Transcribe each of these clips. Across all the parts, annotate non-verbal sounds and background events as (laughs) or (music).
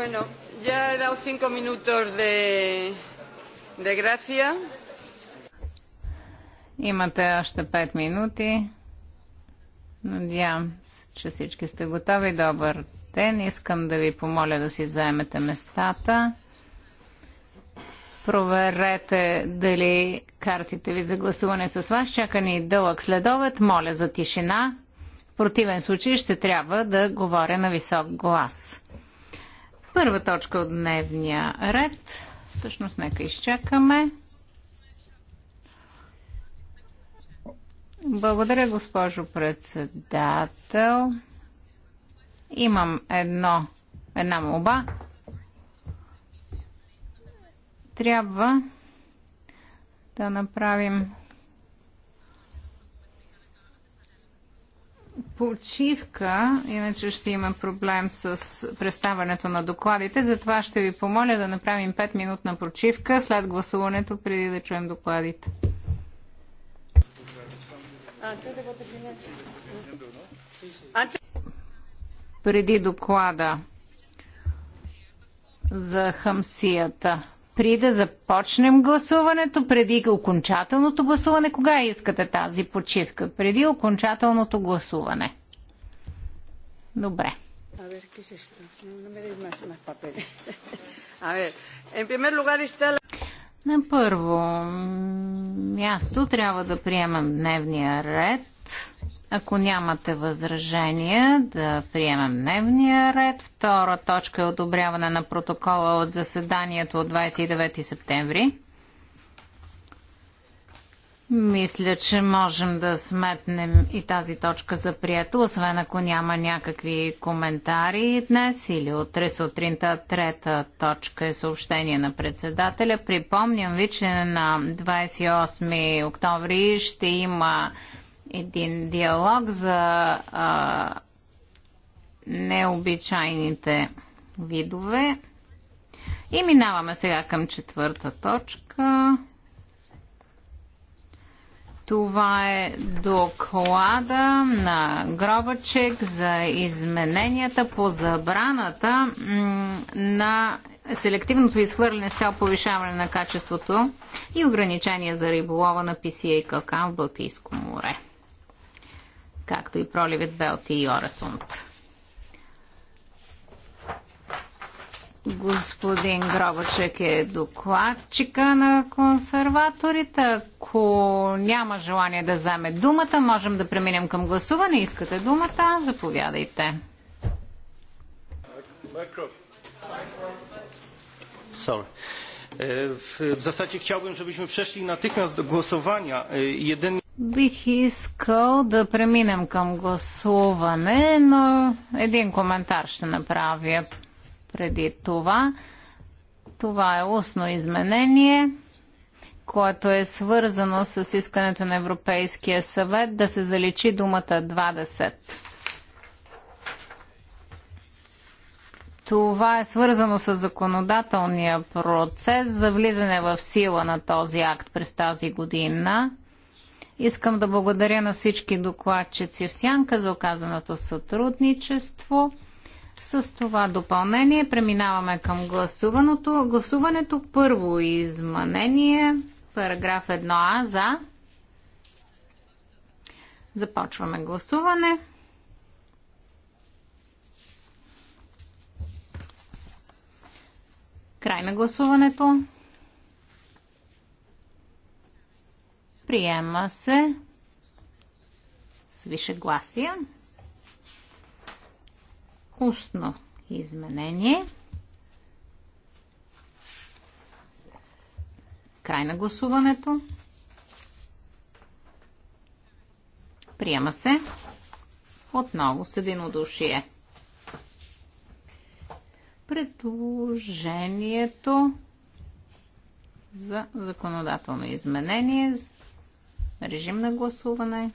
Bueno, ya he dado cinco minutos de, de gracia. Имате още 5 минути. Надявам се, че всички сте готови. Добър ден. Искам да ви помоля да си заемете местата. Проверете дали картите ви за гласуване с вас. Чакани и дълъг следовет. Моля за тишина. В противен случай ще трябва да говоря на висок глас. Първа точка от дневния ред. Всъщност, нека изчакаме. Благодаря, госпожо председател. Имам едно, една молба. Трябва да направим почивка, иначе ще има проблем с представането на докладите. Затова ще ви помоля да направим 5-минутна почивка след гласуването, преди да чуем докладите. Преди доклада за хамсията при да започнем гласуването преди окончателното гласуване. Кога искате тази почивка? Преди окончателното гласуване. Добре. A ver, ¿qué es esto? No, me deis más, más papeles. (laughs) A ver, en primer lugar está la... На първо място трябва да приемам дневния ред. Ако нямате възражения, да приемем дневния ред. Втора точка е одобряване на протокола от заседанието от 29 септември. Мисля, че можем да сметнем и тази точка за прието, освен ако няма някакви коментари днес или утре сутринта. Трета точка е съобщение на председателя. Припомням ви, че на 28 октомври ще има един диалог за а, необичайните видове. И минаваме сега към четвърта точка. Това е доклада на Гробачек за измененията по забраната на селективното изхвърляне с цел повишаване на качеството и ограничения за риболова на писия и калкан в Балтийско море както и проливът Белти и Орасунд. Господин Гробачек е докладчика на консерваторите. Ако няма желание да вземе думата, можем да преминем към гласуване. Искате думата? Заповядайте. Sorry. W е, zasadzie chciałbym, żebyśmy przeszli natychmiast do głosowania. Е, Jedynie... Бих искал да преминем към гласуване, но един коментар ще направя преди това. Това е устно изменение, което е свързано с искането на Европейския съвет да се заличи думата 20. Това е свързано с законодателния процес за влизане в сила на този акт през тази година. Искам да благодаря на всички докладчици в Сянка за оказаното сътрудничество. С това допълнение преминаваме към гласуваното. Гласуването първо изменение, параграф 1а за. Започваме гласуване. Край на гласуването. Приема се с вишегласия. Устно изменение. Край на гласуването. Приема се отново с единодушие. Предложението за законодателно изменение Режим на гласуване.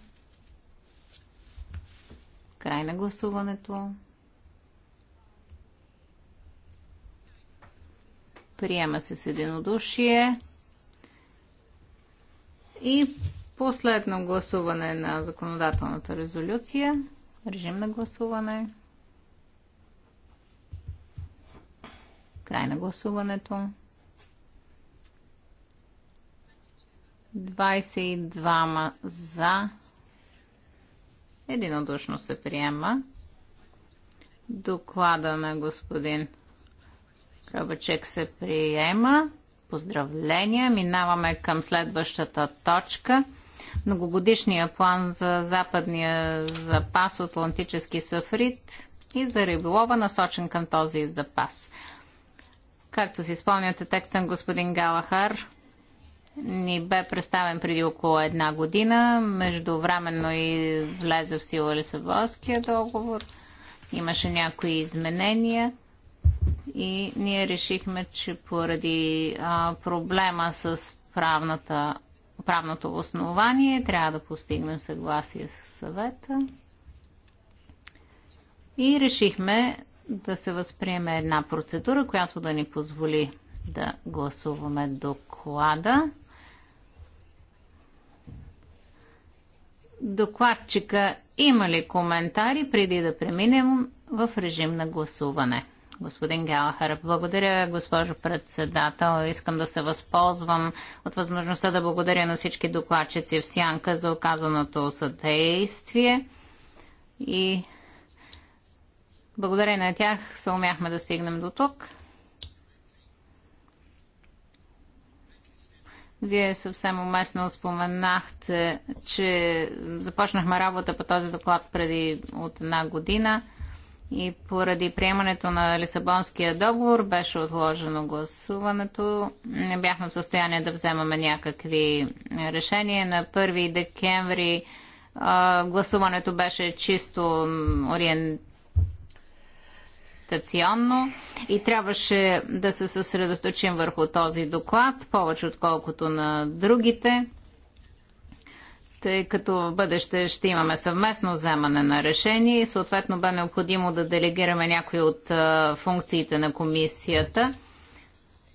Край на гласуването. Приема се с единодушие. И последно гласуване на законодателната резолюция. Режим на гласуване. Край на гласуването. 22 за. Единодушно се приема. Доклада на господин Кръбачек се приема. Поздравления. Минаваме към следващата точка. Многогодишния план за западния запас Атлантически сафрит и за риболова, насочен към този запас. Както си спомняте, текста на господин Галахар ни бе представен преди около една година. Междувременно и влезе в сила Лисабонския договор. Имаше някои изменения и ние решихме, че поради а, проблема с правната, правното основание трябва да постигнем съгласие с съвета. И решихме да се възприеме една процедура, която да ни позволи да гласуваме доклада. Докладчика има ли коментари преди да преминем в режим на гласуване? Господин Галахър, благодаря, госпожо председател. Искам да се възползвам от възможността да благодаря на всички докладчици в Сянка за оказаното съдействие и благодаря на тях се умяхме да стигнем до тук. Вие съвсем уместно споменахте, че започнахме работа по този доклад преди от една година и поради приемането на Лисабонския договор беше отложено гласуването. Не бяхме в състояние да вземаме някакви решения. На 1 декември гласуването беше чисто ориентирано стационно и трябваше да се съсредоточим върху този доклад, повече отколкото на другите, тъй като в бъдеще ще имаме съвместно вземане на решение и съответно бе необходимо да делегираме някои от функциите на комисията.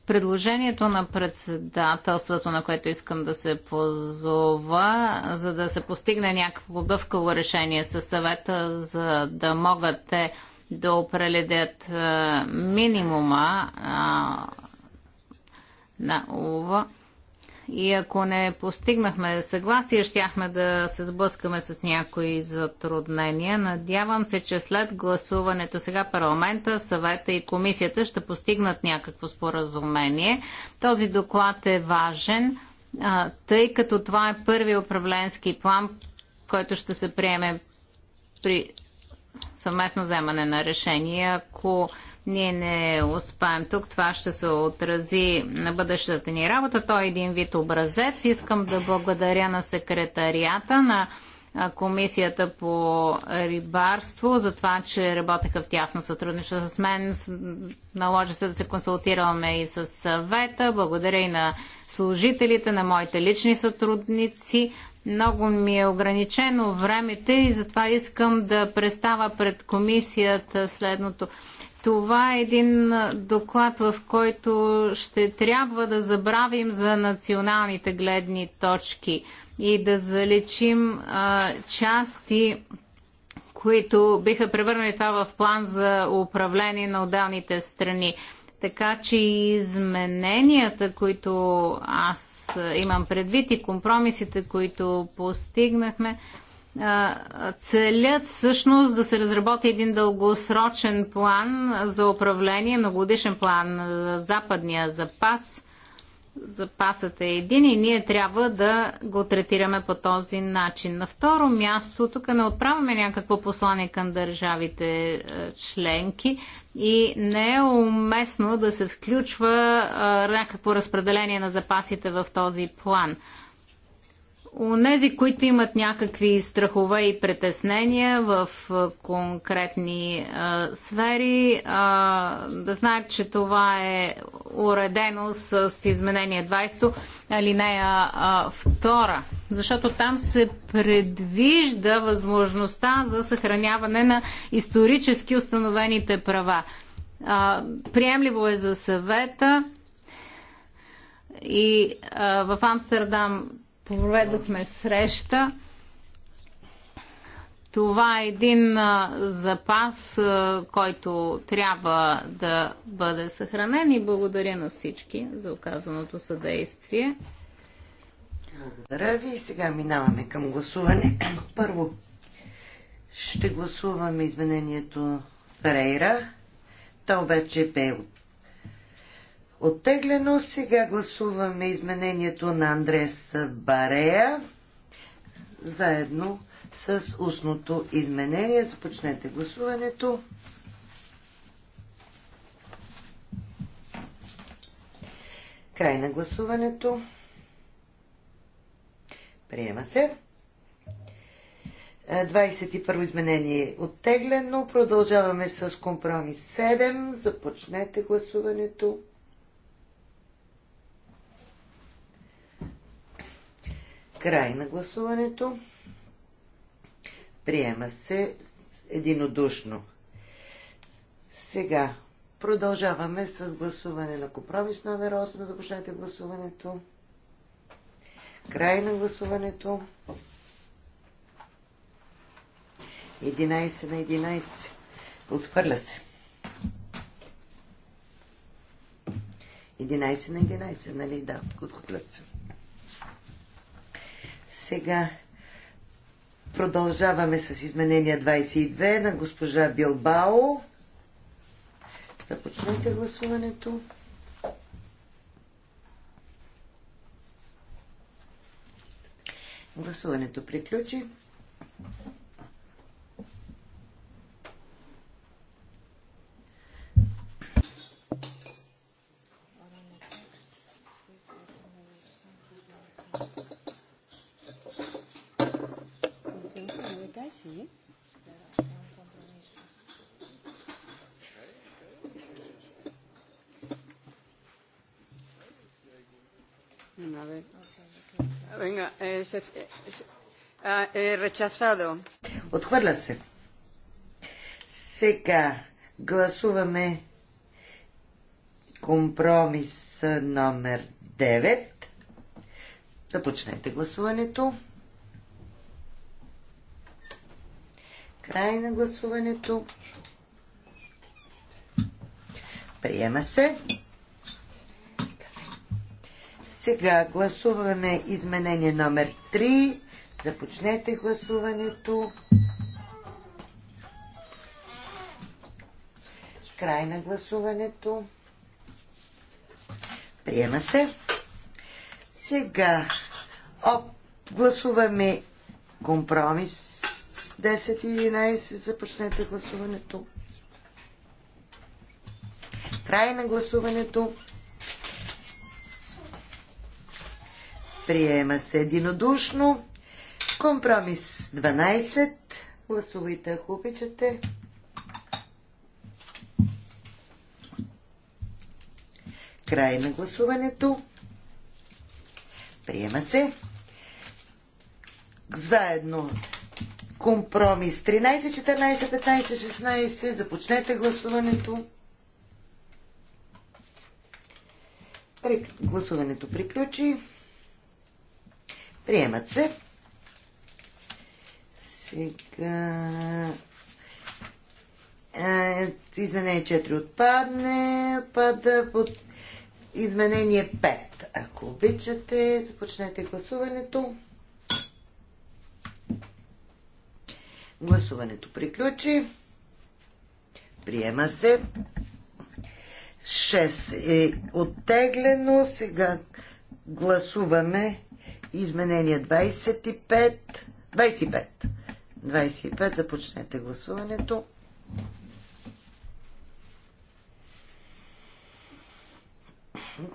Предложението на председателството, на което искам да се позова, за да се постигне някакво гъвкаво решение със съвета, за да могат те да определят минимума на ОВА. И ако не постигнахме съгласие, щяхме да се сблъскаме с някои затруднения. Надявам се, че след гласуването сега парламента, съвета и комисията ще постигнат някакво споразумение. Този доклад е важен, тъй като това е първи управленски план, който ще се приеме при съвместно вземане на решения. Ако ние не успаем тук, това ще се отрази на бъдещата ни работа. Той е един вид образец. Искам да благодаря на секретарията на Комисията по рибарство за това, че работеха в тясно сътрудничество с мен. Наложи се да се консултираме и с съвета. Благодаря и на служителите, на моите лични сътрудници. Много ми е ограничено времето и затова искам да представя пред комисията следното. Това е един доклад, в който ще трябва да забравим за националните гледни точки и да заличим а, части, които биха превърнали това в план за управление на отделните страни. Така че измененията, които аз имам предвид и компромисите, които постигнахме, целят всъщност да се разработи един дългосрочен план за управление, многогодишен план за западния запас – запасът е един и ние трябва да го третираме по този начин. На второ място, тук не отправяме някакво послание към държавите е, членки и не е уместно да се включва а, е, някакво разпределение на запасите в този план. Онези, които имат някакви страхове и притеснения в конкретни а, сфери, а, да знаят, че това е уредено с изменение 20, алинея 2, защото там се предвижда възможността за съхраняване на исторически установените права. А, приемливо е за съвета и а, в Амстердам проведохме среща. Това е един а, запас, а, който трябва да бъде съхранен и благодаря на всички за оказаното съдействие. Благодаря ви и сега минаваме към гласуване. Първо ще гласуваме изменението Фрейра. То вече бе от оттеглено. Сега гласуваме изменението на Андрес Барея заедно с устното изменение. Започнете гласуването. Край на гласуването. Приема се. 21 е, изменение е оттеглено. Продължаваме с компромис 7. Започнете гласуването. Край на гласуването. Приема се единодушно. Сега продължаваме с гласуване на компромис номер 8. Започнете гласуването. Край на гласуването. 11 на 11. Отхвърля се. 11 на 11, нали? Да, отхвърля се. Сега продължаваме с изменение 22 на госпожа Билбао. Започнете гласуването. Гласуването приключи. Sì. Una vez. Venga, eh, eh, rechazado. Отхвърля се. Сега гласуваме компромис номер 9. Започнете гласуването. Край на гласуването. Приема се. Сега гласуваме изменение номер 3. Започнете гласуването. Край на гласуването. Приема се. Сега гласуваме компромис 10 и 11. Започнете гласуването. Край на гласуването. Приема се единодушно. Компромис 12. Гласувайте, ако обичате. Край на гласуването. Приема се. Заедно Компромис 13, 14, 15, 16. Започнете гласуването. При... Гласуването приключи. Приемат се. Сега... Е, изменение 4 отпадне, отпада под изменение 5. Ако обичате, започнете гласуването. Гласуването приключи. Приема се. 6 е оттеглено. Сега гласуваме изменение 25. 25. 25. Започнете гласуването.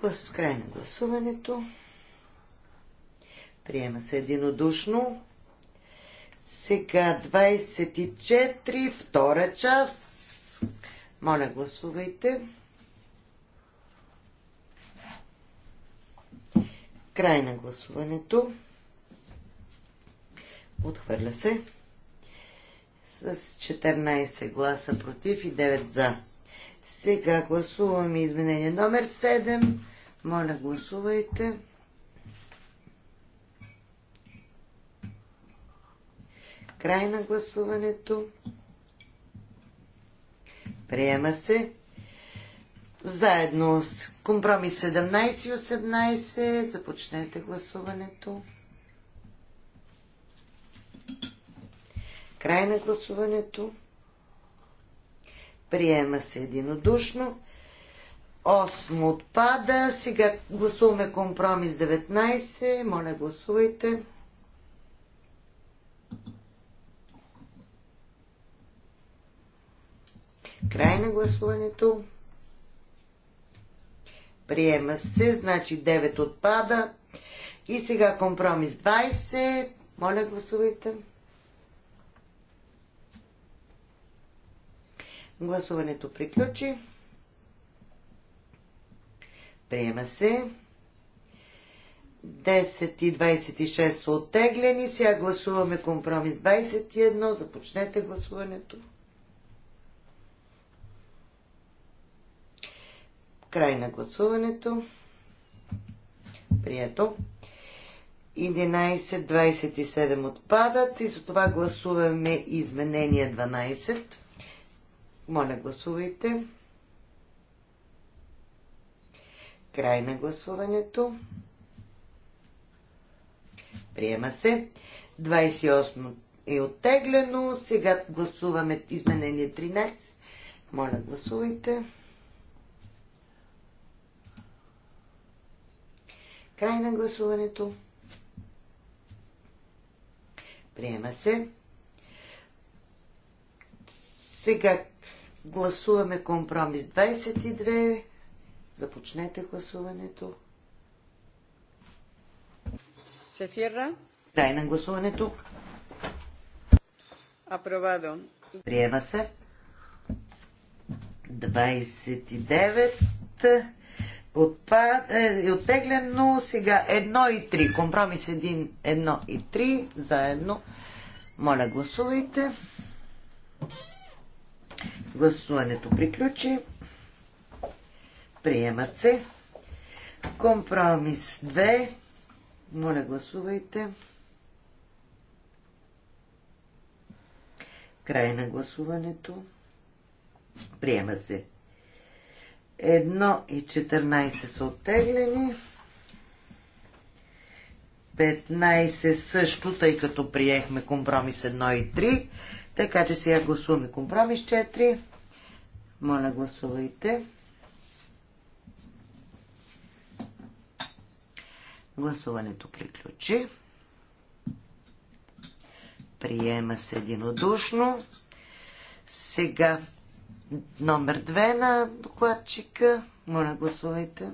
Глас, край на гласуването. Приема се единодушно. Сега 24, втора част. Моля, гласувайте. Край на гласуването. Отхвърля се. С 14 гласа против и 9 за. Сега гласуваме изменение номер 7. Моля, гласувайте. Край на гласуването. Приема се. Заедно с компромис 17 и 18 започнете гласуването. Край на гласуването. Приема се единодушно. 8 отпада. Сега гласуваме компромис 19. Моля, гласувайте. Край на гласуването. Приема се, значи 9 отпада. И сега компромис 20. Моля, гласувайте. Гласуването приключи. Приема се. 10 и 26 са оттеглени. Сега гласуваме компромис 21. Започнете гласуването. Край на гласуването. Прието. 11.27 отпадат и за това гласуваме изменение 12. Моля, гласувайте. Край на гласуването. Приема се. 28 е оттеглено. Сега гласуваме изменение 13. Моля, гласувайте. Край на гласуването. Приема се. Сега гласуваме компромис 22. Започнете гласуването. Се цирра. Край на гласуването. Апровадо. Приема се. 29 отпад, е, е оттеглено. Сега едно и 3. Компромис един, 1 и 3 заедно. Моля, гласувайте. Гласуването приключи. Приемат се. Компромис 2. Моля, гласувайте. Край на гласуването. Приема се. 1 и 14 са оттеглени. 15 също, тъй като приехме компромис 1 и 3. Така че сега гласуваме компромис 4. Моля, гласувайте. Гласуването приключи. Приема се единодушно. Сега номер 2 на докладчика. Моля, гласувайте.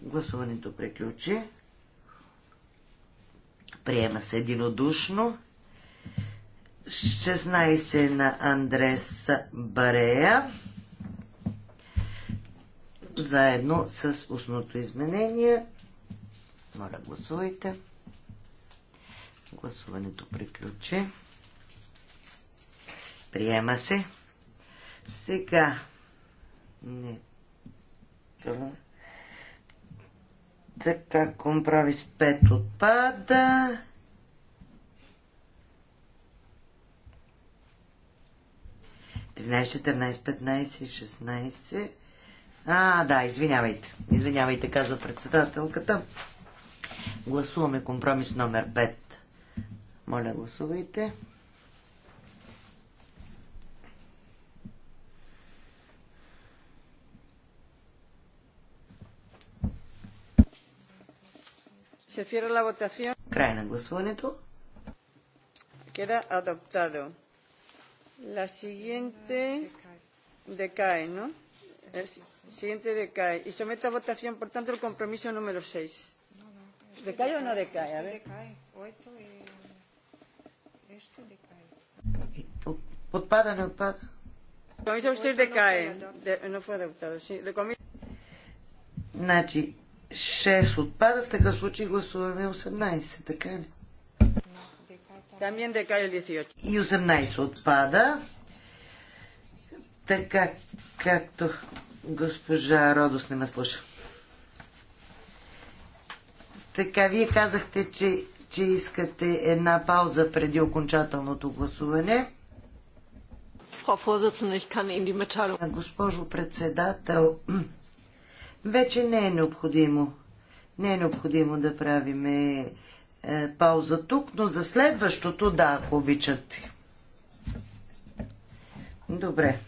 Гласуването приключи. Приема се единодушно. 16 на Андрес Барея. Заедно с устното изменение. Моля, гласувайте. Гласуването приключи. Приема се. Сега. Не. Така, компромис 5 отпада. Тринайсет, 14, 15, 16. А, да, извинявайте. Извинявайте, казва председателката. Гласуваме компромис номер 5. Моля, гласувайте. Гласувайте. Край на гласуването. Queda adoptado. La siguiente decae, ¿no? El siguiente decae. Y someto a votación, por tanto, el compromiso número 6. ¿Decae o no decae? A ver. Отпада, не отпада. Compromiso 6 decae. No fue adoptado, sí. de Значи, 6 отпада, в такъв случай гласуваме 18, така ли? И 18 отпада. Така, както госпожа Родос не ме слуша. Така, вие казахте, че, че искате една пауза преди окончателното гласуване. Госпожо председател, вече не е необходимо. Не е необходимо да правиме е, пауза тук, но за следващото да, ако обичате. Добре.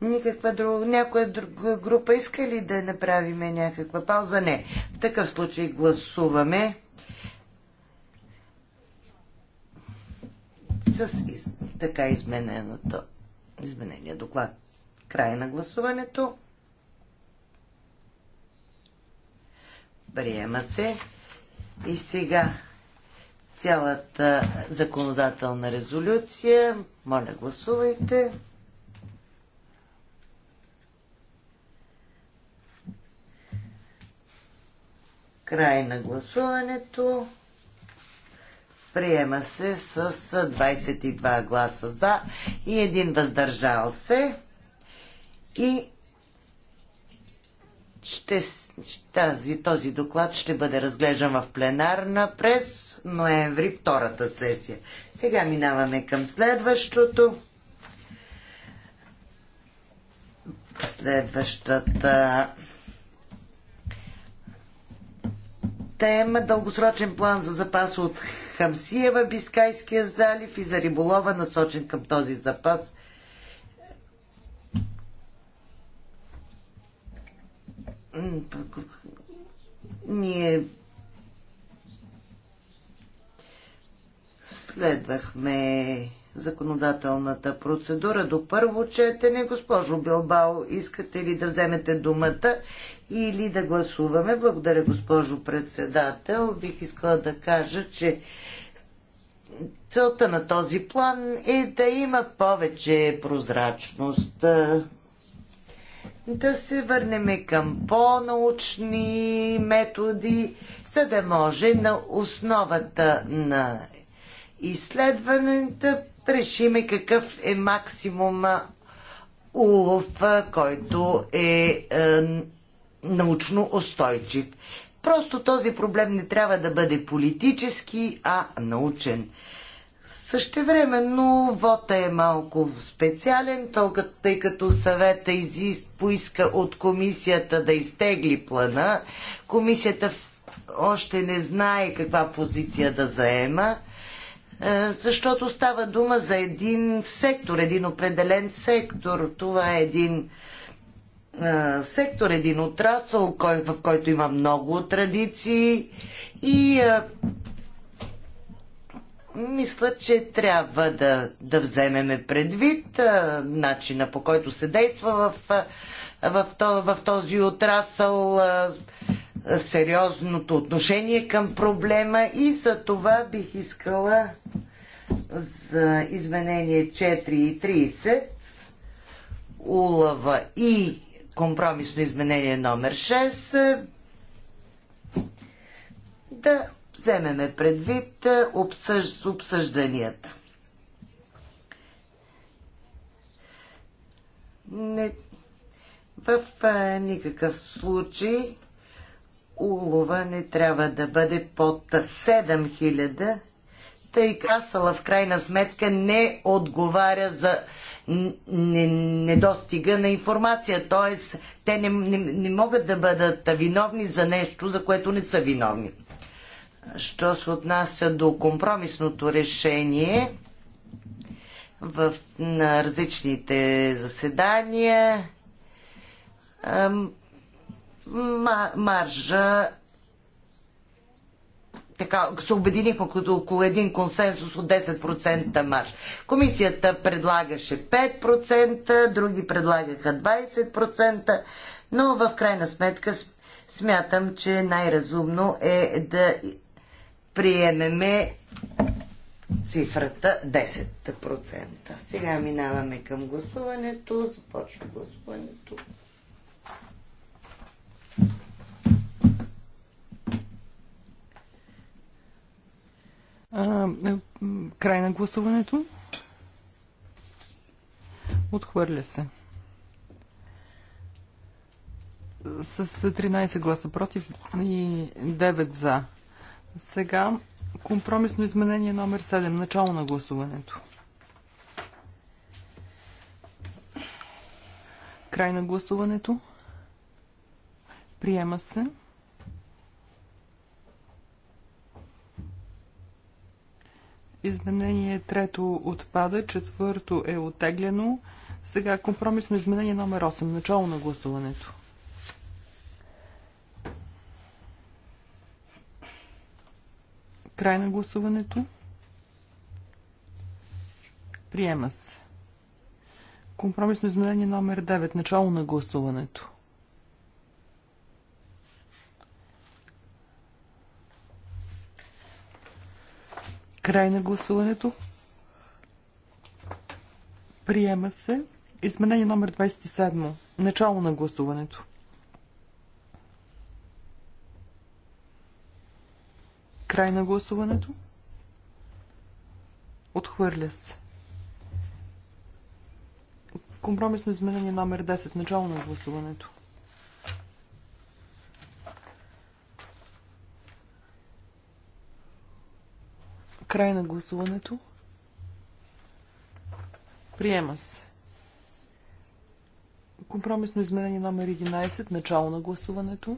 Никаква друга, някоя друга група иска ли да направиме някаква пауза? Не. В такъв случай гласуваме с така измененото, изменения доклад. Край на гласуването. Приема се. И сега цялата законодателна резолюция. Моля, гласувайте. Край на гласуването. Приема се с 22 гласа за и един въздържал се. И ще се тази, този доклад ще бъде разглеждан в пленарна през ноември втората сесия. Сега минаваме към следващото. Следващата тема дългосрочен план за запас от Хамсиева, Бискайския залив и за риболова, насочен към този запас ние следвахме законодателната процедура до първо четене. Госпожо Билбао, искате ли да вземете думата или да гласуваме? Благодаря, госпожо председател. Бих искала да кажа, че целта на този план е да има повече прозрачност да се върнем към по-научни методи, за да може на основата на изследването да решиме какъв е максимума улов, който е, е научно устойчив. Просто този проблем не трябва да бъде политически, а научен. Същевременно вота е малко специален, тъй като съвета изист, поиска от комисията да изтегли плана. Комисията още не знае каква позиция да заема, е, защото става дума за един сектор, един определен сектор. Това е един е, сектор, един отрасъл, в който има много традиции и е, мисля, че трябва да, да вземеме предвид а, начина по който се действа в, в, то, в този отрасъл, а, сериозното отношение към проблема и за това бих искала за изменение 4.30 улава и компромисно изменение номер 6 да вземеме предвид е, обсъжданията. Не, в а, е, никакъв случай улова не трябва да бъде под 7000, тъй касала в крайна сметка не отговаря за недостига на информация. Т.е. те не, не, не могат да бъдат виновни за нещо, за което не са виновни. Що се отнася до компромисното решение в, на различните заседания, маржа така се обединихме около един консенсус от 10% марш. Комисията предлагаше 5%, други предлагаха 20%, но в крайна сметка смятам, че най-разумно е да приемеме цифрата 10%. Сега минаваме към гласуването. Започва гласуването. А, е, край на гласуването. Отхвърля се. С 13 гласа против и 9 за. Сега компромисно изменение номер 7. Начало на гласуването. Край на гласуването. Приема се. Изменение трето отпада, четвърто е отеглено. Сега компромисно изменение номер 8. Начало на гласуването. Край на гласуването. Приема се. Компромисно изменение номер 9. Начало на гласуването. Край на гласуването. Приема се. Изменение номер 27. Начало на гласуването. Край на гласуването. Отхвърля се. Компромисно изменение номер 10. Начало на гласуването. Край на гласуването. Приема се. Компромисно изменение номер 11. Начало на гласуването.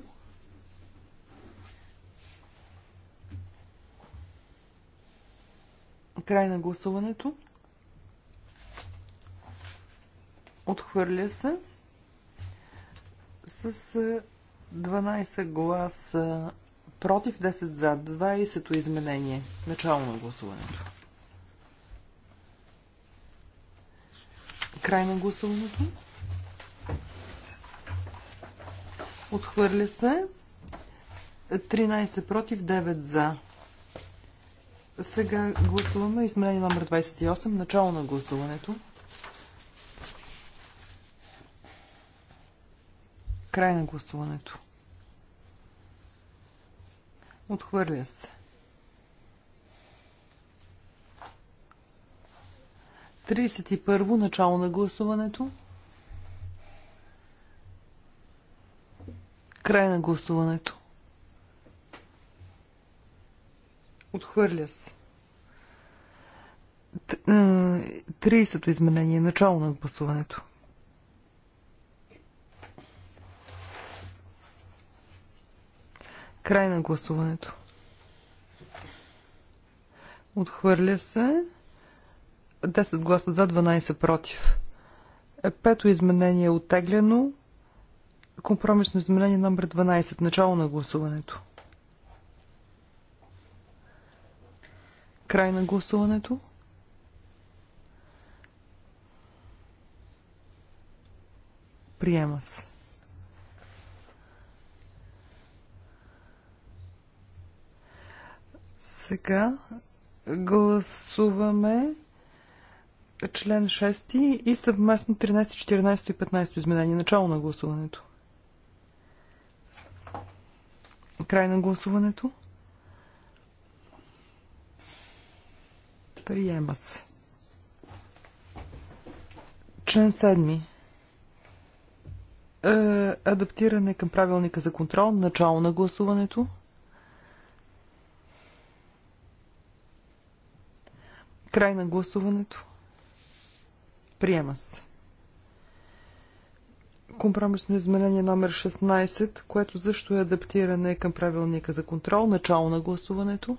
Край на гласуването. Отхвърля се с 12 гласа против, 10 за, 20-то изменение. Начало на гласуването. Край на гласуването. Отхвърля се. 13 против, 9 за. Сега гласуваме изменение номер 28, начало на гласуването. Край на гласуването. Отхвърля се. 31 начало на гласуването. Край на гласуването. Отхвърля се. 30-то е, изменение. Начало на гласуването. Край на гласуването. Отхвърля се. 10 гласа за, 12 против. Е, пето изменение е оттеглено. Компромисно изменение номер 12. Начало на гласуването. Край на гласуването. Приема се. Сега гласуваме член 6 и съвместно 13, 14 и 15 изменение. Начало на гласуването. Край на гласуването. Приема се. Член 7. Е, адаптиране към правилника за контрол. Начало на гласуването. Край на гласуването. Приема се. Компромисно изменение номер 16, което също е адаптиране към правилника за контрол. Начало на гласуването.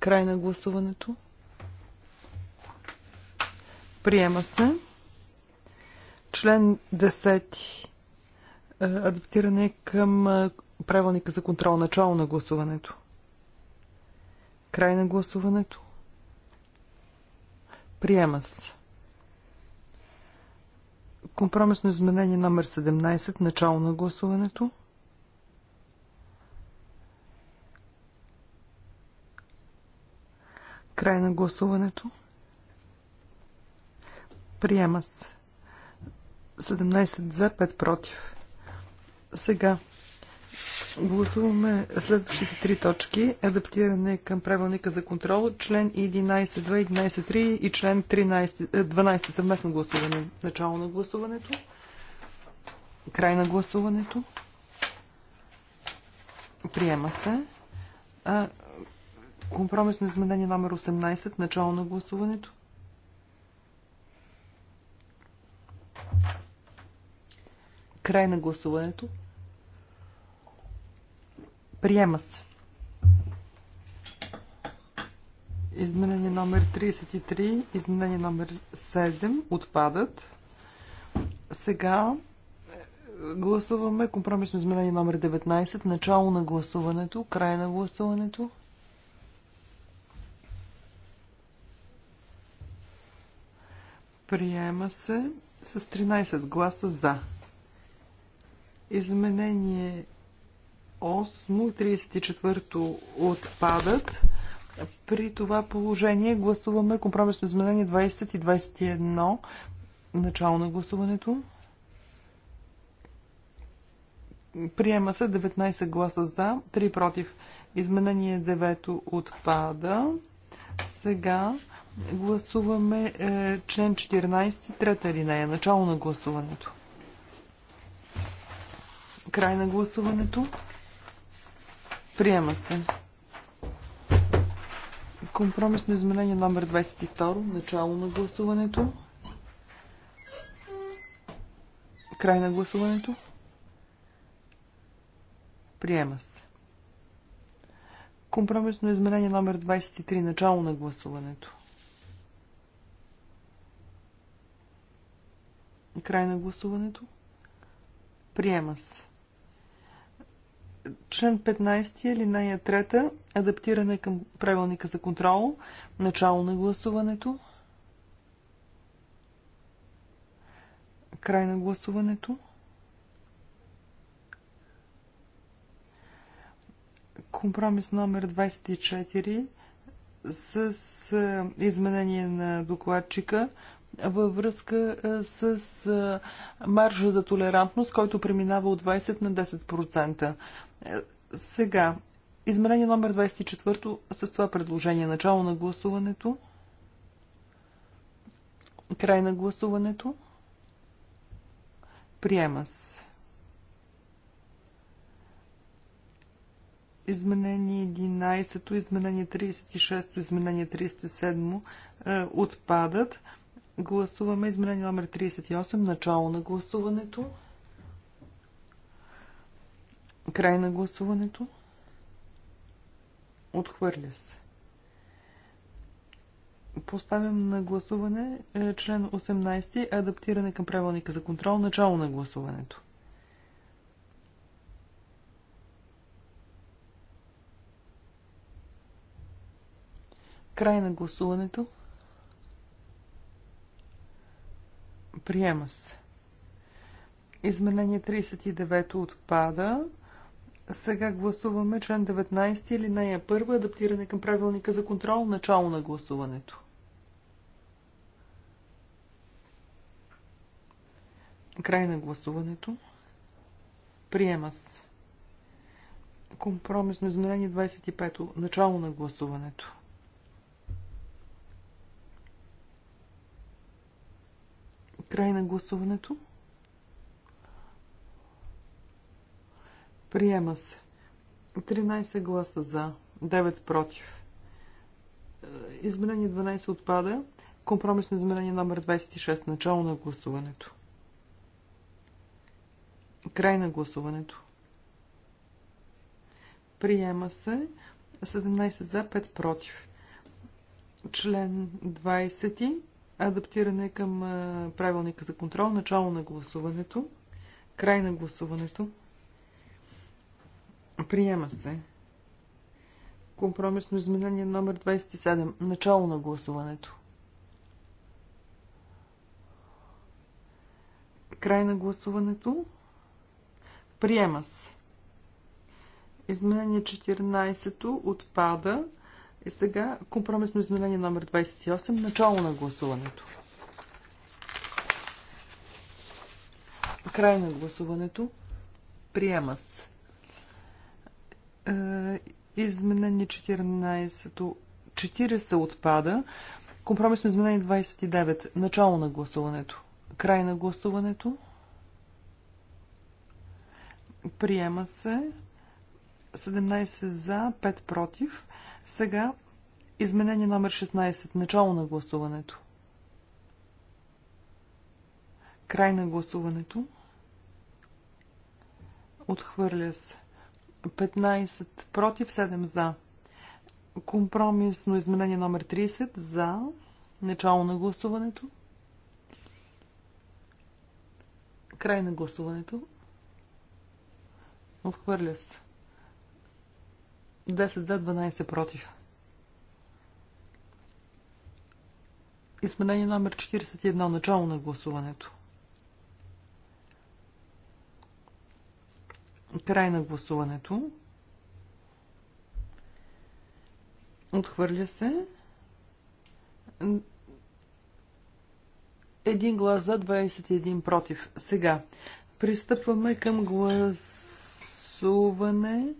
Край на гласуването. Приема се. Член 10. Е, адаптиране към е, правилника за контрол. Начало на гласуването. Край на гласуването. Приема се. Компромисно изменение номер 17. Начало на гласуването. Край на гласуването. Приема се. 17 за, 5 против. Сега гласуваме следващите три точки. Адаптиране към правилника за контрол, член 11 2, 11.3 и член 13, 12. Е, съвместно гласуване. Начало на гласуването. Край на гласуването. Приема се. Компромисно изменение номер 18, начало на гласуването. Край на гласуването. Приема се. Изменение номер 33, изменение номер 7 отпадат. Сега е, гласуваме компромисно изменение номер 19, начало на гласуването, край на гласуването. Приема се с 13 гласа за. Изменение 8 и 34 отпадат. При това положение гласуваме компромисно изменение 20 и 21. Начало на гласуването. Приема се 19 гласа за, 3 против. Изменение 9 отпада. Сега Гласуваме е, член 14, трета линия, начало на гласуването. Край на гласуването. Приема се. Компромисно изменение номер 22, начало на гласуването. Край на гласуването. Приема се. Компромисно изменение номер 23, начало на гласуването. Край на гласуването. Приема се. Член 15, линия 3, адаптиране към правилника за контрол, начало на гласуването, край на гласуването, компромис номер 24 с изменение на докладчика, във връзка с маржа за толерантност, който преминава от 20 на 10%. Е, сега, измерение номер 24 с това предложение. Начало на гласуването. Край на гласуването. Приема се. изменение 11, изменение 36, изменение 37 е, отпадат. Гласуваме изменение номер 38, начало на гласуването. Край на гласуването. Отхвърля се. Поставям на гласуване е, член 18, адаптиране към правилника за контрол, начало на гласуването. Край на гласуването. Приема се. Изменение 39 отпада. Сега гласуваме член 19 или нея първа, адаптиране към правилника за контрол, начало на гласуването. Край на гласуването. Приема се. Компромисно изменение 25. Начало на гласуването. Край на гласуването. Приема се. 13 гласа за, 9 против. Изменение 12 отпада. Компромисно изменение номер 26. Начало на гласуването. Край на гласуването. Приема се 17 за, 5 против. Член 20. Адаптиране към правилника за контрол. Начало на гласуването. Край на гласуването. Приема се. Компромисно изменение номер 27. Начало на гласуването. Край на гласуването. Приема се. Изменение 14 отпада. И сега компромисно изменение номер 28, начало на гласуването. Край на гласуването. Приема се. Е, изменение 14 40 отпада. Компромисно изменение 29. Начало на гласуването. Край на гласуването. Приема се. 17 за, 5 против. Сега изменение номер 16. Начало на гласуването. Край на гласуването. Отхвърля се. 15 против, 7 за. Компромисно изменение номер 30 за. Начало на гласуването. Край на гласуването. Отхвърля се. 10 за, 12 против. Изменение номер 41. Начало на гласуването. Край на гласуването. Отхвърля се. Един глас за, 21 против. Сега пристъпваме към гласуване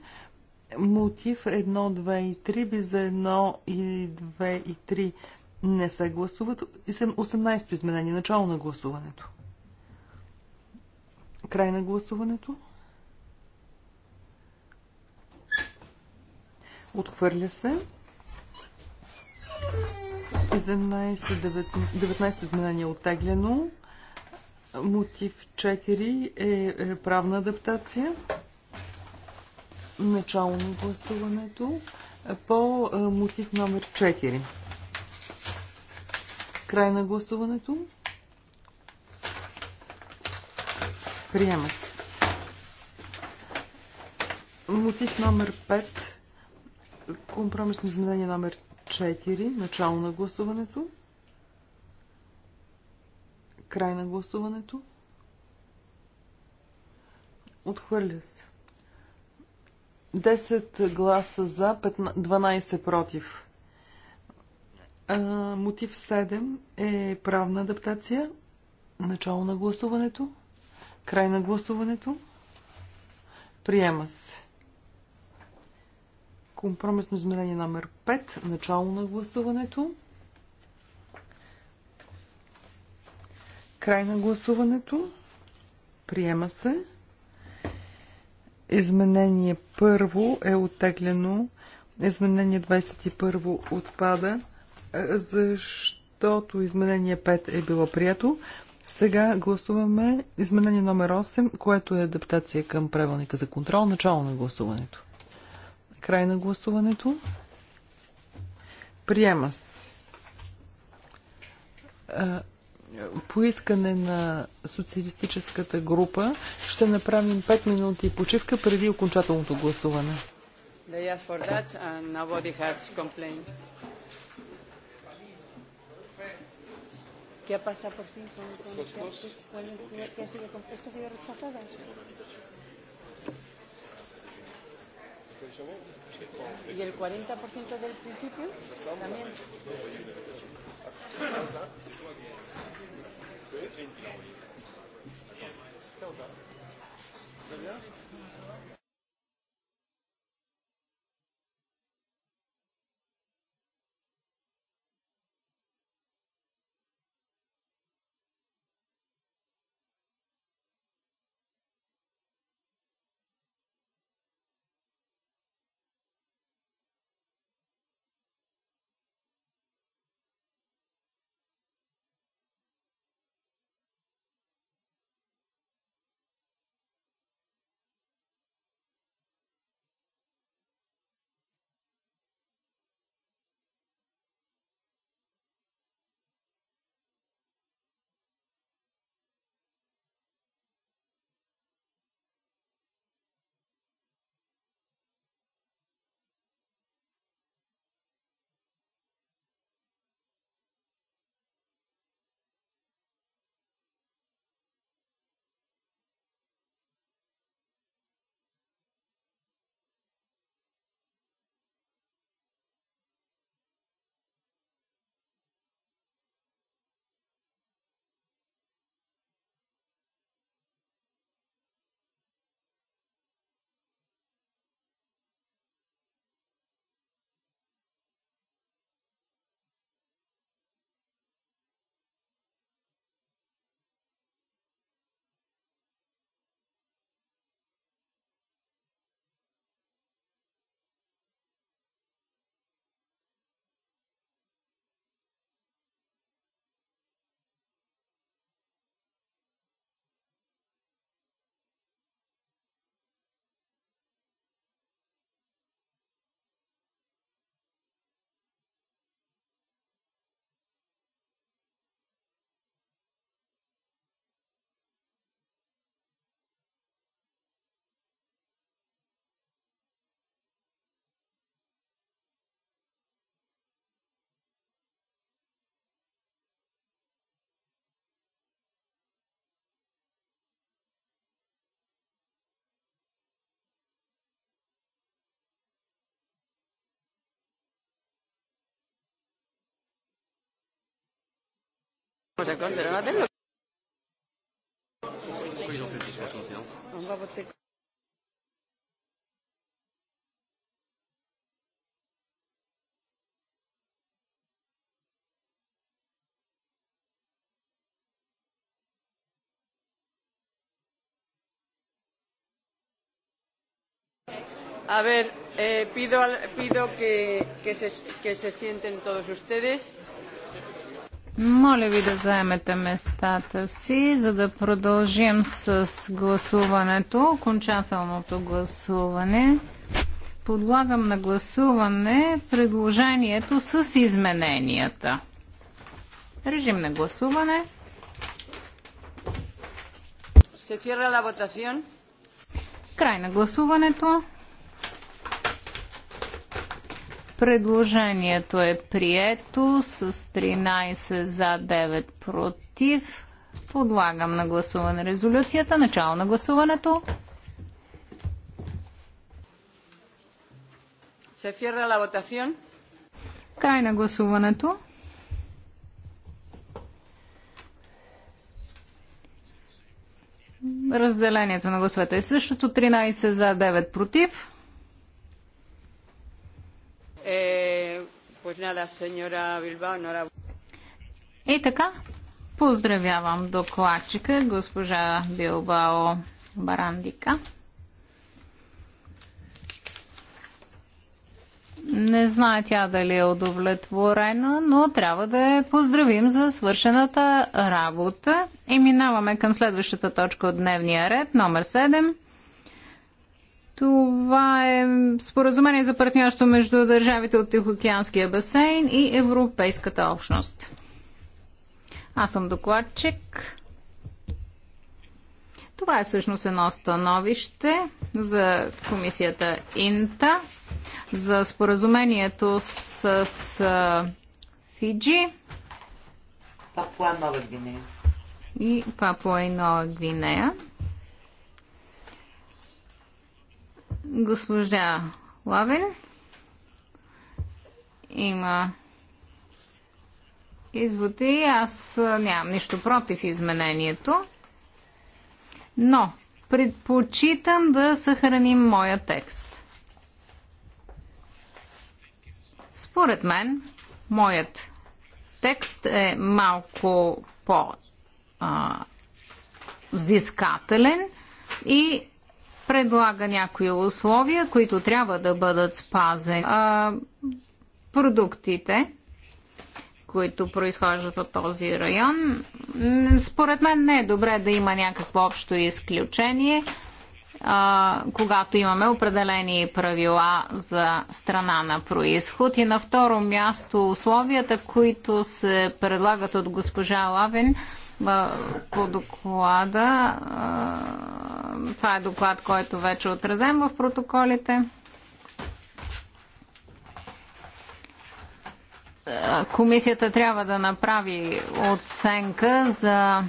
Мотив 1, 2 и 3 би за 1 и 2 и 3 не се гласуват. 18-то изменение. Начало на гласуването. Край на гласуването. Отхвърля се. 19-то изменение е оттеглено. Мотив 4 е, е правна адаптация. Начало на гласуването по е, мотив номер 4. Край на гласуването. Приема се. Мотив номер 5. Компромисно изменение номер 4. Начало на гласуването. Край на гласуването. Отхвърля се. 10 гласа за, 12 против. Мотив 7 е правна адаптация. Начало на гласуването. Край на гласуването. Приема се. Компромисно измерение номер 5. Начало на гласуването. Край на гласуването. Приема се. Изменение първо е оттеглено. Изменение 21 отпада, е, защото изменение 5 е било прието. Сега гласуваме изменение номер 8, което е адаптация към правилника за контрол. Начало на гласуването. Край на гласуването. Приема се. Е, поискане на социалистическата група ще направим 5 минути почивка преди окончателното гласуване. Uh, ¿Qué ha pasado por fin con, con los dos? ¿Qué ha sido? ¿Esta ha sido rechazada? ¿Y el 40% del principio? También. Très bien. On va voter. A ver, eh, pido, pido que, que, se, que se sienten todos ustedes. Моля ви да заемете местата си, за да продължим с гласуването, окончателното гласуване. Подлагам на гласуване предложението с измененията. Режим на гласуване. Край на гласуването. Предложението е прието с 13 за 9 против. Подлагам на гласуване резолюцията. Начало на гласуването. Се cierra la Край на гласуването. Разделението на гласовете е същото. 13 за 9 против. Eh, И така, поздравявам докладчика, госпожа Билбао Барандика. Не знае тя дали е удовлетворена, но трябва да я поздравим за свършената работа. И минаваме към следващата точка от дневния ред, номер 7. Това е споразумение за партньорство между държавите от Тихоокеанския басейн и Европейската общност. Аз съм докладчик. Това е всъщност едно становище за комисията Инта за споразумението с, с Фиджи. Папуа Нова Гвинея. И Папуа и Нова Гвинея. Госпожа Лавин има изводи. Аз нямам нищо против изменението, но предпочитам да съхраним моя текст. Според мен, моят текст е малко по-взискателен и предлага някои условия, които трябва да бъдат спазени. А, продуктите, които произхождат от този район, според мен не е добре да има някакво общо изключение, а, когато имаме определени правила за страна на происход. И на второ място условията, които се предлагат от госпожа Лавен, по доклада. Това е доклад, който вече е отразен в протоколите. Комисията трябва да направи оценка за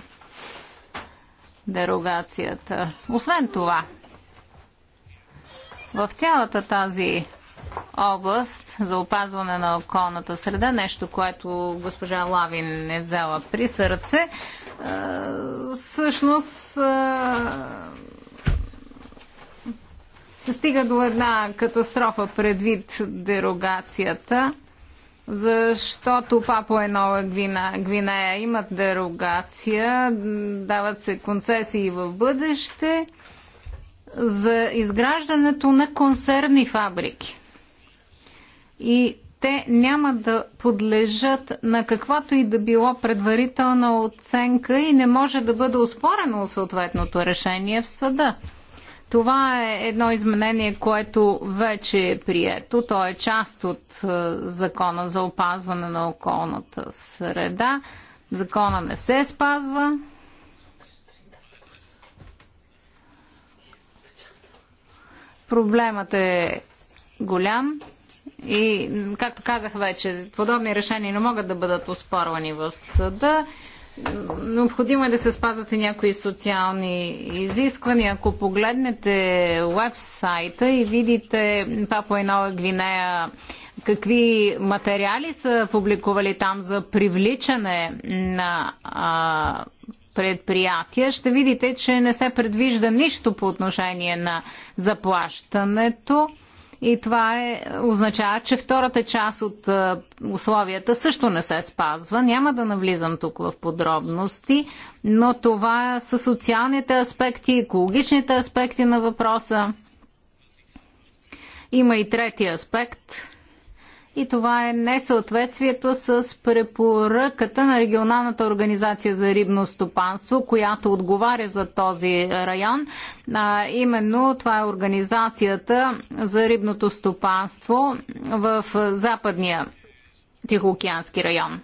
дерогацията. Освен това, в цялата тази област за опазване на околната среда, нещо, което госпожа Лавин е взела при сърце. Всъщност се стига до една катастрофа предвид дерогацията, защото папо е Нова Гвина, Гвинея имат дерогация, дават се концесии в бъдеще за изграждането на консервни фабрики и те няма да подлежат на каквато и да било предварителна оценка и не може да бъде успорено съответното решение в съда. Това е едно изменение, което вече е прието. То е част от е, закона за опазване на околната среда. Закона не се спазва. Проблемът е голям. И, както казах вече, подобни решения не могат да бъдат оспорвани в съда. Необходимо е да се спазвате някои социални изисквания. Ако погледнете вебсайта и видите Папуа и Нова Гвинея, какви материали са публикували там за привличане на а, предприятия, ще видите, че не се предвижда нищо по отношение на заплащането. И това е, означава, че втората част от а, е, условията също не се спазва. Няма да навлизам тук в подробности, но това са социалните аспекти, екологичните аспекти на въпроса. Има и трети аспект – и това е несъответствието с препоръката на регионалната организация за рибно стопанство, която отговаря за този район. А, именно това е организацията за рибното стопанство в западния Тихоокеански район.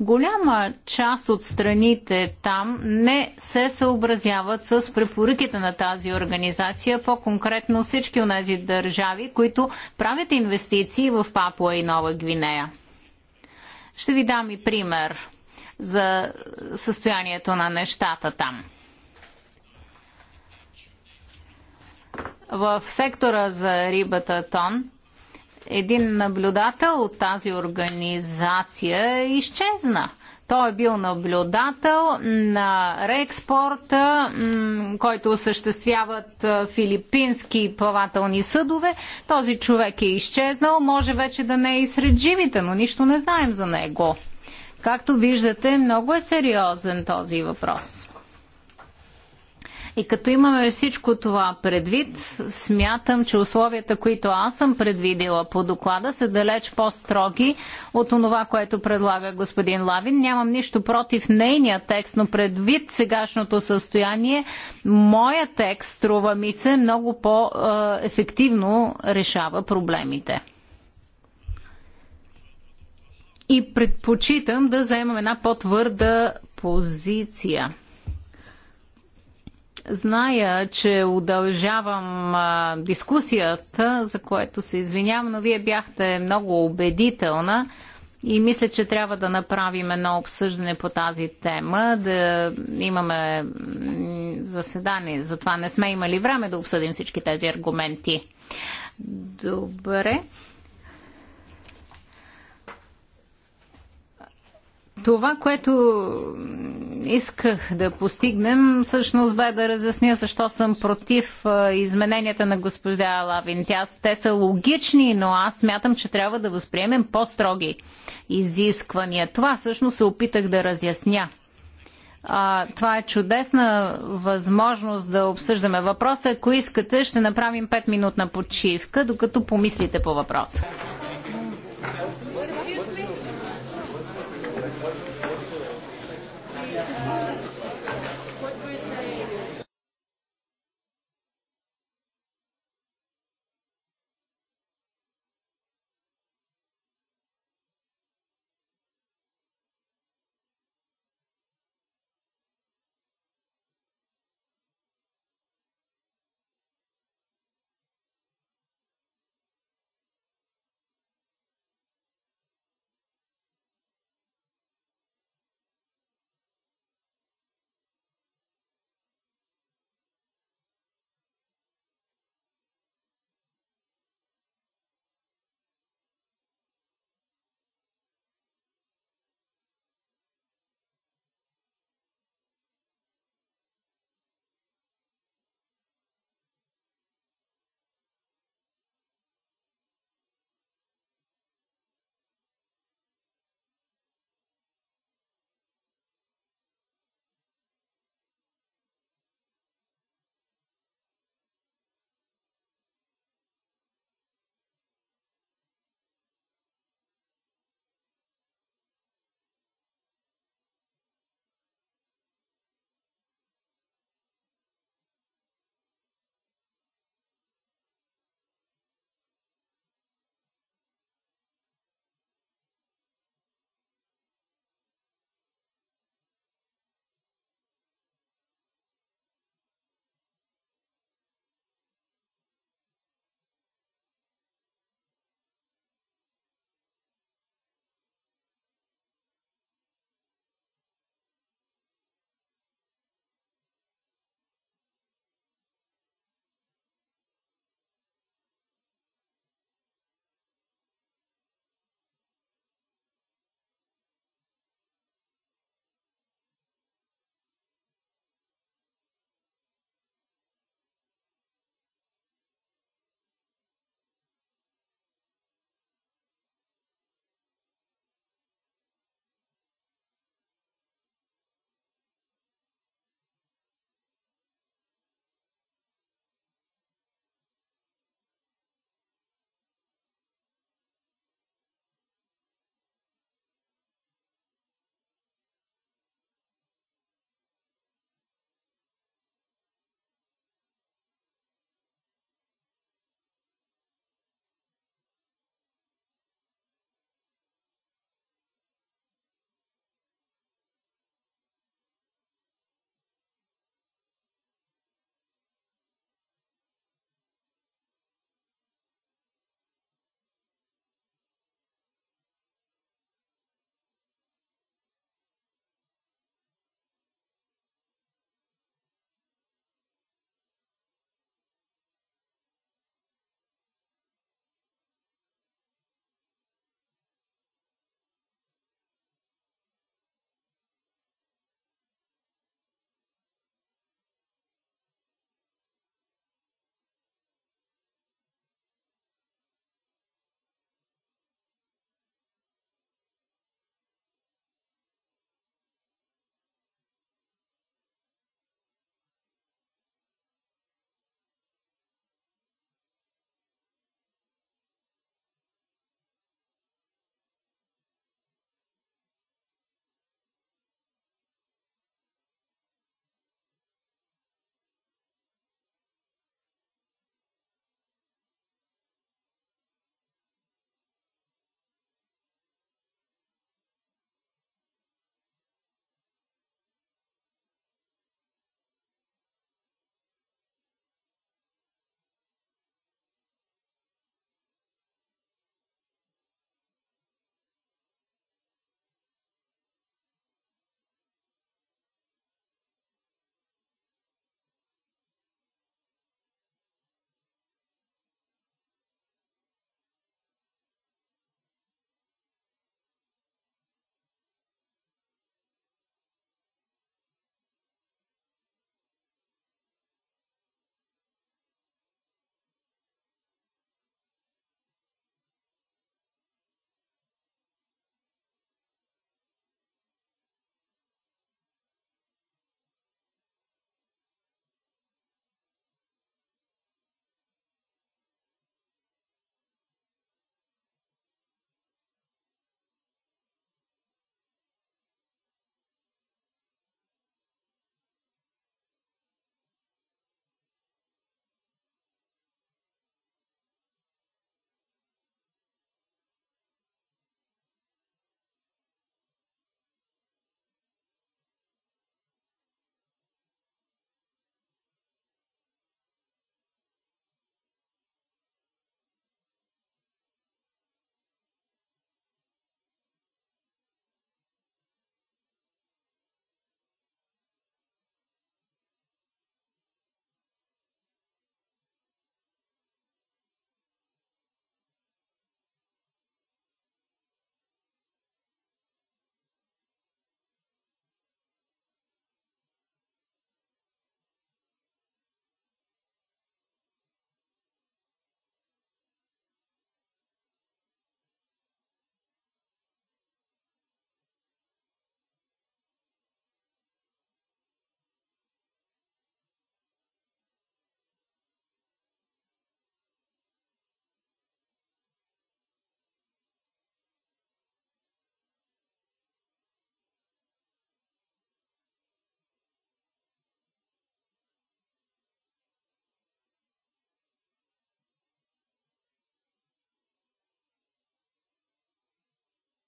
Голяма част от страните там не се съобразяват с препоръките на тази организация, по-конкретно всички от тези държави, които правят инвестиции в Папуа и Нова Гвинея. Ще ви дам и пример за състоянието на нещата там. В сектора за рибата тон един наблюдател от тази организация изчезна. Той е бил наблюдател на реекспорта, който осъществяват филипински плавателни съдове. Този човек е изчезнал, може вече да не е и сред живите, но нищо не знаем за него. Както виждате, много е сериозен този въпрос. И като имаме всичко това предвид, смятам, че условията, които аз съм предвидела по доклада, са далеч по-строги от това, което предлага господин Лавин. Нямам нищо против нейния текст, но предвид сегашното състояние, моя текст, струва ми се, много по-ефективно решава проблемите и предпочитам да заемам една по-твърда позиция. Зная, че удължавам а, дискусията, за което се извинявам, но вие бяхте много убедителна и мисля, че трябва да направим едно обсъждане по тази тема, да имаме заседание. Затова не сме имали време да обсъдим всички тези аргументи. Добре. Това, което исках да постигнем, всъщност бе да разясня защо съм против измененията на госпожа Лавин. Тя, те са логични, но аз смятам, че трябва да възприемем по-строги изисквания. Това всъщност се опитах да разясня. А, това е чудесна възможност да обсъждаме въпроса. Ако искате, ще направим 5-минутна почивка, докато помислите по въпроса.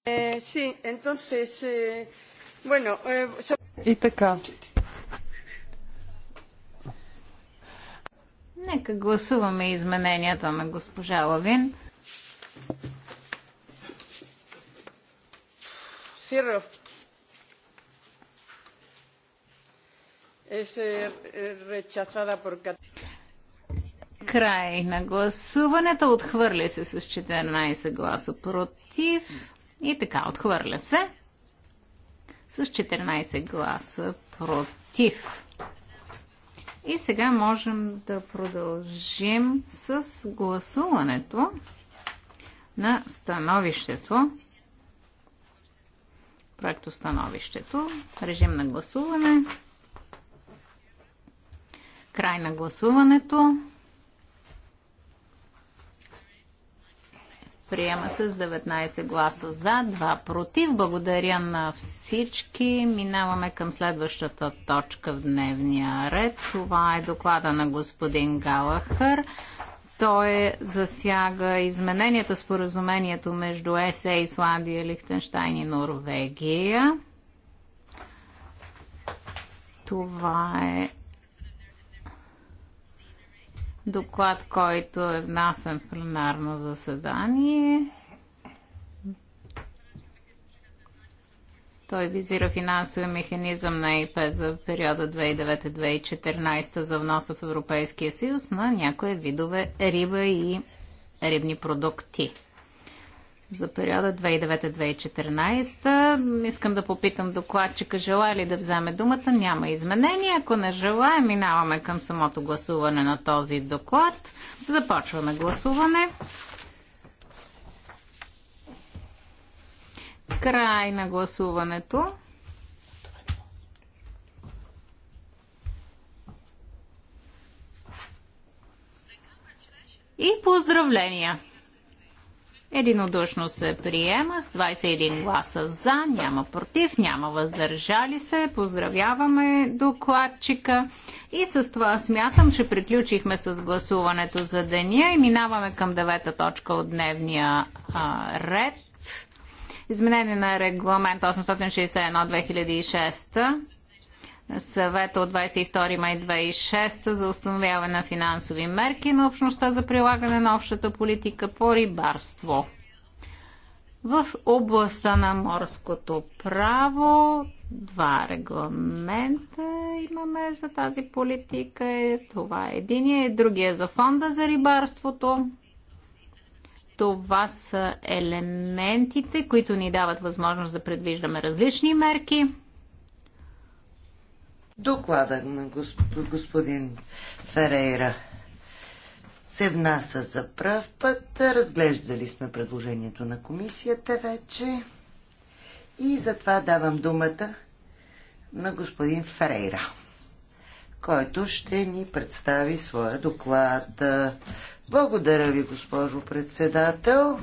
Eh, eh, eh, И така. Нека гласуваме измененията на госпожа Лавин. Сиров. Es rechazada por Край на гласуването. Отхвърли се с 14 гласа против. И така, отхвърля се с 14 гласа против. И сега можем да продължим с гласуването на становището. Проекто становището. Режим на гласуване. Край на гласуването. Приема се с 19 гласа за, 2 против. Благодаря на всички. Минаваме към следващата точка в дневния ред. Това е доклада на господин Галахър. Той засяга измененията споразумението между ЕСЕ, Исландия, Лихтенштайн и Норвегия. Това е доклад, който е внасен в пленарно заседание. Той визира финансови механизъм на ЕИП за периода 2009-2014 за вноса в Европейския съюз на някои видове риба и рибни продукти за периода 2009-2014. Искам да попитам докладчика, желая ли да вземе думата? Няма изменения. Ако не желая, минаваме към самото гласуване на този доклад. Започваме гласуване. Край на гласуването. И поздравления! Единодушно се приема с 21 гласа за, няма против, няма въздържали се. Поздравяваме докладчика и с това смятам, че приключихме с гласуването за деня и минаваме към девета точка от дневния а, ред. Изменение на регламент 861-2006 съвета от 22 май 2006 за установяване на финансови мерки на общността за прилагане на общата политика по рибарство. В областта на морското право два регламента имаме за тази политика. Е, това е единия, и другия за фонда за рибарството. Това са елементите, които ни дават възможност да предвиждаме различни мерки доклада на господин Ферейра се внася за прав път. Разглеждали сме предложението на комисията вече. И затова давам думата на господин Ферейра, който ще ни представи своя доклад. Благодаря ви, госпожо председател.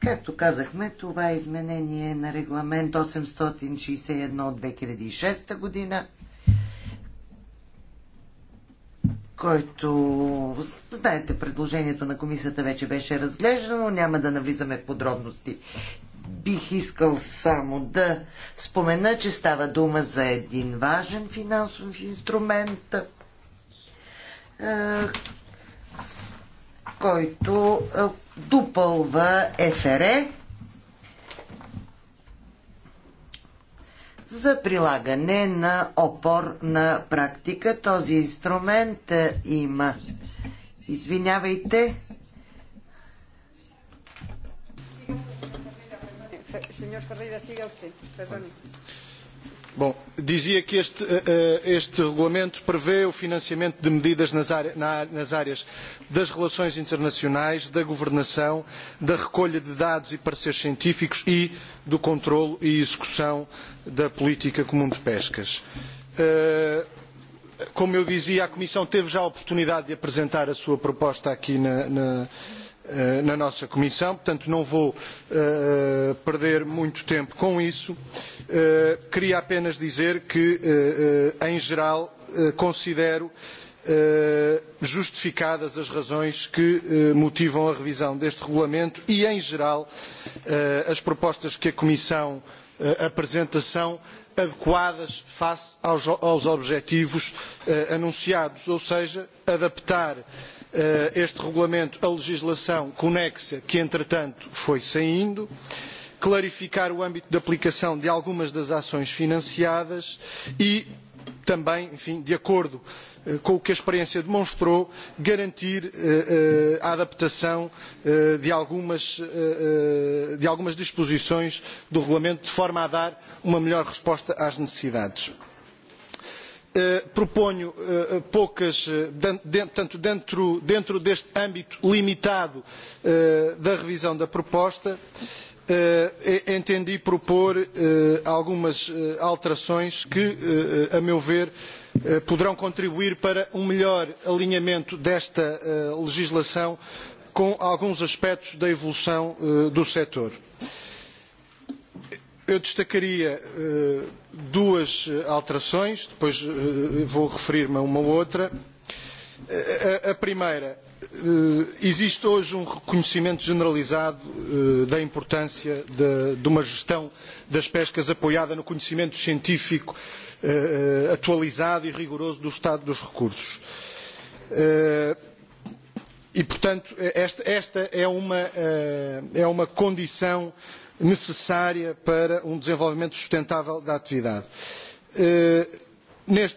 Както казахме, това е изменение на регламент 861 от 2006 година, който, знаете, предложението на комисията вече беше разглеждано, няма да навлизаме в подробности. Бих искал само да спомена, че става дума за един важен финансов инструмент, е, който е, допълва ФРЕ за прилагане на опор на практика. Този инструмент е, има. Извинявайте. Señor Ferreira, siga usted. Perdone. Bom, dizia que este, regulamento prevê o financiamento de medidas nas áreas das relações internacionais, da governação, da recolha de dados e pareceres científicos e do controlo e execução da política comum de pescas. Como eu dizia, a Comissão teve já a oportunidade de apresentar a sua proposta aqui na, na nossa comissão, portanto não vou perder muito tempo com isso. Queria apenas dizer que, em geral, considero justificadas as razões que motivam a revisão deste regulamento e, em geral, as propostas que a Comissão apresenta são adequadas face aos objetivos anunciados, ou seja, adaptar este regulamento a legislação conexa que, entretanto, foi saindo, clarificar o âmbito de aplicação de algumas das ações financiadas e também, enfim, de acordo com o que a experiência demonstrou, garantir a adaptação de algumas disposições do regulamento de forma a dar uma melhor resposta às necessidades proponho poucas, tanto dentro, deste âmbito limitado da revisão da proposta, entendi propor algumas alterações que, a meu ver, poderão contribuir para um melhor alinhamento desta legislação com alguns aspectos da evolução do setor Eu destacaria duas alterações, depois vou referir-me a uma outra. A primeira, existe hoje um reconhecimento generalizado da importância de, uma gestão das pescas apoiada no conhecimento científico atualizado e rigoroso do estado dos recursos. E, portanto, esta, é, uma, condição necessária para um desenvolvimento sustentável da atividade.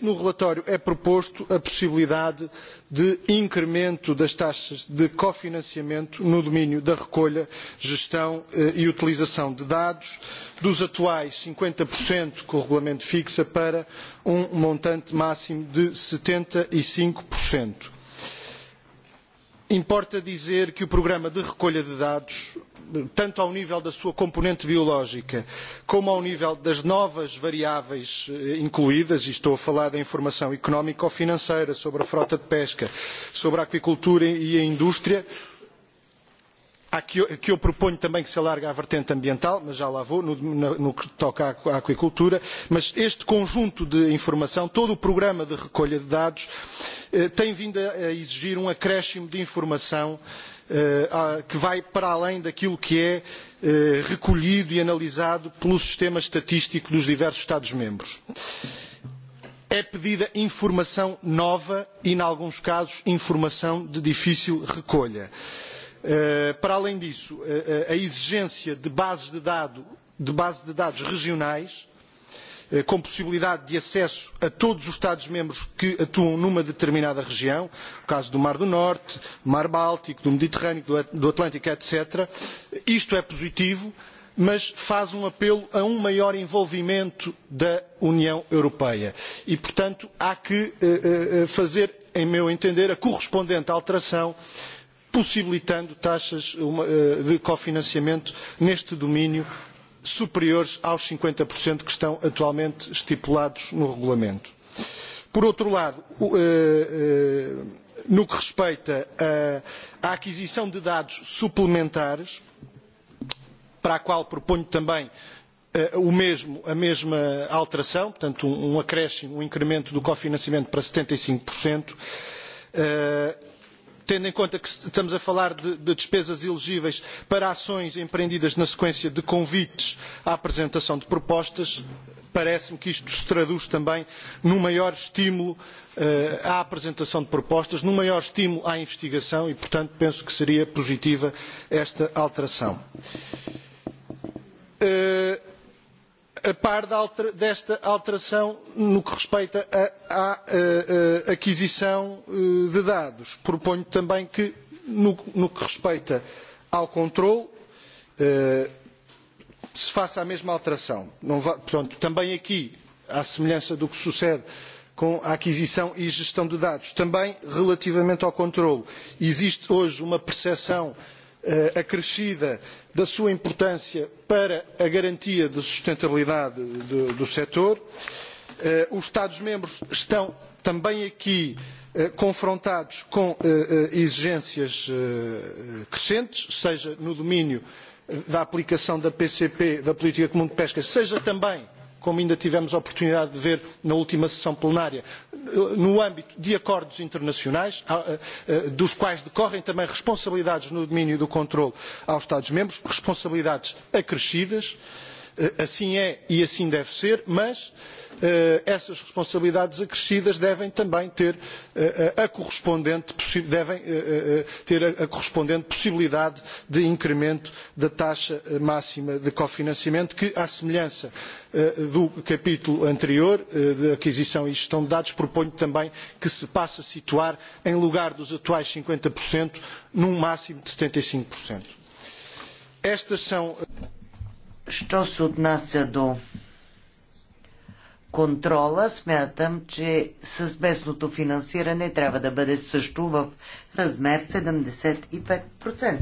no relatório é proposto a possibilidade de incremento das taxas de cofinanciamento no domínio da recolha, gestão e utilização de dados, dos atuais cinquenta que o regulamento fixa para um montante máximo de setenta e cinco. Importa dizer que o programa de recolha de dados tanto ao nível da sua componente biológica como ao nível das novas variáveis incluídas, e estou a falar da informação económica ou financeira sobre a frota de pesca, sobre a aquicultura e a indústria, que eu proponho também que se alargue à vertente ambiental, mas já lá vou, no, que toca à aquicultura, mas este conjunto de informação, todo o programa de recolha de dados, tem vindo a exigir um acréscimo de informação uh, que vai para além daquilo que é recolhido e analisado pelo sistema estatístico dos diversos Estados-membros. É pedida informação nova e, em alguns casos, informação de difícil recolha. Para além disso, a exigência de bases de dados regionais com possibilidade de acesso a todos os Estados-membros que atuam numa determinada região, no caso do Mar do Norte, do Mar Báltico, do Mediterrâneo, do Atlântico, etc. Isto é positivo, mas faz um apelo a um maior envolvimento da União Europeia. E, portanto, há que fazer, em meu entender, a correspondente alteração possibilitando taxas de cofinanciamento neste domínio superiores aos cinquenta que estão atualmente estipulados no regulamento. Por outro lado, no que respeita à aquisição de dados suplementares, para a qual proponho também a mesma alteração, portanto, um acréscimo, um incremento do cofinanciamento para setenta e cinco tendo em conta que estamos a falar de, despesas elegíveis para ações empreendidas na sequência de convites à apresentação de propostas, parece-me que isto se traduz também num maior estímulo à apresentação de propostas, num maior estímulo à investigação e, portanto, penso que seria positiva esta alteração. Uh, a par desta alteração no que respeita à aquisição de dados. Proponho também que, no que respeita ao controle, se faça a mesma alteração. portanto, também aqui, à semelhança do que sucede com a aquisição e gestão de dados, também relativamente ao controle, existe hoje uma percepção acrescida da sua importância para a garantia da sustentabilidade do setor. Os Estados-membros estão também aqui confrontados com exigências crescentes, seja no domínio da aplicação da PCP, da política comum de pesca, seja também como ainda tivemos a oportunidade de ver na última sessão plenária, no âmbito de acordos internacionais, dos quais decorrem também responsabilidades no domínio do controle aos Estados-membros, responsabilidades acrescidas. Uh, Assim é e assim deve ser, mas essas responsabilidades acrescidas devem também ter a correspondente, devem ter a correspondente possibilidade de incremento da taxa máxima de cofinanciamento, que, à semelhança do capítulo anterior, de aquisição e gestão de dados, proponho também que se passe a situar, em lugar dos atuais 50%, num máximo de setenta e cinco. Estas são. Що се отнася до контрола, смятам, че с местното финансиране трябва да бъде също в размер 75%.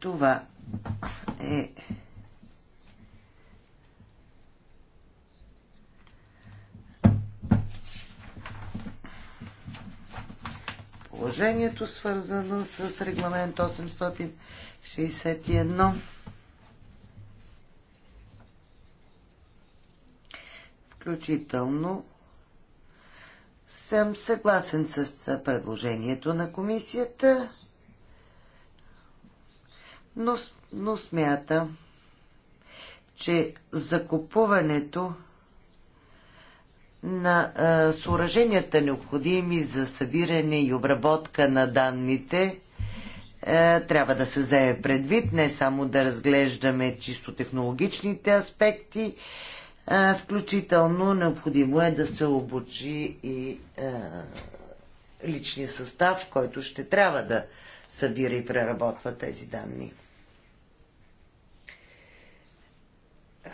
Това е положението, свързано с регламент 861. Включително съм съгласен с предложението на комисията, но, но смятам, че закупуването на а, съоръженията необходими за събиране и обработка на данните а, трябва да се вземе предвид, не само да разглеждаме чисто технологичните аспекти, а, включително необходимо е да се обучи и а, личния състав, който ще трябва да събира и преработва тези данни.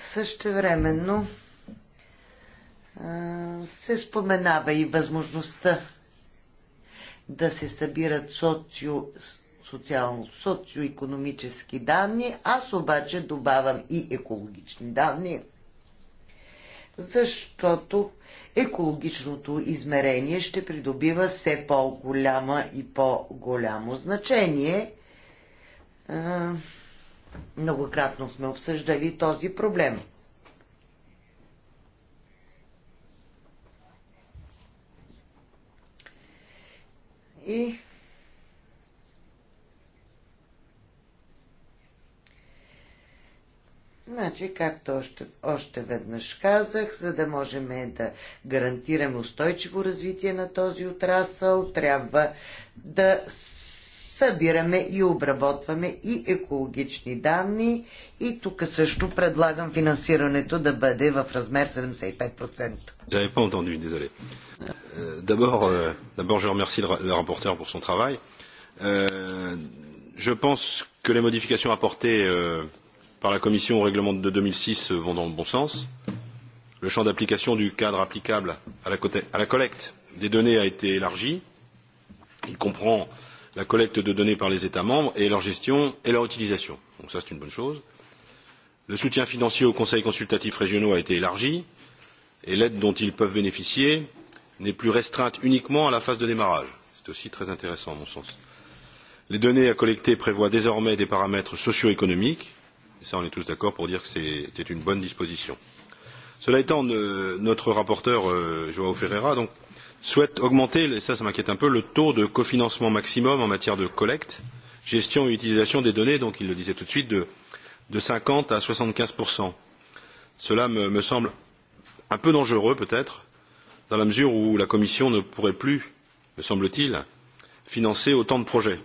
Също времено, се споменава и възможността да се събират социо, социално, социоекономически данни. Аз обаче добавям и екологични данни, защото екологичното измерение ще придобива все по-голяма и по-голямо значение. Многократно сме обсъждали този проблем – и Значи, както още, още веднъж казах, за да можем да гарантираме устойчиво развитие на този отрасъл, трябва да събираме и обработваме и екологични данни и тук също предлагам финансирането да бъде в размер 75%. J'avais pas entendu, désolé. d'abord, euh, d'abord, je remercie le, le rapporteur pour son travail. Euh, je pense que les modifications apportées euh, par la Commission au règlement de 2006 vont dans le bon sens. Le champ d'application du cadre applicable à la, à la collecte des données a été élargi. Il comprend euh, la collecte de données par les États membres et leur gestion et leur utilisation. Donc ça, c'est une bonne chose. Le soutien financier aux conseils consultatifs régionaux a été élargi et l'aide dont ils peuvent bénéficier n'est plus restreinte uniquement à la phase de démarrage. C'est aussi très intéressant à mon sens. Les données à collecter prévoient désormais des paramètres socio-économiques. Et ça, on est tous d'accord pour dire que c'est une bonne disposition. Cela étant, notre rapporteur, Joao Ferreira, donc, souhaite augmenter, et ça, ça m'inquiète un peu, le taux de cofinancement maximum en matière de collecte, gestion et utilisation des données, donc il le disait tout de suite, de, de 50 à 75 Cela me, me semble un peu dangereux peut-être, dans la mesure où la Commission ne pourrait plus, me semble-t-il, financer autant de projets.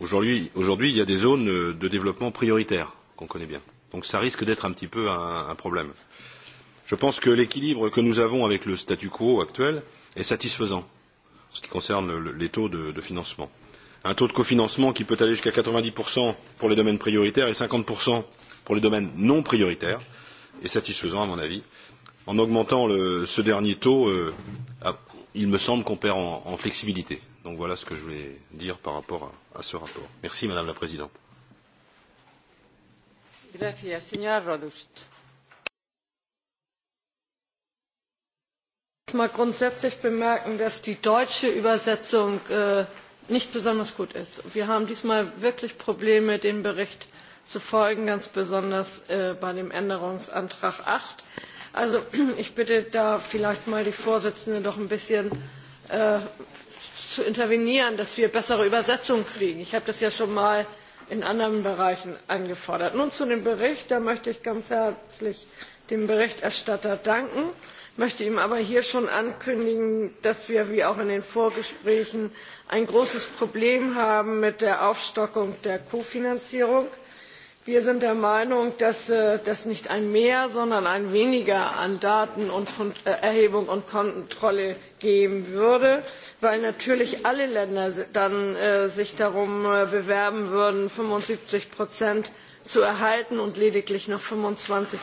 Aujourd'hui, il y a des zones de développement prioritaires qu'on connaît bien. Donc ça risque d'être un petit peu un, problème. Je pense que l'équilibre que nous avons avec le statu quo actuel est satisfaisant en ce qui concerne les taux de, de financement. Un taux de cofinancement qui peut aller jusqu'à 90% pour les domaines prioritaires et 50% pour les domaines non prioritaires est satisfaisant à mon avis. En augmentant le, ce dernier taux, euh, il me semble qu'on perd en, en flexibilité. Donc voilà ce que je voulais dire par rapport à, à ce rapport. Merci Madame la Présidente. Gracias, señora Rodust. mal grundsätzlich bemerken, dass die deutsche Übersetzung nicht besonders gut ist. Wir haben diesmal wirklich Probleme, dem Bericht zu folgen, ganz besonders bei dem Änderungsantrag acht. Also ich bitte da vielleicht mal die Vorsitzende doch ein bisschen zu intervenieren, dass wir bessere Übersetzung kriegen. Ich habe das ja schon mal in anderen Bereichen angefordert. Nun zu dem Bericht. Da möchte ich ganz herzlich dem Berichterstatter danken möchte ihm aber hier schon ankündigen dass wir wie auch in den vorgesprächen ein großes problem haben mit der aufstockung der kofinanzierung. wir sind der meinung dass das nicht ein mehr sondern ein weniger an datenerhebung und kontrolle geben würde weil natürlich alle länder sich dann darum bewerben würden fünfundsiebzig prozent zu erhalten und lediglich noch fünfundzwanzig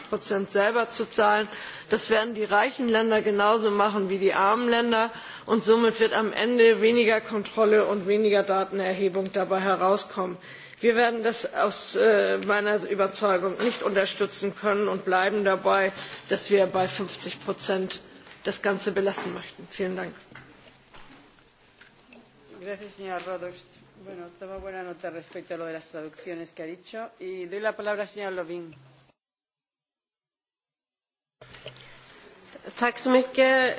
selber zu zahlen. das werden die reichen länder genauso machen wie die armen länder und somit wird am ende weniger kontrolle und weniger datenerhebung dabei herauskommen. wir werden das aus meiner überzeugung nicht unterstützen können und bleiben dabei dass wir bei fünfzig das ganze belassen möchten. vielen dank. Bueno, tomo buena nota respecto a lo de las traducciones que ha dicho y doy la palabra al señor Tack så mycket.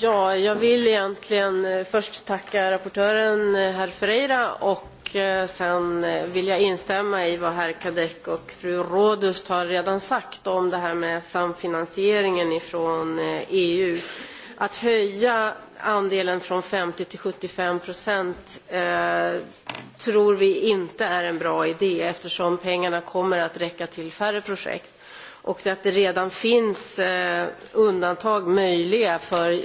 Ja, jag vill egentligen först tacka rapportören herr Ferreira och sen vill jag instämma i vad herr Kadek och fru Rådust har redan sagt om det här med samfinansieringen ifrån EU. Att höja andelen från 50 till 75 procent tror vi inte är en bra idé eftersom pengarna kommer att räcka till färre projekt och att det redan finns undantag möjliga för,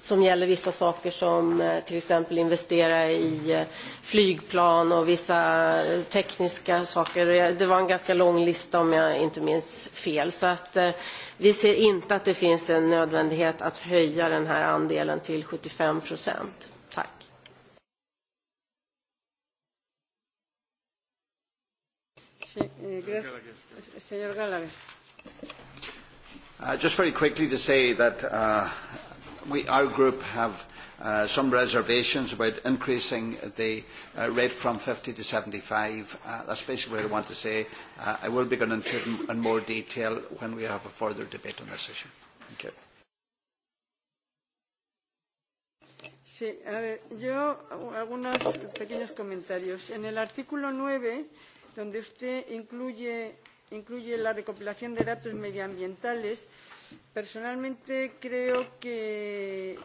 som gäller vissa saker som till exempel investera i flygplan och vissa tekniska saker. Det var en ganska lång lista om jag inte minns fel. Så att, vi ser inte att det finns en nödvändighet att höja den här andelen till 75 procent. señor gallagher Uh, Just very quickly to say that uh, we, our group have uh, some reservations about increasing the uh, rate from 50 to 75. Uh, that's basically what I want to say. Uh, I will be going into it in in more detail when we have a further debate on this issue. Thank you. Sí, a ver, yo algunos pequeños comentarios. En el artículo 9, donde usted incluye incluye la recopilación de datos medioambientales. Personalmente creo que,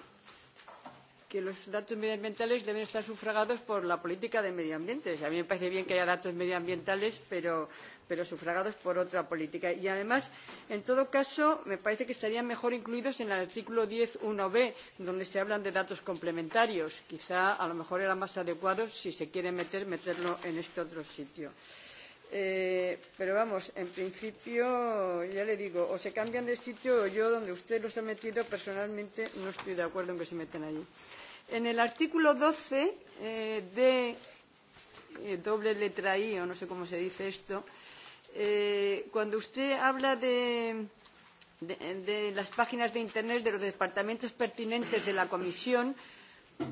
que los datos medioambientales deben estar sufragados por la política de medio ambiente. O sea, a mí me parece bien que haya datos medioambientales, pero, pero sufragados por otra política. Y además, en todo caso, me parece que estarían mejor incluidos en el artículo 10.1b, donde se hablan de datos complementarios. Quizá a lo mejor era más adecuado, si se quiere meter, meterlo en este otro sitio. Eh, pero vamos, en principio, ya le digo, o se cambian de sitio o yo, donde usted los ha metido, personalmente no estoy de acuerdo en que se metan allí. En el artículo 12 eh, de eh, doble letra I, o no sé cómo se dice esto, eh, cuando usted habla de, de, de las páginas de Internet de los departamentos pertinentes de la Comisión, eh,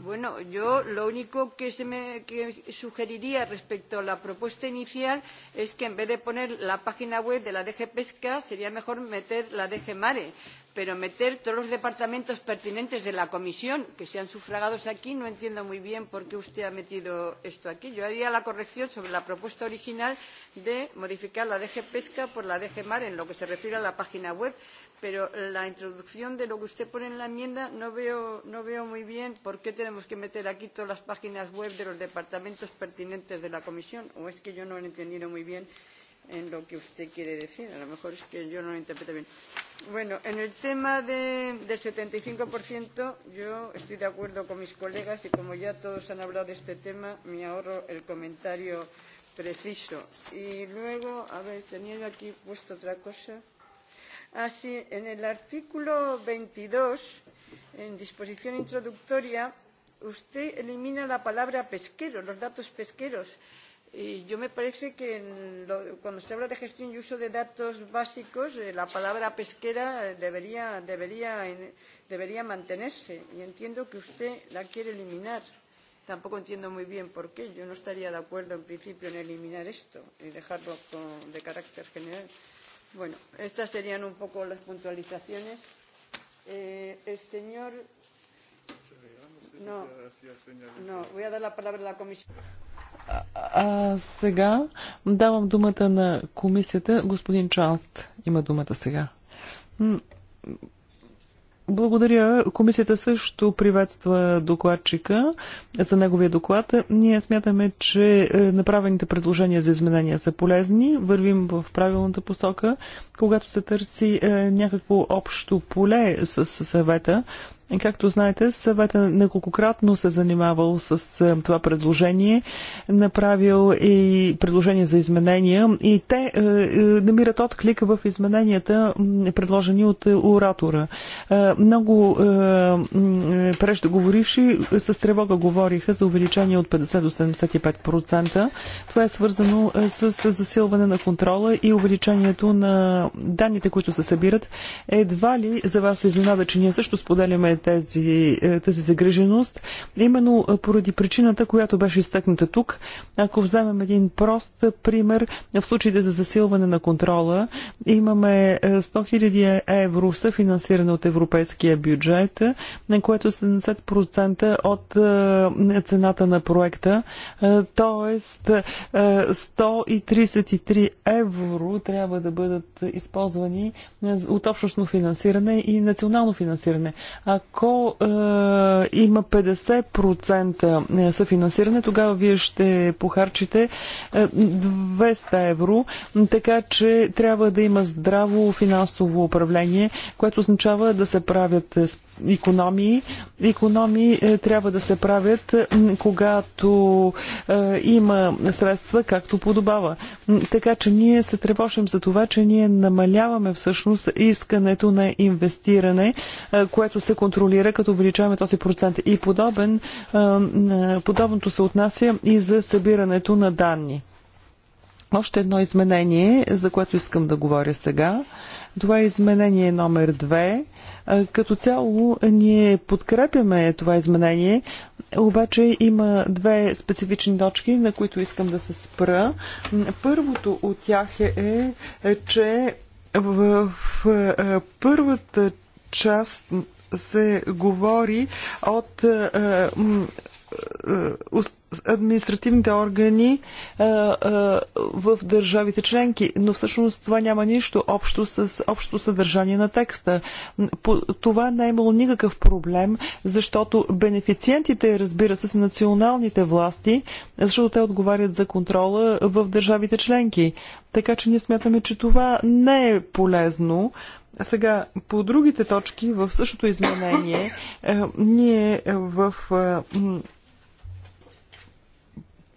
Bueno, yo lo único que, se me, que sugeriría respecto a la propuesta inicial es que en vez de poner la página web de la DG Pesca, sería mejor meter la DG Mare pero meter todos los departamentos pertinentes de la comisión que sean sufragados aquí, no entiendo muy bien por qué usted ha metido esto aquí. Yo haría la corrección sobre la propuesta original de modificar la DG Pesca por la DG Mar en lo que se refiere a la página web, pero la introducción de lo que usted pone en la enmienda no veo, no veo muy bien por qué tenemos que meter aquí todas las páginas web de los departamentos pertinentes de la comisión, o es que yo no lo he entendido muy bien en lo que usted quiere decir. A lo mejor es que yo no lo interpreto bien. Bueno, en el tema de, del 75%, yo estoy de acuerdo con mis colegas y como ya todos han hablado de este tema, me ahorro el comentario preciso. Y luego, a ver, tenía yo aquí puesto otra cosa. Ah, sí, en el artículo 22, en disposición introductoria, usted elimina la palabra pesquero, los datos pesqueros yo me parece que en lo, cuando se habla de gestión y uso de datos básicos, eh, la palabra pesquera debería, debería, debería mantenerse. Y entiendo que usted la quiere eliminar. Tampoco entiendo muy bien por qué. Yo no estaría de acuerdo en principio en eliminar esto y dejarlo con, de carácter general. Bueno, estas serían un poco las puntualizaciones. Eh, el señor No, no, voy a dar la palabra a la comisión. А сега давам думата на комисията. Господин Чанст има думата сега. Благодаря. Комисията също приветства докладчика за неговия доклад. Ние смятаме, че е, направените предложения за изменения са полезни. Вървим в правилната посока. Когато се търси е, някакво общо поле с съвета, Както знаете, съвета неколкократно се занимавал с е, това предложение, направил и предложение за изменения и те е, е намират отклик в измененията, предложени от е, оратора. Е, много е, преждеговоривши с тревога говориха за увеличение от 50 до 75%. Това е свързано с, с засилване на контрола и увеличението на данните, които се събират. Едва ли за вас изненада, че ние също споделяме тази, е, тази загриженост, именно е, поради причината, която беше изтъкната тук. Ако вземем един прост е, пример, в случаите за засилване на контрола имаме 100 000 евро съфинансиране от европейския бюджет, на което 70% от цената на проекта, т.е. 133 евро трябва да бъдат използвани от общностно финансиране и национално финансиране. А ако е, има 50% съфинансиране, тогава вие ще похарчите 200 е, евро, така че трябва да има здраво финансово управление, което означава да се правят економии. Економии е, трябва да се правят, е, когато е, има средства, както подобава. Така че ние се тревожим за това, че ние намаляваме всъщност искането на инвестиране, е, което се контролира контролира, като увеличаваме този процент. И подобен, подобното се отнася и за събирането на данни. Още едно изменение, за което искам да говоря сега. Това е изменение номер 2. Като цяло ние подкрепяме това изменение, обаче има две специфични точки, на които искам да се спра. Първото от тях е, е че в първата част се говори от е, е, административните органи е, в държавите членки, но всъщност това няма нищо общо с общото съдържание на текста. Това не е имало никакъв проблем, защото бенефициентите, разбира се, са националните власти, защото те отговарят за контрола в държавите членки. Така че ние смятаме, че това не е полезно. Сега, по другите точки в същото изменение, е, ние в е,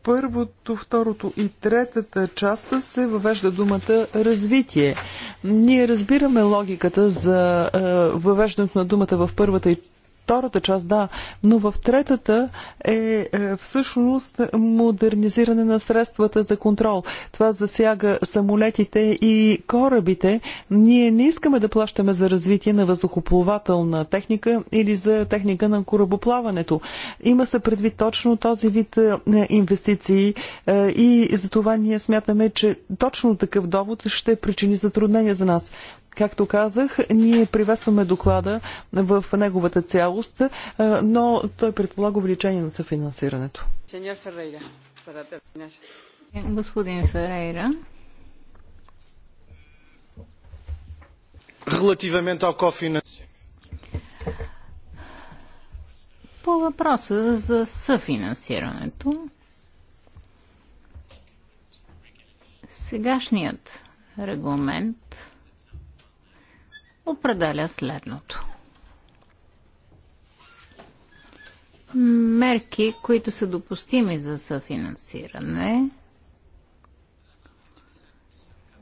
първото, второто и третата част се въвежда думата развитие. Ние разбираме логиката за е, въвеждането на думата в първата и втората част, да, но в третата е, е, всъщност модернизиране на средствата за контрол. Това засяга самолетите и корабите. Ние не искаме да плащаме за развитие на въздухоплавателна техника или за техника на корабоплаването. Има се предвид точно този вид е, инвестиции е, и за това ние смятаме, че точно такъв довод ще причини затруднения за нас. Както казах, ние приветстваме доклада в неговата цялост, е, но той предполага увеличение на съфинансирането. Господин Ферейра. Relativamente ao cofinanciamento. По въпроса за съфинансирането, сегашният регламент определя следното. Мерки, които са допустими за съфинансиране,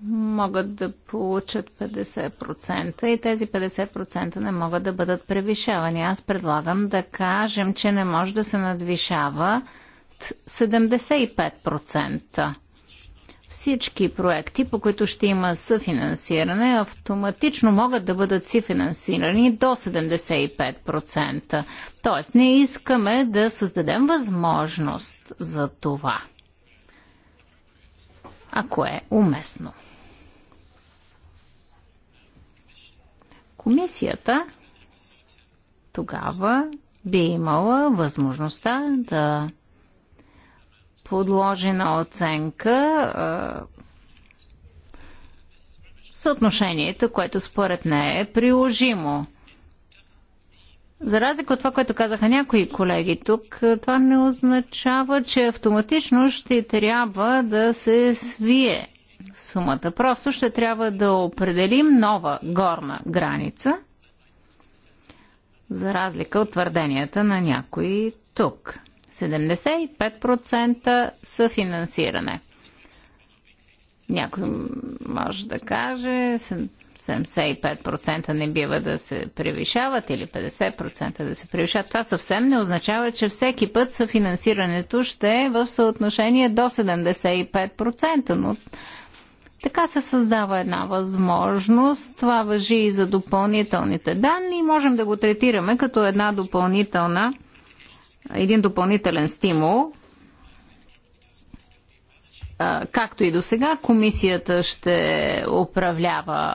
могат да получат 50% и тези 50% не могат да бъдат превишавани. Аз предлагам да кажем, че не може да се надвишава 75%. Всички проекти, по които ще има съфинансиране, автоматично могат да бъдат си финансирани до 75%. Тоест, ние искаме да създадем възможност за това, ако е уместно. Комисията тогава би имала възможността да подложена оценка съотношението, което според нея е приложимо. За разлика от това, което казаха някои колеги тук, това не означава, че автоматично ще трябва да се свие сумата. Просто ще трябва да определим нова горна граница, за разлика от твърденията на някои тук. 75% съфинансиране. Някой може да каже, 75% не бива да се превишават или 50% да се превишават. Това съвсем не означава, че всеки път съфинансирането ще е в съотношение до 75%, но така се създава една възможност. Това въжи и за допълнителните данни можем да го третираме като една допълнителна един допълнителен стимул. Както и до сега, комисията ще управлява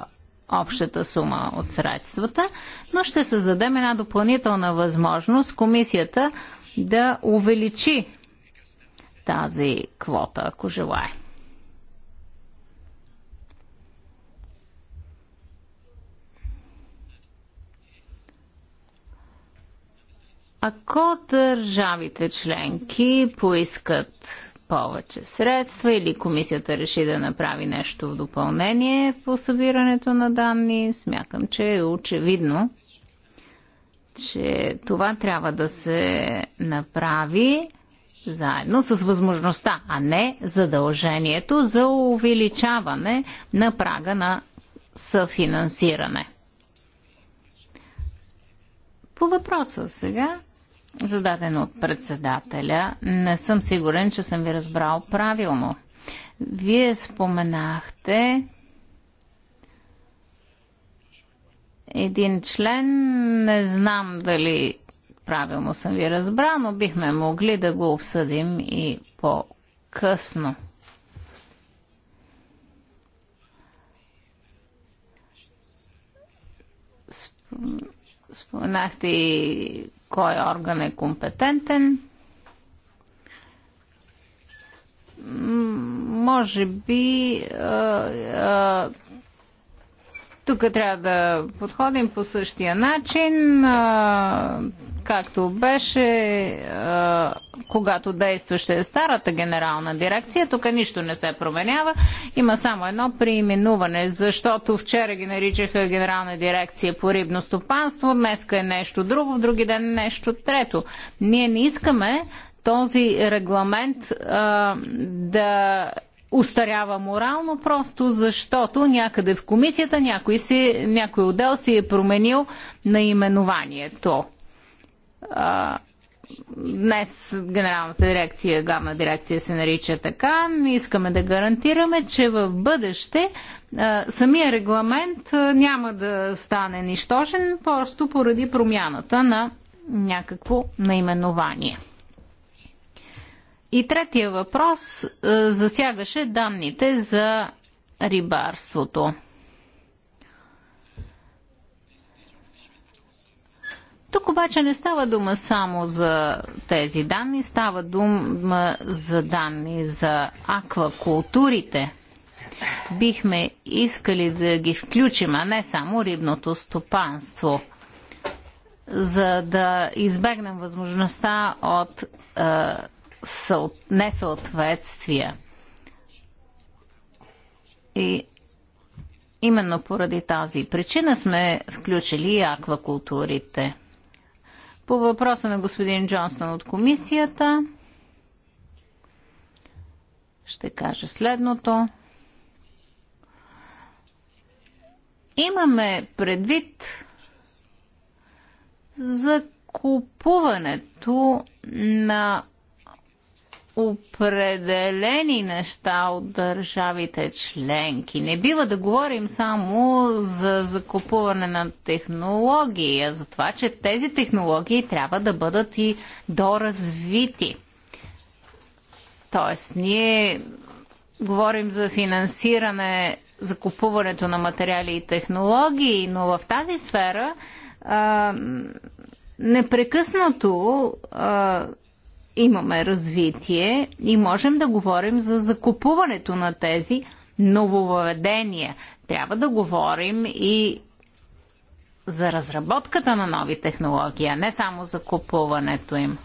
общата сума от средствата, но ще създадем една допълнителна възможност комисията да увеличи тази квота, ако желая. Ако държавите членки поискат повече средства или комисията реши да направи нещо в допълнение по събирането на данни, смятам, че е очевидно, че това трябва да се направи заедно с възможността, а не задължението за увеличаване на прага на съфинансиране. По въпроса сега зададен от председателя. Не съм сигурен, че съм ви разбрал правилно. Вие споменахте един член, не знам дали правилно съм ви разбрал, но бихме могли да го обсъдим и по-късно. Споменахте и кой орган е компетентен. Може би тук трябва да подходим по същия начин както беше, когато действаше старата генерална дирекция. Тук нищо не се променява. Има само едно преименуване, защото вчера ги наричаха генерална дирекция по рибно стопанство, днеска е нещо друго, в други ден е нещо трето. Ние не искаме този регламент а, да устарява морално, просто защото някъде в комисията някой, си, някой отдел си е променил наименуванието. А, днес Генералната дирекция, главна дирекция се нарича така. Искаме да гарантираме, че в бъдеще самия регламент няма да стане нищожен, просто поради промяната на някакво наименование. И третия въпрос засягаше данните за рибарството. Тук обаче не става дума само за тези данни, става дума за данни за аквакултурите. Бихме искали да ги включим, а не само рибното стопанство, за да избегнем възможността от е, несъответствия. И именно поради тази причина сме включили и аквакултурите. По въпроса на господин Джонстън от комисията ще кажа следното. Имаме предвид за купуването на определени неща от държавите членки. Не бива да говорим само за закупуване на технологии, а за това, че тези технологии трябва да бъдат и доразвити. Тоест, ние говорим за финансиране, закупуването на материали и технологии, но в тази сфера а, непрекъснато а, имаме развитие и можем да говорим за закупуването на тези нововведения. Трябва да говорим и за разработката на нови технологии, а не само за купуването им.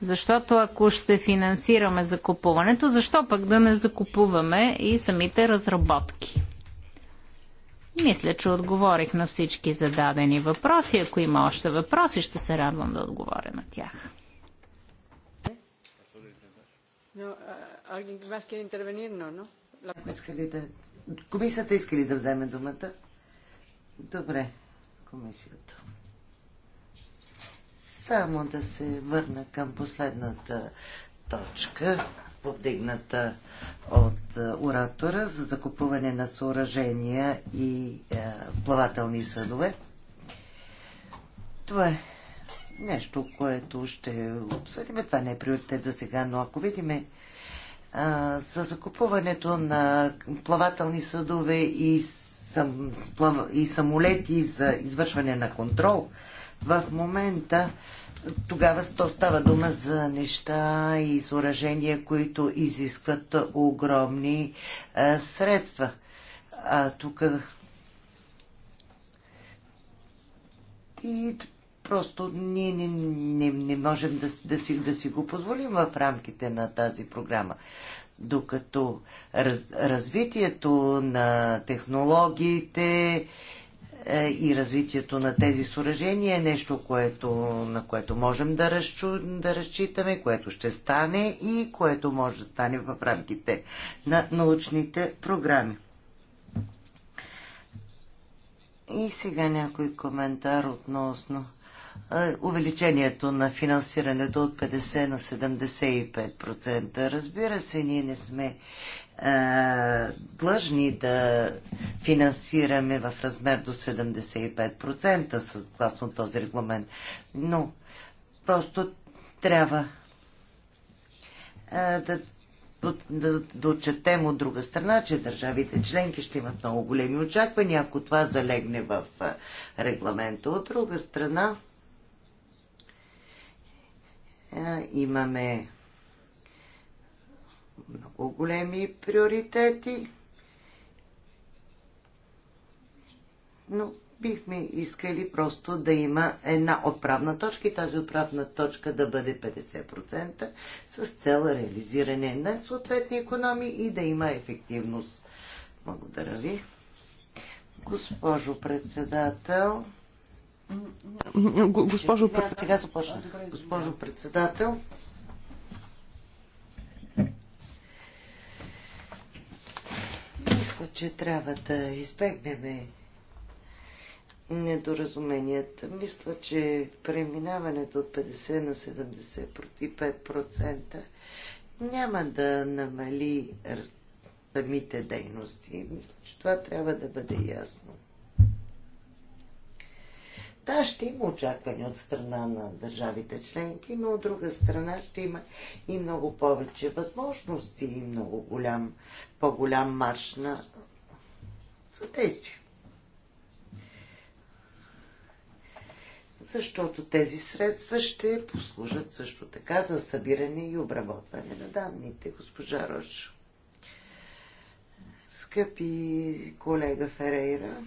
Защото ако ще финансираме закупуването, защо пък да не закупуваме и самите разработки? Мисля, че отговорих на всички зададени въпроси. Ако има още въпроси, ще се радвам да отговоря на тях. alguien más Ако да... Комисията иска ли да вземе думата? Добре, комисията. Само да се върна към последната точка, повдигната от е, оратора за закупуване на съоръжения и е, плавателни съдове. Това е нещо, което ще обсъдим. Това не е приоритет за сега, но ако видиме за закупуването на плавателни съдове и, сам, и самолети за извършване на контрол, в момента тогава то става дума за неща и съоръжения, които изискват огромни а, средства. А тук и Просто ние не, не, не можем да, да, си, да си го позволим в рамките на тази програма. Докато раз, развитието на технологиите е, и развитието на тези съоръжения е нещо, което, на което можем да, разчу, да разчитаме, което ще стане и което може да стане в рамките на научните програми. И сега някой коментар относно увеличението на финансирането от 50 на 75%. Разбира се, ние не сме длъжни да финансираме в размер до 75% съгласно този регламент. Но просто трябва да да, да отчетем от друга страна, че държавите членки ще имат много големи очаквания, ако това залегне в регламента. От друга страна, е, имаме много големи приоритети, но бихме искали просто да има една отправна точка и тази отправна точка да бъде 50% с цел реализиране на съответни економии и да има ефективност. Благодаря ви. Госпожо председател, Госпожо председател. Сега започна. Госпожо председател. Мисля, че трябва да избегнем недоразуменията. Мисля, че преминаването от 50 на 70 против 5% няма да намали самите дейности. Мисля, че това трябва да бъде ясно. Да, ще има очакване от страна на държавите членки, но от друга страна ще има и много повече възможности и много голям, по-голям марш на съдействие. Защото тези средства ще послужат също така за събиране и обработване на данните, госпожа Рошо. Скъпи колега Ферейра,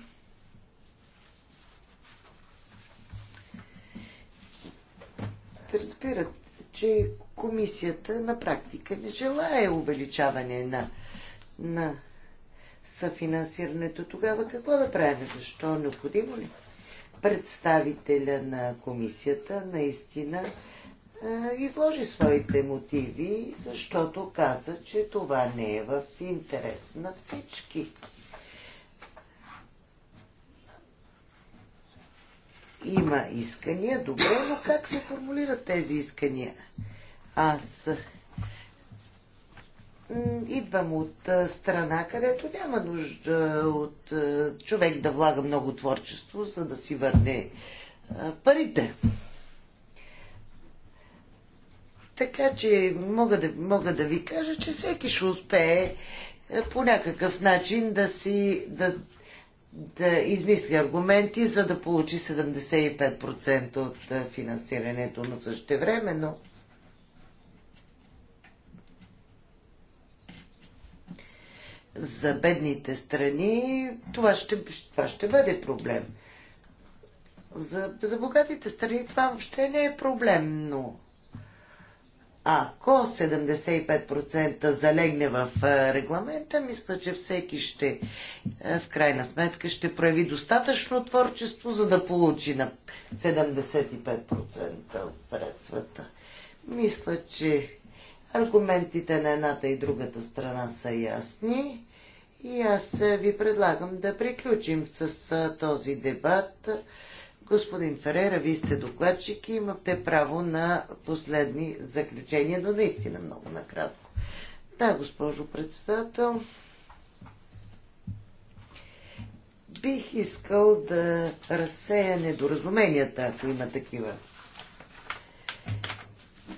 разбират, че комисията на практика не желая увеличаване на, на съфинансирането. Тогава какво да правим? Защо? Необходимо ли? Представителя на комисията наистина е, изложи своите мотиви, защото каза, че това не е в интерес на всички. Има искания, добре, но как се формулират тези искания? Аз идвам от страна, където няма нужда от човек да влага много творчество, за да си върне парите. Така че мога да, мога да ви кажа, че всеки ще успее по някакъв начин да си, да, да измисли аргументи, за да получи 75% от финансирането, но същевременно за бедните страни това ще, това ще бъде проблем. За, за богатите страни това въобще не е проблемно. Ако 75% залегне в е, регламента, мисля, че всеки ще, е, в крайна сметка, ще прояви достатъчно творчество, за да получи на 75% от средствата. Мисля, че аргументите на едната и другата страна са ясни. И аз е, ви предлагам да приключим с този дебат. Господин Ферера, вие сте докладчик и имате право на последни заключения, но наистина много накратко. Да, госпожо председател. Бих искал да разсея недоразуменията, ако има такива.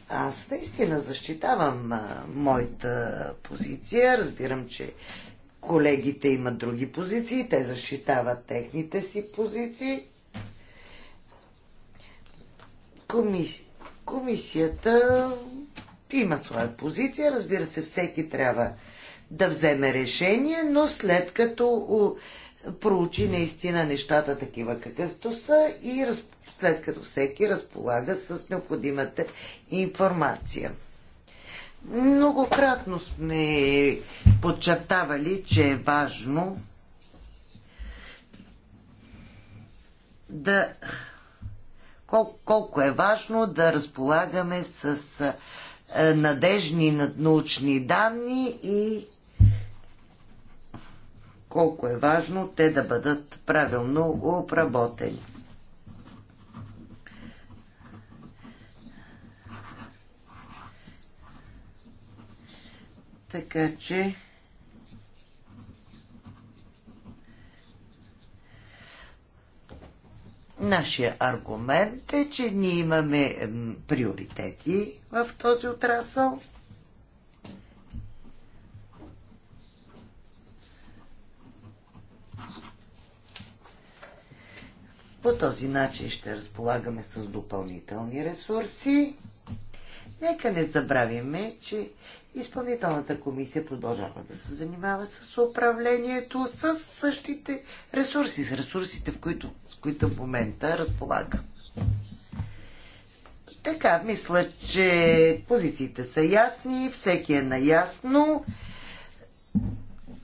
Аз наистина защитавам а, моята позиция. Разбирам, че колегите имат други позиции. Те защитават техните си позиции. Коми... Комисията има своя позиция. Разбира се, всеки трябва да вземе решение, но след като проучи наистина нещата такива какъвто са и раз... след като всеки разполага с необходимата информация. Многократно сме подчертавали, че е важно да колко, колко е важно да разполагаме с е, надежни научни данни и колко е важно те да бъдат правилно обработени. Така че Нашия аргумент е, че ние имаме приоритети в този отрасъл. По този начин ще разполагаме с допълнителни ресурси. Нека не забравиме, че Изпълнителната комисия продължава да се занимава с управлението, с същите ресурси, с ресурсите, в които, с които в момента разполага. Така, мисля, че позициите са ясни, всеки е наясно.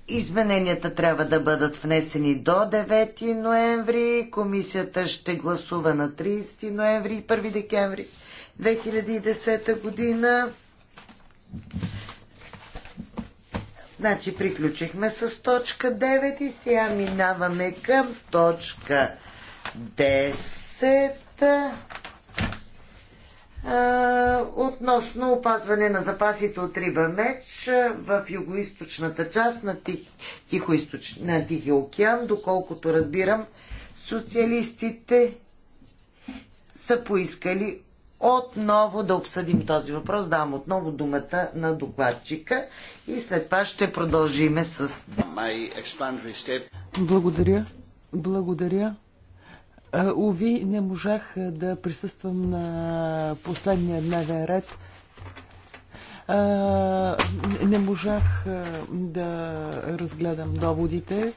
Измененията трябва да бъдат внесени до 9 ноември. Комисията ще гласува на 30 ноември и 1 декември 2010 година. Значи приключихме с точка 9 и сега минаваме към точка 10 относно опазване на запасите от риба меч в югоисточната част на, Тих, на Тихия океан, доколкото разбирам, социалистите са поискали отново да обсъдим този въпрос. Давам отново думата на докладчика и след това ще продължиме с... Благодаря. Благодаря. Ови, не можах да присъствам на последния дневен ред. Не можах да разгледам доводите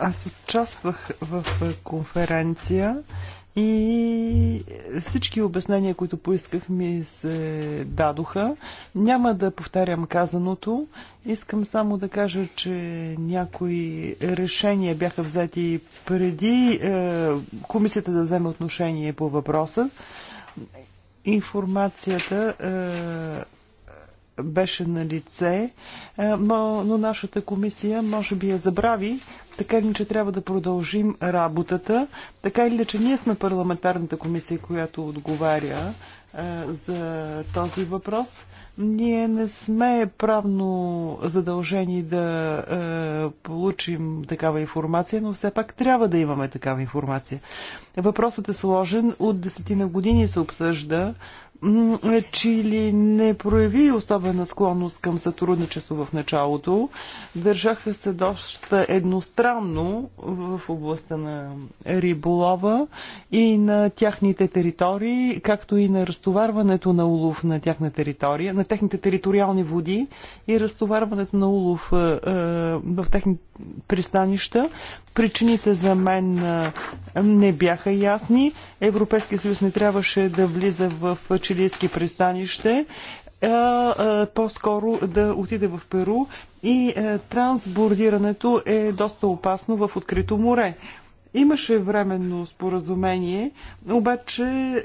аз участвах в конференция и всички обяснения, които поисках, ми се дадоха. Няма да повтарям казаното. Искам само да кажа, че някои решения бяха взети преди е, комисията да вземе отношение по въпроса. Информацията. Е, беше на лице, е, но, но нашата комисия може би я забрави, така или че трябва да продължим работата, така или че ние сме парламентарната комисия, която отговаря е, за този въпрос. Ние не сме правно задължени да е, получим такава информация, но все пак трябва да имаме такава информация. Въпросът е сложен. От десетина години се обсъжда. Чили не прояви особена склонност към сътрудничество в началото. Държаха се доста едностранно в областта на риболова и на тяхните територии, както и на разтоварването на улов на тяхна територия, на техните териториални води и разтоварването на улов е, е, в техните пристанища. Причините за мен е, не бяха ясни. Европейския съюз не трябваше да влиза в чилийски пристанище, е, е, по-скоро да отиде в Перу и е, трансбордирането е доста опасно в открито море. Имаше временно споразумение, обаче е,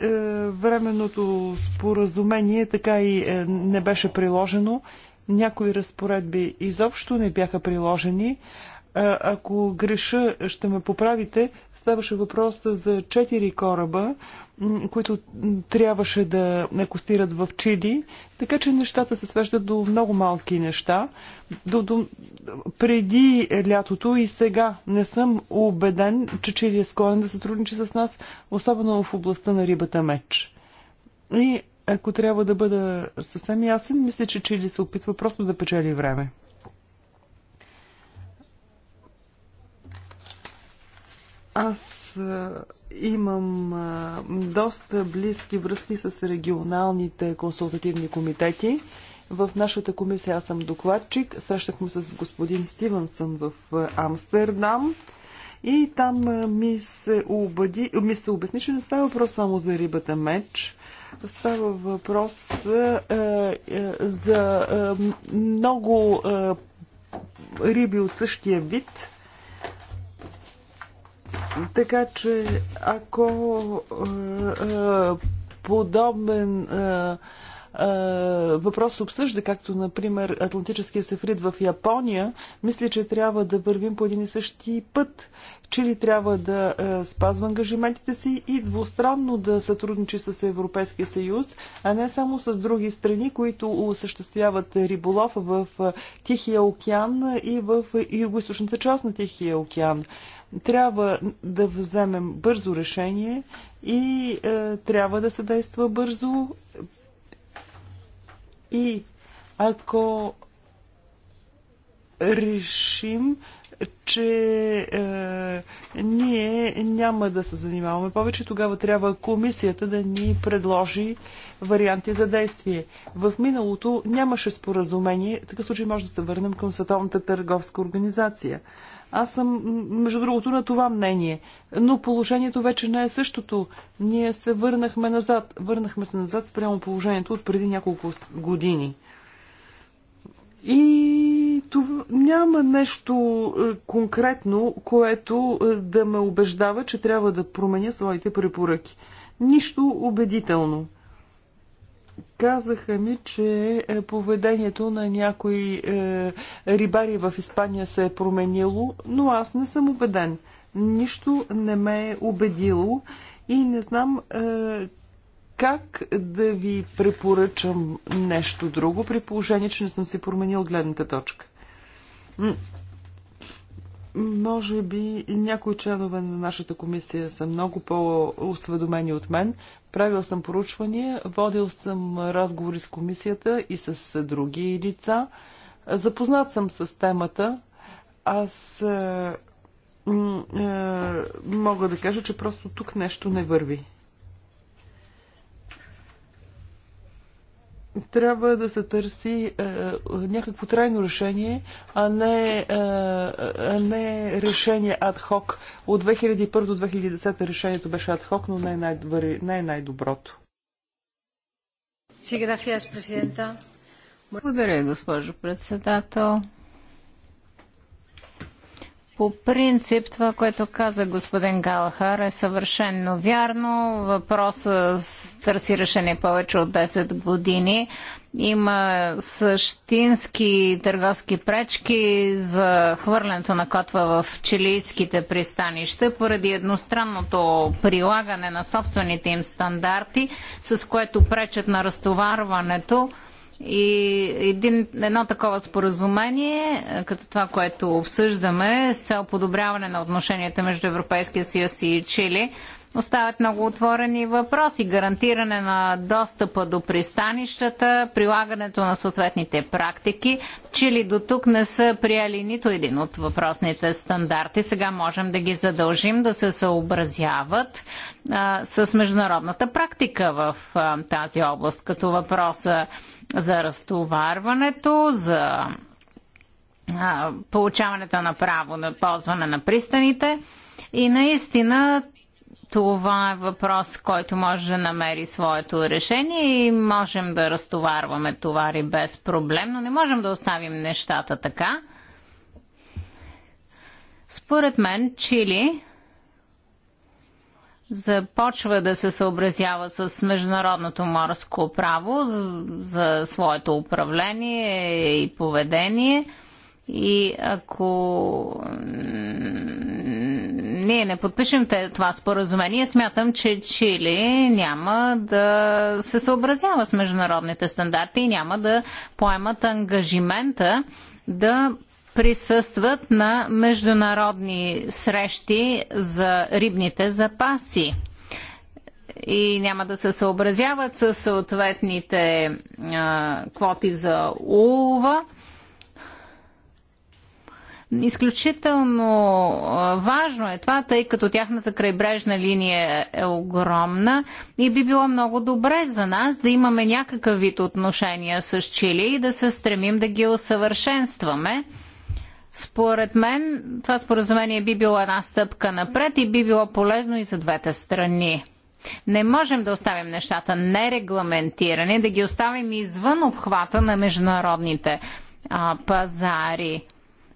временното споразумение така и е, не беше приложено. Някои разпоредби изобщо не бяха приложени. Е, ако греша, ще ме поправите. Ставаше въпрос за 4 кораба, които трябваше да акустират в Чили. Така че нещата се свеждат до много малки неща. До, до, преди лятото и сега не съм убеден, че Чили е склонен да сътрудничи с нас, особено в областта на рибата меч. И ако трябва да бъда съвсем ясен, мисля, че Чили се опитва просто да печели време. Аз имам доста близки връзки с регионалните консултативни комитети. В нашата комисия аз съм докладчик. Срещахме с господин Стивенсън в Амстердам. И там ми се, обади, ми се обясни, че не става въпрос само за рибата меч. Става въпрос е, е, за е, много е, риби от същия вид, така че, ако е, е, подобен е, въпрос се обсъжда, както, например, Атлантическия сефрид в Япония, мисля, че трябва да вървим по един и същи път. Чили трябва да спазва ангажиментите си и двустранно да сътрудничи с Европейския съюз, а не само с други страни, които осъществяват риболов в Тихия океан и в юго част на Тихия океан. Трябва да вземем бързо решение и е, трябва да се действа бързо. И ако решим, че е, ние няма да се занимаваме повече. Тогава трябва комисията да ни предложи варианти за действие. В миналото нямаше споразумение. В такъв случай може да се върнем към Световната търговска организация. Аз съм, между другото, на това мнение. Но положението вече не е същото. Ние се върнахме назад. Върнахме се назад спрямо положението от преди няколко години. И това няма нещо е, конкретно, което е, да ме убеждава, че трябва да променя своите препоръки. Нищо убедително. Казаха ми, че е, поведението на някои е, рибари в Испания се е променило, но аз не съм убеден. Нищо не ме е убедило и не знам е, как да ви препоръчам нещо друго, при положение, че не съм си променил гледната точка. Може би някои членове на нашата комисия са много по-осведомени от мен. Правил съм поручвания, водил съм разговори с комисията и с други лица. Запознат съм с темата. Аз е, е, мога да кажа, че просто тук нещо не върви. трябва да се търси е, е, някакво трайно решение, а не, е, а е, е, не решение ад-хок. От 2001 до 2010 решението беше ад-хок, но не е, най- не е най-доброто. Благодаря, госпожо председател. По принцип, това, което каза господин Галахар е съвършенно вярно. Въпросът търси решение повече от 10 години. Има същински търговски пречки за хвърлянето на котва в чилийските пристанища поради едностранното прилагане на собствените им стандарти, с което пречат на разтоварването и един, едно такова споразумение, е, като това, което обсъждаме, с цел подобряване на отношенията между Европейския съюз и Чили, остават много отворени въпроси. Гарантиране на достъпа до пристанищата, прилагането на съответните практики. Чили до тук не са приели нито един от въпросните стандарти. Сега можем да ги задължим да се съобразяват а, с международната практика в а, тази област, като въпроса за разтоварването, за а, получаването на право на ползване на пристаните. И наистина това е въпрос, който може да намери своето решение и можем да разтоварваме товари без проблем, но не можем да оставим нещата така. Според мен Чили започва да се съобразява с международното морско право за своето управление и поведение. И ако ние не подпишем това споразумение, смятам, че Чили няма да се съобразява с международните стандарти и няма да поемат ангажимента да присъстват на международни срещи за рибните запаси и няма да се съобразяват с съответните а, квоти за улова. Изключително важно е това, тъй като тяхната крайбрежна линия е огромна и би било много добре за нас да имаме някакъв вид отношения с Чили и да се стремим да ги усъвършенстваме според мен това споразумение би било една стъпка напред и би било полезно и за двете страни. Не можем да оставим нещата нерегламентирани, да ги оставим извън обхвата на международните а, пазари.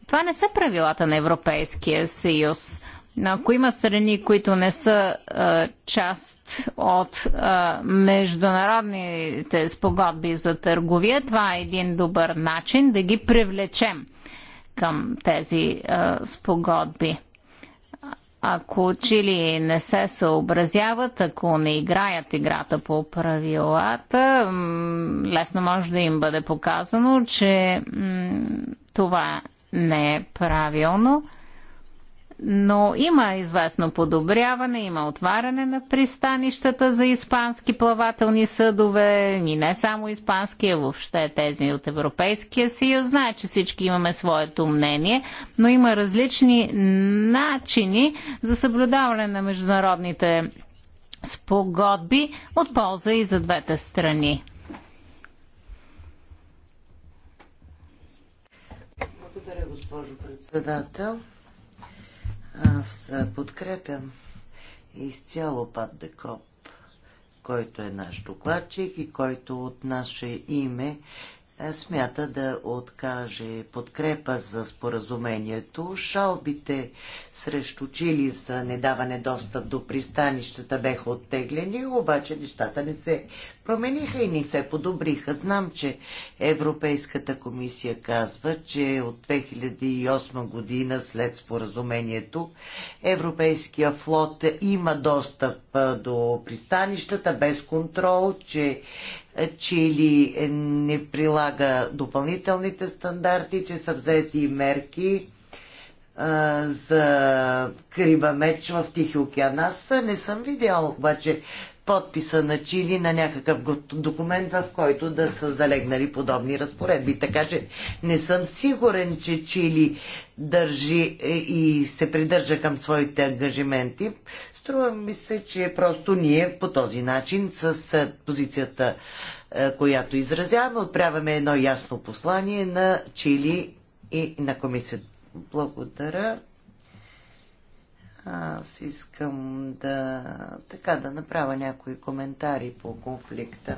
Това не са правилата на Европейския съюз. Ако има страни, които не са а, част от а, международните спогодби за търговия, това е един добър начин да ги привлечем – към тези а, спогодби. Ако Чили не се съобразяват, ако не играят играта по правилата, лесно може да им бъде показано, че това не е правилно но има известно подобряване, има отваряне на пристанищата за испански плавателни съдове и не само испански, а въобще тези от Европейския съюз. Знае, че всички имаме своето мнение, но има различни начини за съблюдаване на международните спогодби от полза и за двете страни. Благодаря, госпожо председател. Аз подкрепям изцяло Пат Декоп, който е наш докладчик и който от наше име смята да откаже подкрепа за споразумението. Шалбите срещу Чили за недаване достъп до пристанищата беха оттеглени, обаче нещата не се промениха и ни се подобриха. Знам, че Европейската комисия казва, че от 2008 година след споразумението Европейския флот има достъп до пристанищата без контрол, че Чили е, не прилага допълнителните стандарти, че са взети мерки за криба меч в Тихи океан. Аз не съм видял обаче подписа на Чили на някакъв документ, в който да са залегнали подобни разпоредби. Така че не съм сигурен, че Чили държи е, и се придържа към своите ангажименти. Струва ми се, че просто ние по този начин с е, позицията, е, която изразяваме, отправяме едно ясно послание на Чили и на комисията. Благодаря. Аз искам да, така, да направя някои коментари по конфликта.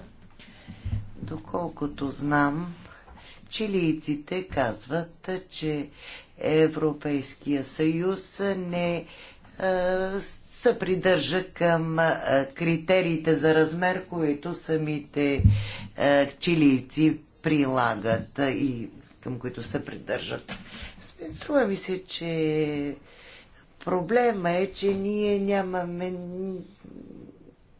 Доколкото знам, чилийците казват, че Европейския съюз не е, се придържа към е, критериите за размер, които самите е, чилийци прилагат и към които се придържат. Струва ми се, че Проблема е, че ние нямаме.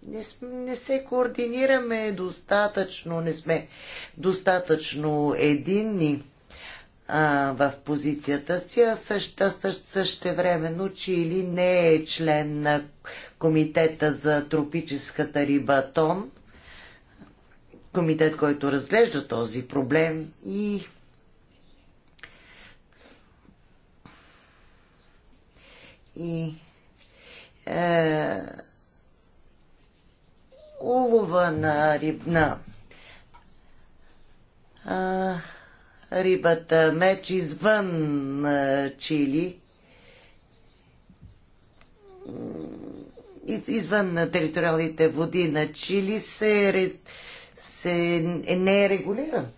Не, не се координираме достатъчно, не сме достатъчно единни а, в позицията си, а също, също, че или не е член на Комитета за тропическата риба Тон, комитет, който разглежда този проблем и и е, улова на рибна. А, рибата меч извън а, е, Чили, из, извън на териториалните води на Чили, се, се, е, не е регулиран.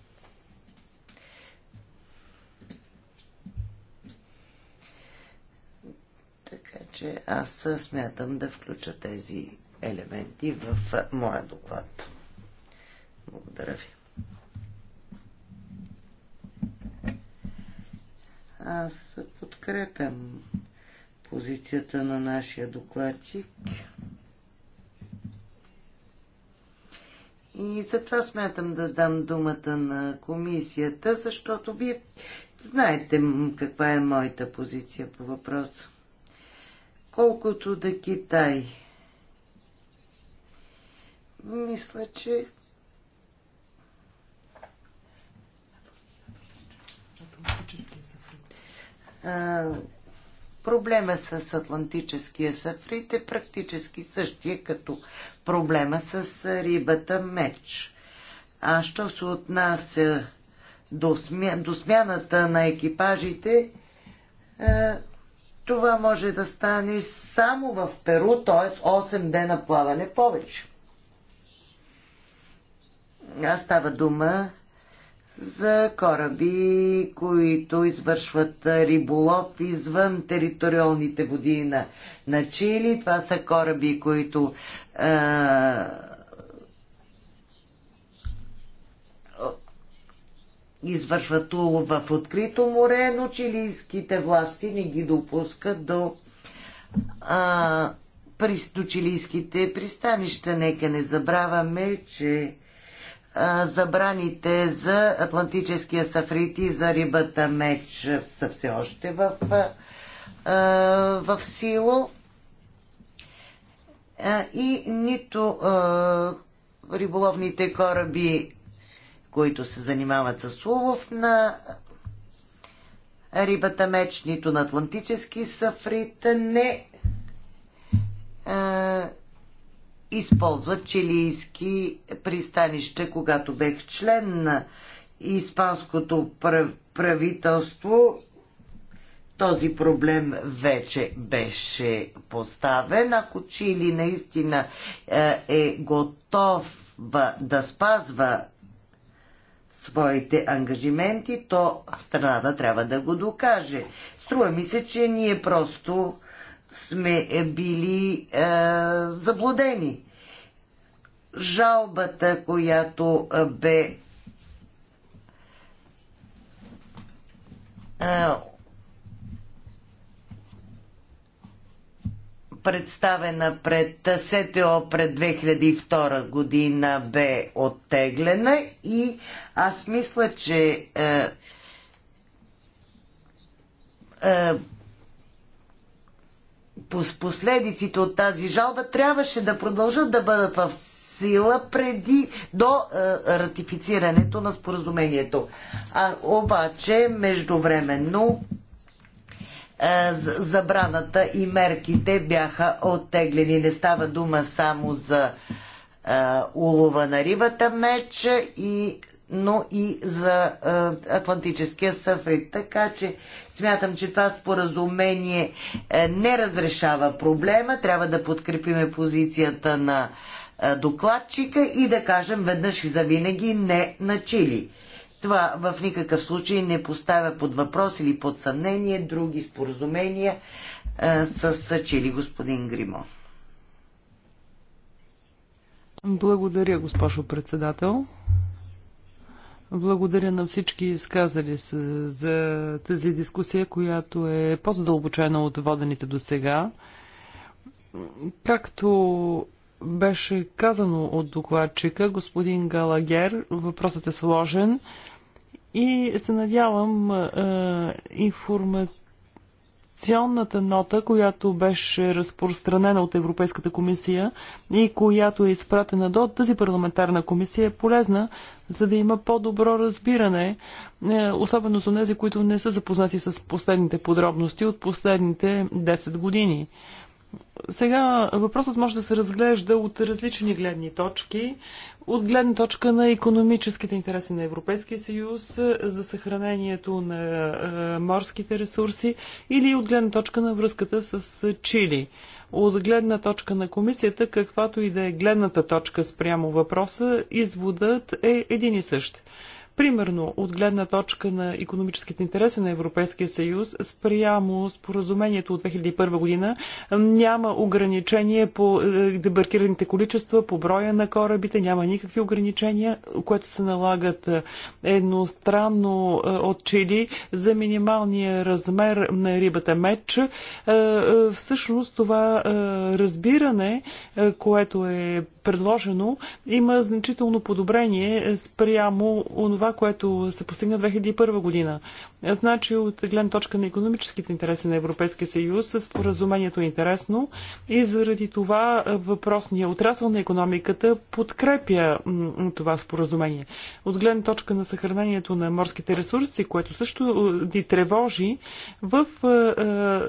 че аз смятам да включа тези елементи в моя доклад. Благодаря ви. Аз подкрепям позицията на нашия докладчик. И затова смятам да дам думата на комисията, защото вие знаете каква е моята позиция по въпроса. Колкото да Китай, мисля, че проблема с Атлантическия сафрит е практически същия като проблема с рибата меч. А що се отнася до, смя... до смяната на екипажите, е, това може да стане само в Перу, т.е. 8 дена плаване повече. А става дума за кораби, които извършват риболов извън териториалните води на, на Чили. Това са кораби, които а, извършват улов в открито море, но чилийските власти не ги допускат до, а, до чилийските пристанища. Нека не забравяме, че а, забраните за Атлантическия сафрит и за рибата меч са все още в, а, в сило. А, и нито а, риболовните кораби които се занимават с улов на рибата меч, нито на атлантически сафрит, не а, използват чилийски пристанища. Когато бех член на испанското правителство, този проблем вече беше поставен. Ако Чили наистина е, е готов да спазва своите ангажименти, то страната трябва да го докаже. Струва ми се, че ние просто сме е, били е, заблудени. Жалбата, която е, бе е, представена пред СТО пред 2002 година, бе оттеглена и аз мисля, че е, е, последиците от тази жалба трябваше да продължат да бъдат в сила преди до е, ратифицирането на споразумението. А, обаче, междувременно, е, забраната и мерките бяха оттеглени. Не става дума само за е, улова на рибата меч, и, но и за е, Атлантическия съфрит. Така че смятам, че това споразумение не разрешава проблема. Трябва да подкрепиме позицията на докладчика и да кажем веднъж и завинаги не на Чили. Това в никакъв случай не поставя под въпрос или под съмнение други споразумения а, е, с Чили господин Гримо. Благодаря, госпожо председател. Благодаря на всички изказали се за тази дискусия, която е по-задълбочена от водените до сега. Както беше казано от докладчика, господин Галагер, въпросът е сложен. И се надявам е, информационната нота, която беше разпространена от Европейската комисия и която е изпратена до тази парламентарна комисия е полезна, за да има по-добро разбиране, е, особено за тези, които не са запознати с последните подробности от последните 10 години. Сега въпросът може да се разглежда от различни гледни точки от гледна точка на економическите интереси на Европейския съюз, е, за съхранението на е, морските ресурси или от гледна точка на връзката с е, Чили. От гледна точка на комисията, каквато и да е гледната точка спрямо въпроса, изводът е един и същ. Примерно, от гледна точка на економическите интереси на Европейския съюз, спрямо споразумението от 2001 година, няма ограничение по е, дебаркираните количества, по броя на корабите, няма никакви ограничения, което се налагат е, едностранно е, от Чили за минималния размер на рибата меч. Всъщност това разбиране, което е предложено, има значително подобрение спрямо онова, което се постигна 2001 година. Значи от гледна точка на економическите интереси на Европейския съюз, споразумението е интересно и заради това въпросния отрасъл на економиката подкрепя това споразумение. От гледна точка на съхранението на морските ресурси, което също е, ни тревожи, в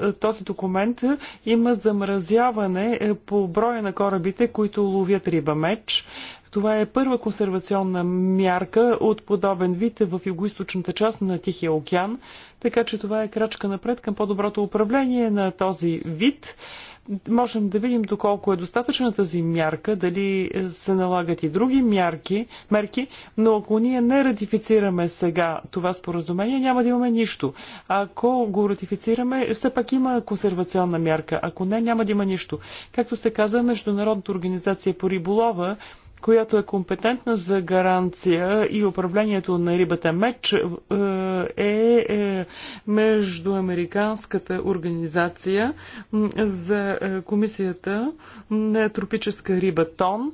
е, е, този документ има замразяване по броя на корабите, които ловят Риба меч. Това е първа консервационна мярка от подобен вид в югоисточната част на Тихия океан, така че това е крачка напред към по-доброто управление на този вид можем да видим доколко е достатъчна тази мярка, дали е, се налагат и други мярки, мерки, но ако ние не ратифицираме сега това споразумение, няма да имаме нищо. Ако го ратифицираме, все пак има консервационна мярка. Ако не, няма да има нищо. Както се каза, Международната организация по риболова която е компетентна за гаранция и управлението на рибата меч е, е, е междуамериканската организация за е, комисията на тропическа риба Тон,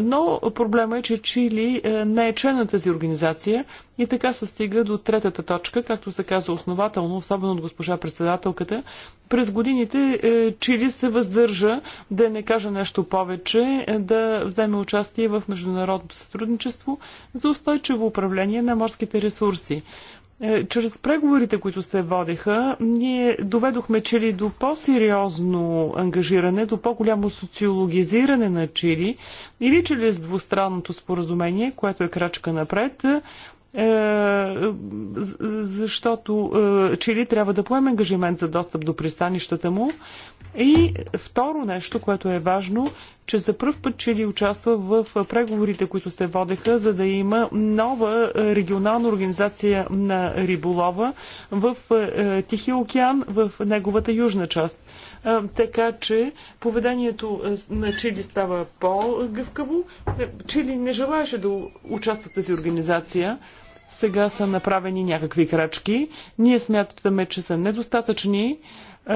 но проблема е, че Чили не е член на тази организация, и така се стига до третата точка, както се каза основателно, особено от госпожа председателката. През годините е, Чили се въздържа да не каже нещо повече, е, да вземе участие в международното сътрудничество за устойчиво управление на морските ресурси. Е, чрез преговорите, които се водеха, ние доведохме Чили до по-сериозно ангажиране, до по-голямо социологизиране на Чили или чрез двустранното споразумение, което е крачка напред, е, защото е, Чили трябва да поеме ангажимент за достъп до пристанищата му. И второ нещо, което е важно, че за първ път Чили участва в преговорите, които се водеха, за да има нова регионална организация на риболова в е, Тихия океан, в неговата южна част. Така че поведението на Чили става по-гъвкаво. Чили не желаеше да участва в тази организация. Сега са направени някакви крачки. Ние смятаме, че са недостатъчни, е,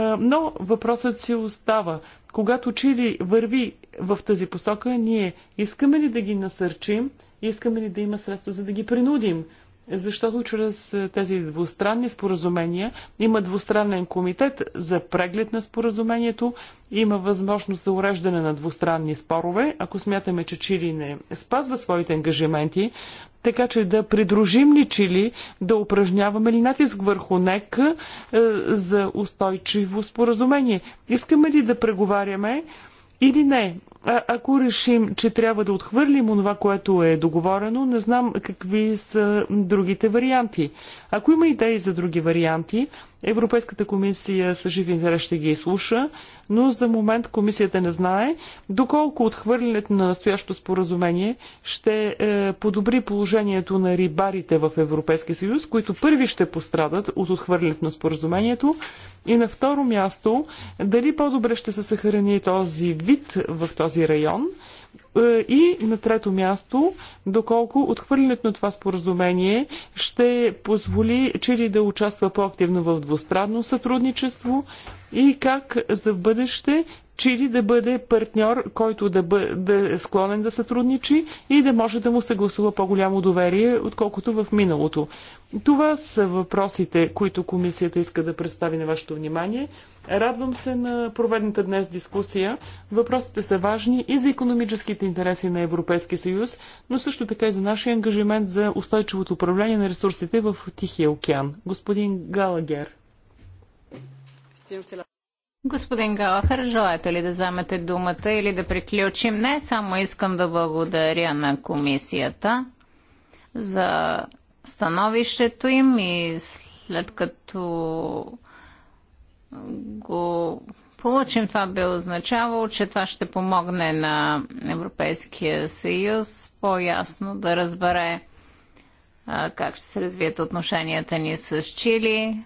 но въпросът си остава. Когато Чили върви в тази посока, ние искаме ли да ги насърчим, искаме ли да има средства за да ги принудим? защото чрез е, тези двустранни споразумения има двустранен комитет за преглед на споразумението, има възможност за уреждане на двустранни спорове. Ако смятаме, че Чили не спазва своите ангажименти, така че да придружим ли Чили, да упражняваме ли натиск върху НЕК е, за устойчиво споразумение. Искаме ли да преговаряме или не? А, ако решим, че трябва да отхвърлим онова, което е договорено, не знам какви са другите варианти. Ако има идеи за други варианти, Европейската комисия с живи интерес ще ги изслуша, но за момент комисията не знае доколко отхвърлянето на настоящото споразумение ще е, подобри положението на рибарите в Европейския съюз, които първи ще пострадат от отхвърлянето на споразумението. И на второ място, дали по-добре ще се съхрани този вид в този район – и на трето място, доколко отхвърлянето на това споразумение ще позволи Чили да участва по-активно в двустранно сътрудничество и как за бъдеще Чили да бъде партньор, който да, бъ, да е склонен да сътрудничи и да може да му съгласува по-голямо доверие, отколкото в миналото. Това са въпросите, които комисията иска да представи на вашето внимание. Радвам се на проведната днес дискусия. Въпросите са важни и за економическите интереси на Европейския съюз, но също така и за нашия ангажимент за устойчивото управление на ресурсите в Тихия океан. Господин Галагер. Господин Галахър, желаете ли да вземете думата или да приключим? Не, само искам да благодаря на комисията за становището им и след като го получим, това би означавало, че това ще помогне на Европейския съюз по-ясно да разбере как ще се развият отношенията ни с Чили,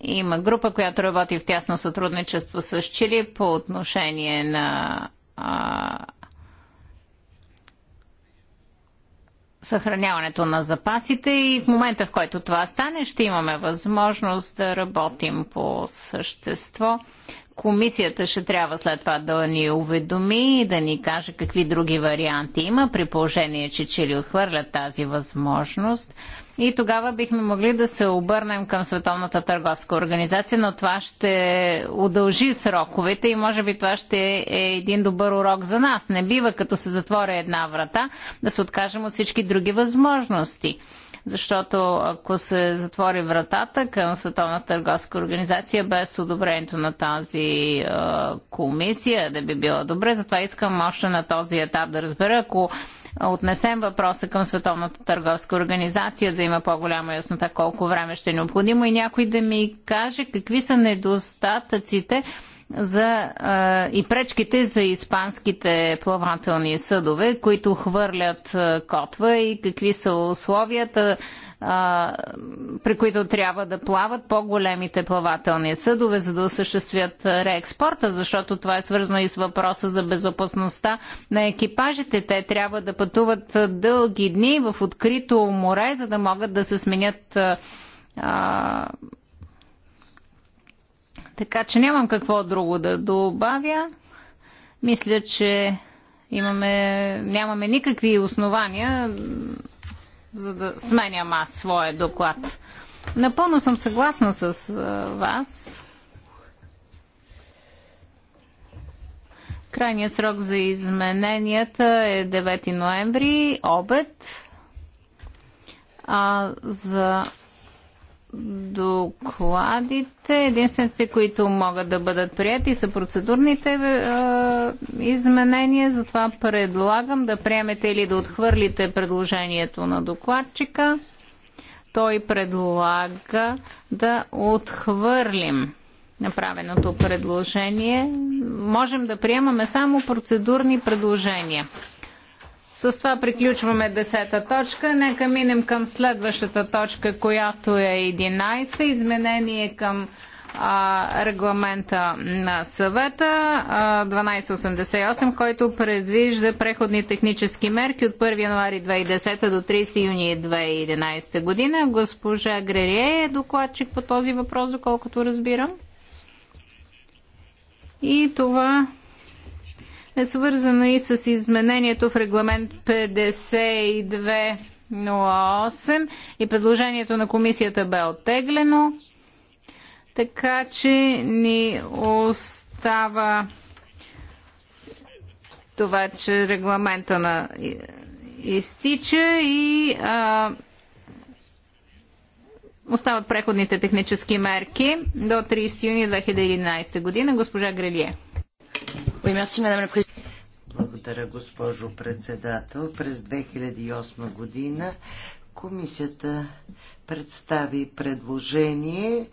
има група, която работи в тясно сътрудничество с Чили по отношение на а, съхраняването на запасите и в момента, в който това стане, ще имаме възможност да работим по същество комисията ще трябва след това да ни уведоми и да ни каже какви други варианти има, при положение, че Чили отхвърлят тази възможност. И тогава бихме могли да се обърнем към Световната търговска организация, но това ще удължи сроковете и може би това ще е един добър урок за нас. Не бива, като се затворя една врата, да се откажем от всички други възможности защото ако се затвори вратата към Световната търговска организация без одобрението на тази комисия, да би било добре. Затова искам още на този етап да разбера, ако отнесем въпроса към Световната търговска организация, да има по-голяма яснота колко време ще е необходимо и някой да ми каже какви са недостатъците за, а, и пречките за испанските плавателни съдове, които хвърлят а, котва и какви са условията, а, при които трябва да плават по-големите плавателни съдове, за да осъществят реекспорта, защото това е свързано и с въпроса за безопасността на екипажите. Те трябва да пътуват дълги дни в открито море, за да могат да се сменят а, така че нямам какво друго да добавя. Мисля, че имаме, нямаме никакви основания за да сменям аз своя доклад. Напълно съм съгласна с вас. Крайният срок за измененията е 9 ноември, обед. А за докладите, единствените, които могат да бъдат прияти, са процедурните е, изменения. Затова предлагам да приемете или да отхвърлите предложението на докладчика. Той предлага да отхвърлим направеното предложение. Можем да приемаме само процедурни предложения. С това приключваме десета точка. Нека минем към следващата точка, която е 11-та. Изменение към а, регламента на съвета а, 1288, който предвижда преходни технически мерки от 1 януари 2010 до 30 юни 2011 година. Госпожа Грерие е докладчик по този въпрос, доколкото разбирам. И това е свързано и с изменението в регламент 5208 и предложението на комисията бе оттеглено. Така че ни остава това, че регламента на изтича и а, остават преходните технически мерки до 30 юни 2011 година. Госпожа Грелие. Благодаря, госпожо председател. През 2008 година комисията представи предложение,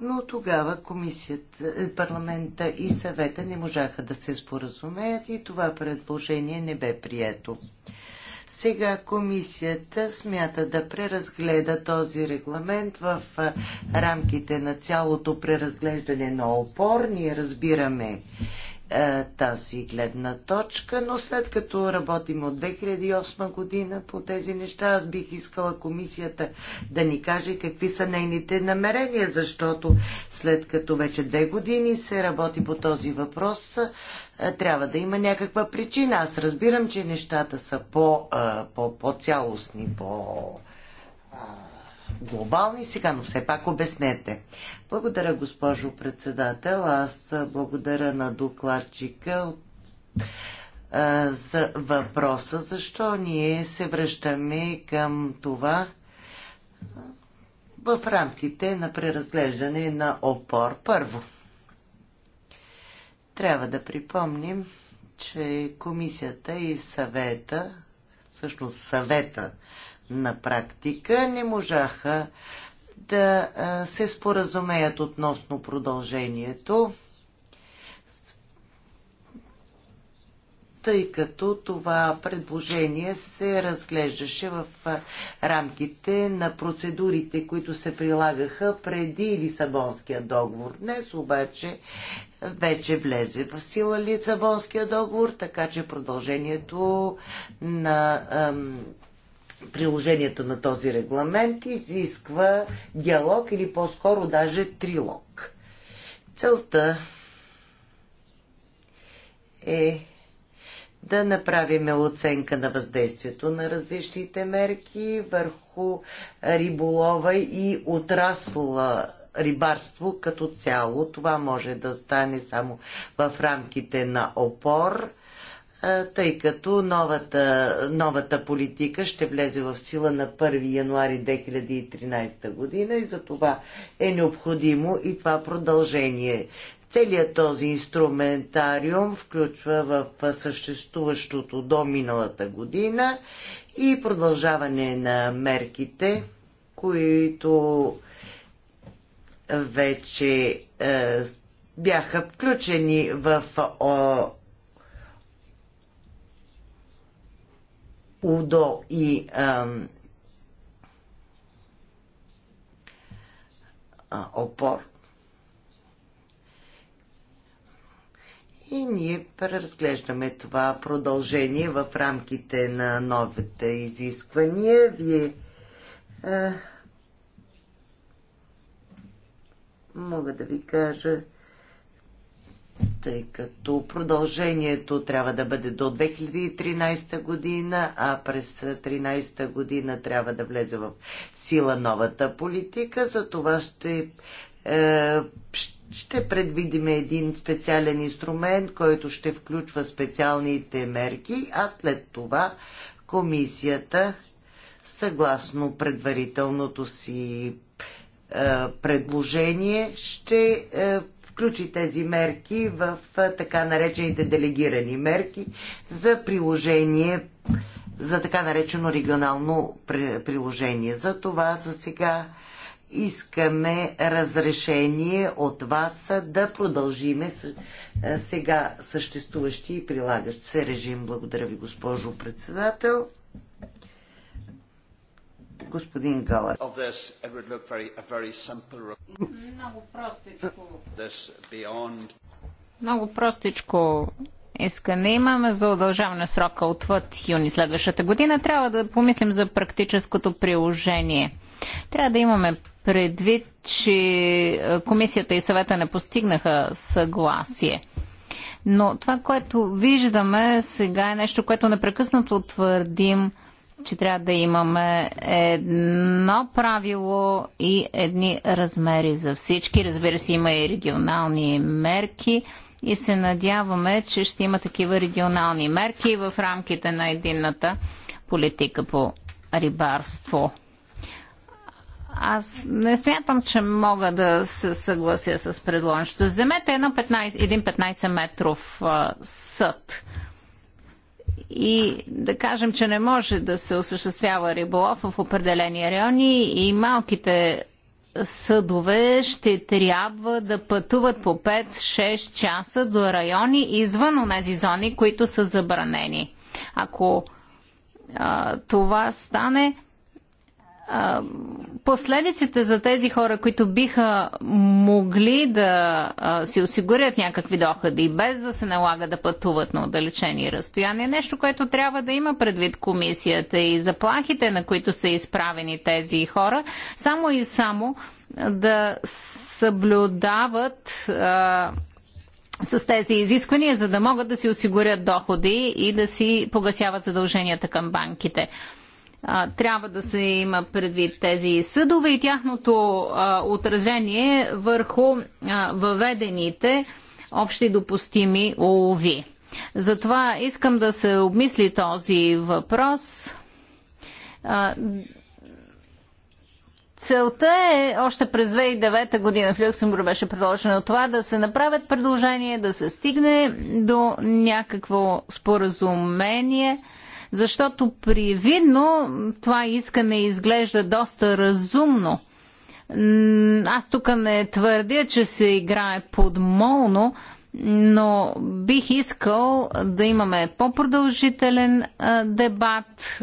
но тогава комисията, е, парламента и съвета не можаха да се споразумеят и това предложение не бе прието. Сега комисията смята да преразгледа този регламент в рамките на цялото преразглеждане на опор. Ние разбираме е, тази гледна точка, но след като работим от 2008 година по тези неща, аз бих искала комисията да ни каже какви са нейните намерения, защото след като вече две години се работи по този въпрос, е, трябва да има някаква причина. Аз разбирам, че нещата са по, е, по, по-цялостни, по глобални сега, но все пак обяснете. Благодаря, госпожо председател. Аз благодаря на докладчика от за въпроса, защо ние се връщаме към това в рамките на преразглеждане на опор. Първо, трябва да припомним, че комисията и съвета, всъщност съвета на практика не можаха да се споразумеят относно продължението, тъй като това предложение се разглеждаше в рамките на процедурите, които се прилагаха преди Лисабонския договор. Днес обаче вече влезе в сила Лисабонския договор, така че продължението на приложението на този регламент изисква диалог или по-скоро даже трилог. Целта е да направиме оценка на въздействието на различните мерки върху риболова и отрасла рибарство като цяло. Това може да стане само в рамките на опор тъй като новата, новата политика ще влезе в сила на 1 януари 2013 година и за това е необходимо и това продължение. Целият този инструментариум включва в съществуващото до миналата година и продължаване на мерките, които вече е, бяха включени в УДО и а, а, опор. И ние преразглеждаме това продължение в рамките на новите изисквания. Вие а, мога да ви кажа, тъй като продължението трябва да бъде до 2013 година, а през 2013 година трябва да влезе в сила новата политика. За това ще, е, ще предвидим един специален инструмент, който ще включва специалните мерки, а след това комисията, съгласно предварителното си е, предложение, ще е, включи тези мерки в така наречените делегирани мерки за приложение, за така наречено регионално приложение. За това за сега искаме разрешение от вас да продължиме сега съществуващи и прилагащ се режим. Благодаря ви, госпожо председател. Господин Галер. Много простичко. Много простичко искане имаме за удължаване срока отвъд юни следващата година. Трябва да помислим за практическото приложение. Трябва да имаме предвид, че е, комисията и съвета не постигнаха съгласие. Но това, което виждаме сега е нещо, което непрекъснато твърдим – че трябва да имаме едно правило и едни размери за всички. Разбира се, има и регионални мерки и се надяваме, че ще има такива регионални мерки в рамките на единната политика по рибарство. Аз не смятам, че мога да се съглася с предложението. Вземете едно 15, един 15-метров съд и да кажем, че не може да се осъществява риболов в определени райони и малките съдове ще трябва да пътуват по 5-6 часа до райони извън тези зони, които са забранени. Ако а, това стане, последиците за тези хора, които биха могли да а, си осигурят някакви доходи, без да се налага да пътуват на отдалечени разстояния, е нещо, което трябва да има предвид комисията и заплахите, на които са изправени тези хора, само и само да съблюдават. А, с тези изисквания, за да могат да си осигурят доходи и да си погасяват задълженията към банките трябва да се има предвид тези съдове и тяхното а, отражение върху а, въведените общи допустими улови. Затова искам да се обмисли този въпрос. Целта е още през 2009 година в Люксембург беше предложено това да се направят предложения, да се стигне до някакво споразумение – защото привидно това искане изглежда доста разумно. Аз тук не твърдя, че се играе подмолно, но бих искал да имаме по-продължителен дебат,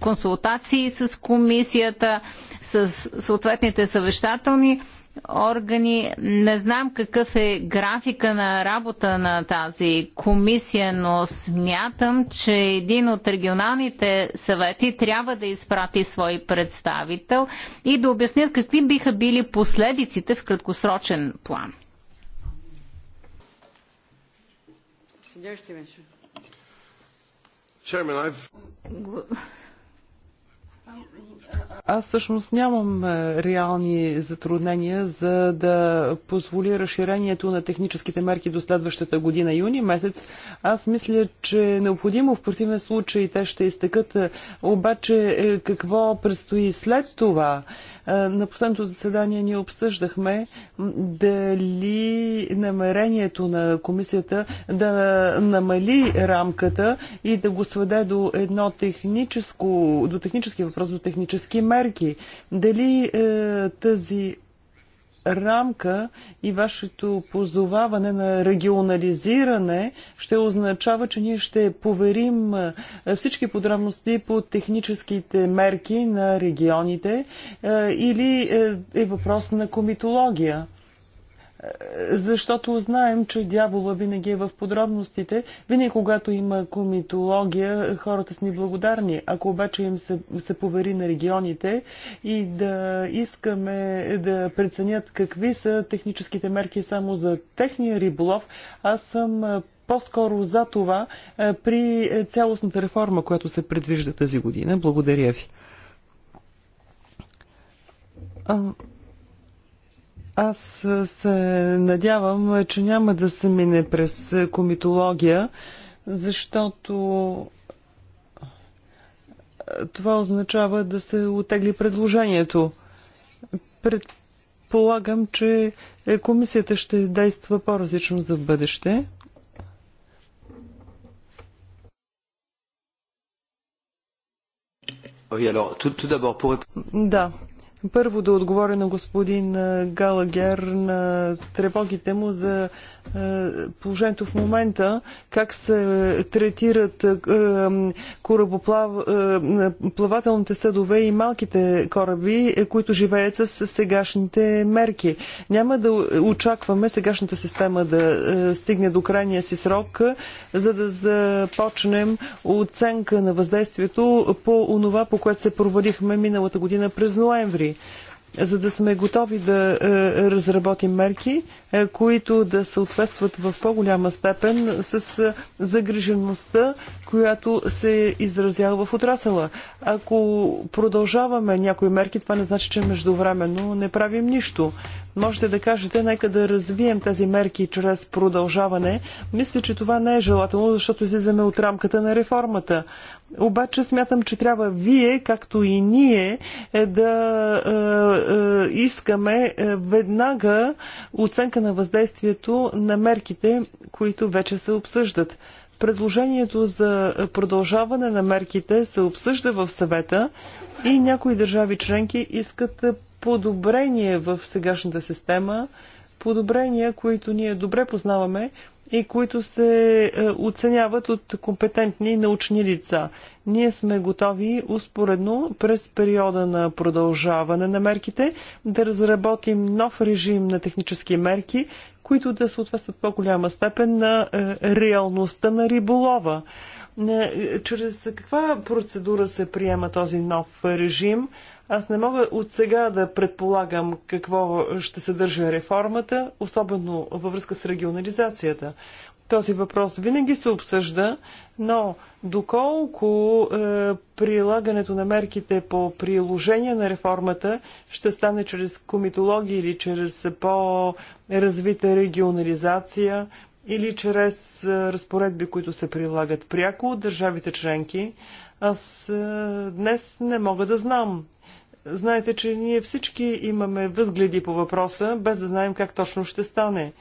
консултации с комисията, с съответните съвещателни органи. Не знам какъв е графика на работа на тази комисия, но смятам, че един от регионалните съвети трябва да изпрати свой представител и да обяснят какви биха били последиците в краткосрочен план. Chairman, I've... Аз всъщност нямам е, реални затруднения за да позволи разширението на техническите мерки до следващата година, юни месец. Аз мисля, че е необходимо. В противен случай те ще изтъкат. Е, обаче е, какво предстои след това? Е, на последното заседание ние обсъждахме дали намерението на комисията да намали рамката и да го сведе до едно техническо, до технически въпрос, до технически мерки. Дали е, тази рамка и вашето позоваване на регионализиране ще означава, че ние ще поверим всички подробности по техническите мерки на регионите или е, е въпрос на комитология защото знаем, че дявола винаги е в подробностите. Винаги, когато има комитология, хората са ни благодарни. Ако обаче им се, се повери на регионите и да искаме да преценят какви са техническите мерки само за техния риболов, аз съм по-скоро за това при цялостната реформа, която се предвижда тази година. Благодаря ви. Аз се надявам, че няма да се мине през комитология, защото това означава да се отегли предложението. Предполагам, че е, комисията ще действа по-различно за бъдеще. Да. Първо да отговоря на господин Галагер на тревогите му за е, положението в момента, как се третират е, е, плавателните съдове и малките кораби, които живеят с сегашните мерки. Няма да очакваме сегашната система да стигне до крайния си срок, за да започнем оценка на въздействието по онова, по което се провалихме миналата година през ноември за да сме готови да е, разработим мерки, е, които да съответстват в по-голяма степен с е, загрижеността, която се изразява в отрасъла. Ако продължаваме някои мерки, това не значи, че междувременно не правим нищо. Можете да кажете, нека да развием тези мерки чрез продължаване. Мисля, че това не е желателно, защото излизаме от рамката на реформата. Обаче смятам, че трябва вие, както и ние, е, да е, е, искаме е, веднага оценка на въздействието на мерките, които вече се обсъждат. Предложението за продължаване на мерките се обсъжда в съвета и някои държави членки искат подобрение в сегашната система, подобрения, които ние добре познаваме и които се е, оценяват от компетентни научни лица. Ние сме готови успоредно през периода на продължаване на мерките да разработим нов режим на технически мерки, които да съответстват по-голяма степен на е, реалността на риболова. Е, чрез каква процедура се приема този нов режим? Аз не мога от сега да предполагам какво ще съдържа реформата, особено във връзка с регионализацията. Този въпрос винаги се обсъжда, но доколко е, прилагането на мерките по приложение на реформата ще стане чрез комитология или чрез по-развита регионализация или чрез е, разпоредби, които се прилагат пряко от държавите членки, аз е, днес не мога да знам. Знаете, че ние всички имаме възгледи по въпроса, без да знаем как точно ще стане.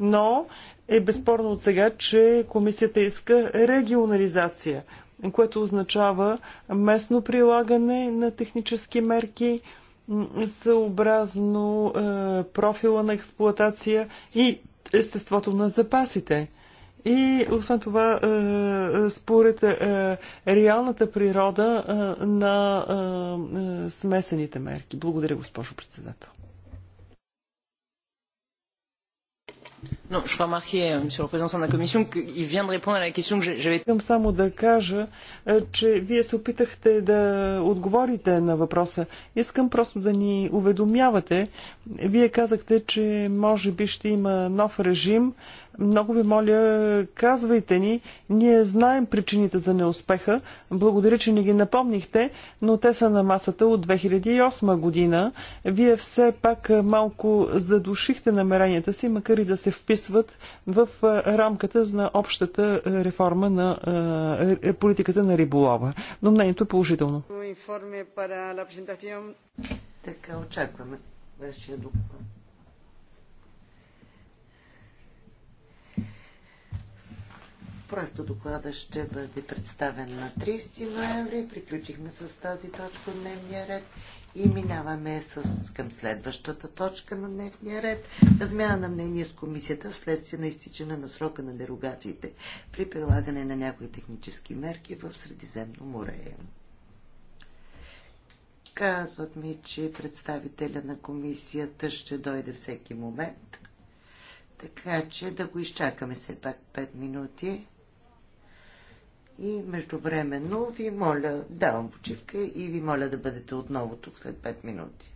Но е безспорно от сега, че комисията иска регионализация, което означава местно прилагане на технически мерки, съобразно е, профила на експлоатация и естеството на запасите. И освен това, е, е, според е, реалната природа на смесените мерки. Благодаря, госпожо председател. Non, je euh, monsieur le de la Commission, qu'il vient de répondre à la question que j'avais... Искам само да кажа, че вие се опитахте да отговорите на въпроса. Искам просто да ни уведомявате. Вие казахте, че може би ще има нов режим, много ви моля, казвайте ни. Ние знаем причините за неуспеха. Благодаря, че ни ги напомнихте, но те са на масата от 2008 година. Вие все пак е, малко задушихте намеренията си, макар и да се вписват в е, рамката на общата е, реформа на политиката на риболова. Но мнението е положително. Така, очакваме вашия доклад. Проекто доклада ще бъде представен на 30 ноември. Приключихме с тази точка от дневния ред и минаваме с, към следващата точка на дневния ред. Размяна на мнение с комисията вследствие на изтичане на срока на дерогациите при прилагане на някои технически мерки в Средиземно море. Казват ми, че представителя на комисията ще дойде всеки момент. Така че да го изчакаме все пак 5 минути. И междувременно ви моля, давам почивка и ви моля да бъдете отново тук след 5 минути.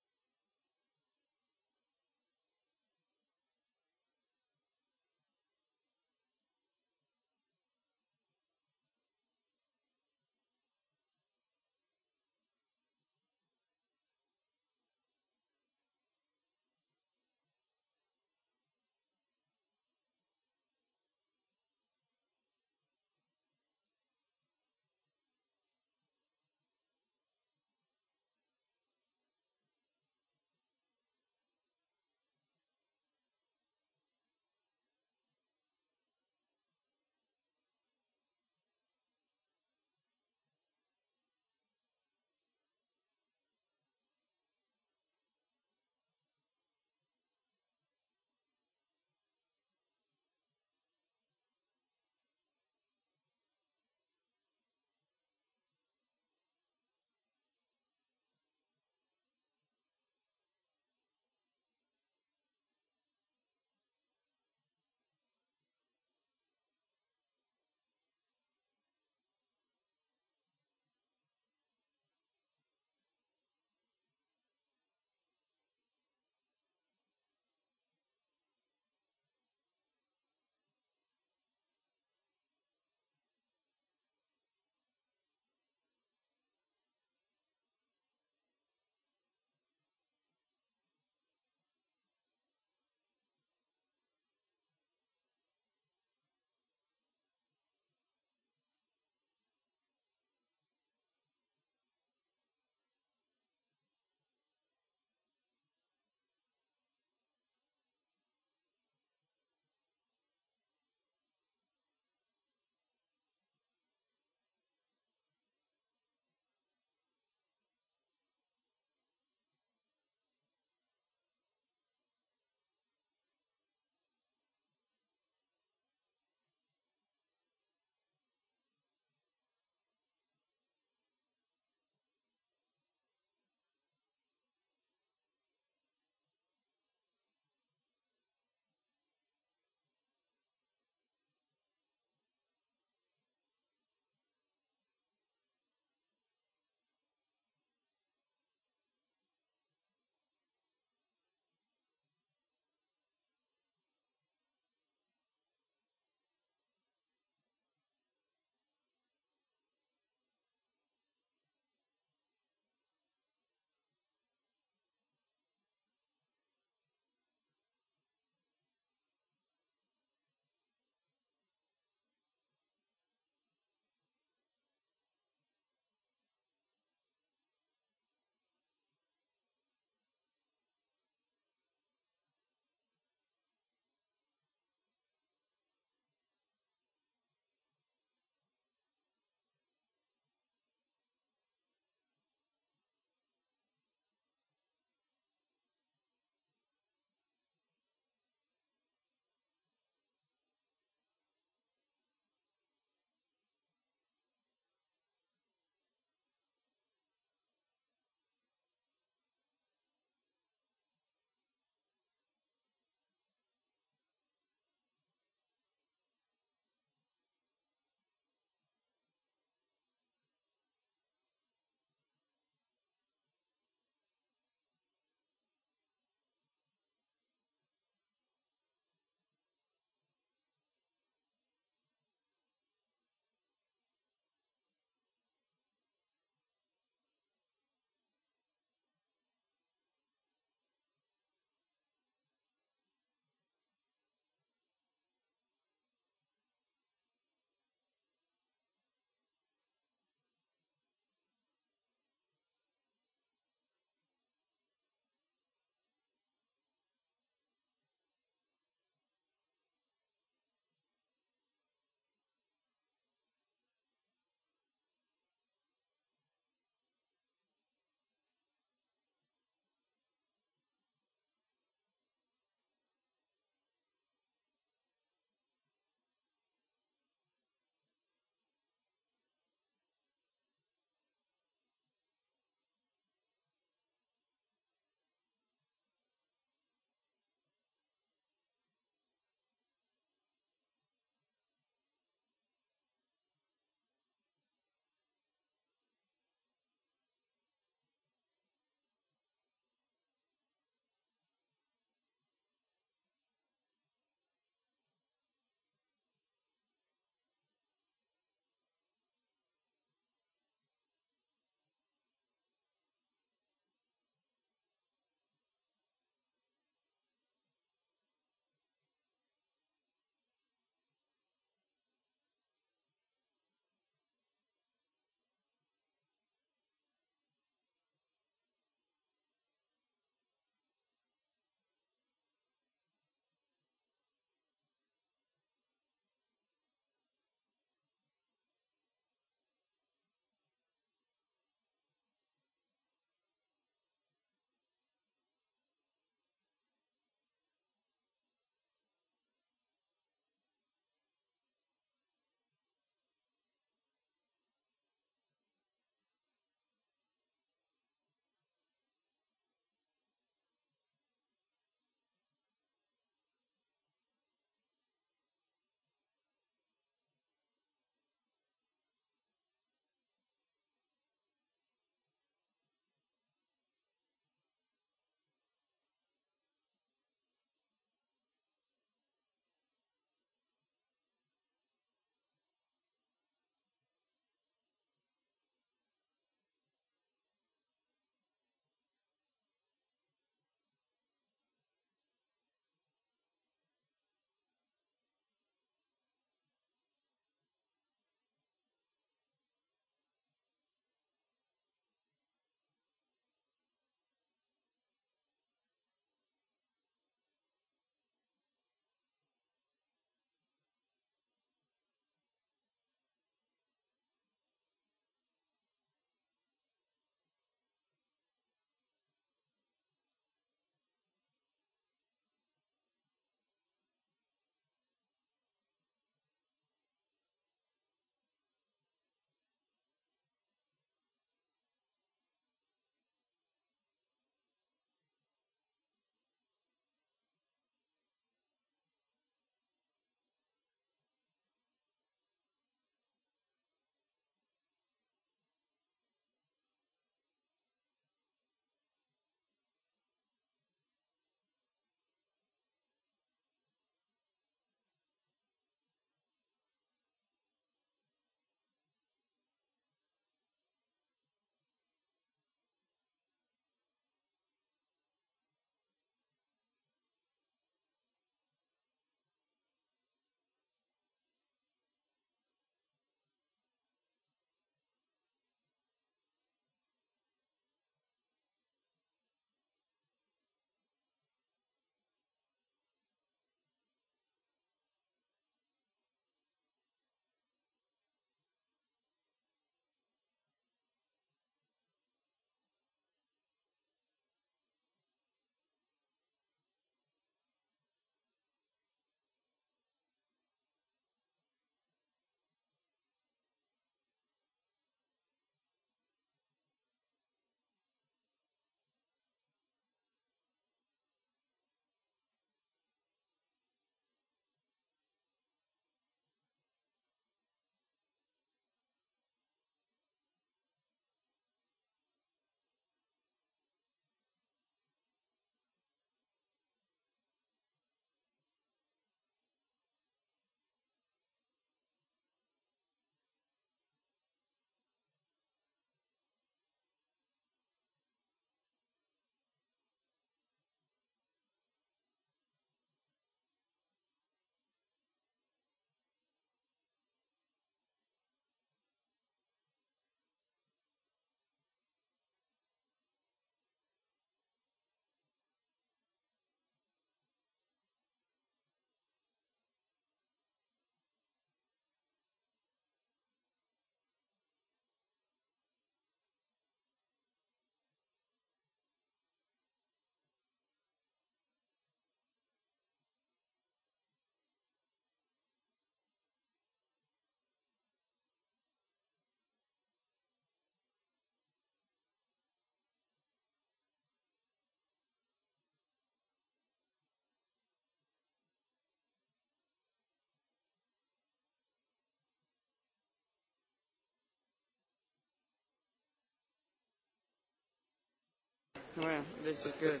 Well, this is good.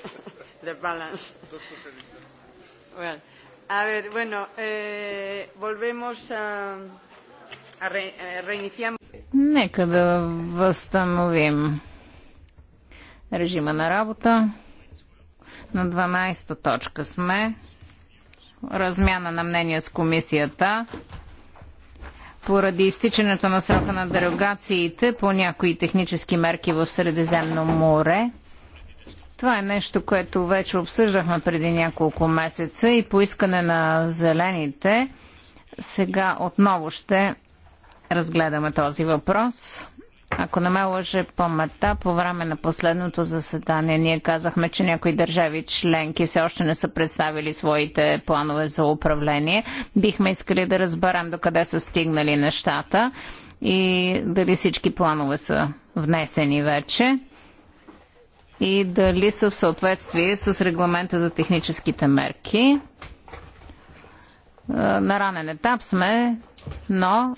(laughs) the balance. Well, a ver, bueno, eh, volvemos a, a, re, a eh, reiniciar. Нека да възстановим режима на работа. На 12-та точка сме. Размяна на мнение с комисията поради изтичането на срока на дерогациите по някои технически мерки в Средиземно море. Това е нещо, което вече обсъждахме преди няколко месеца и по искане на зелените сега отново ще разгледаме този въпрос. Ако не ме лъже паметта, по време на последното заседание ние казахме, че някои държави членки все още не са представили своите планове за управление. Бихме искали да разберем до къде са стигнали нещата и дали всички планове са внесени вече и дали са в съответствие с регламента за техническите мерки. Е, на ранен етап сме, но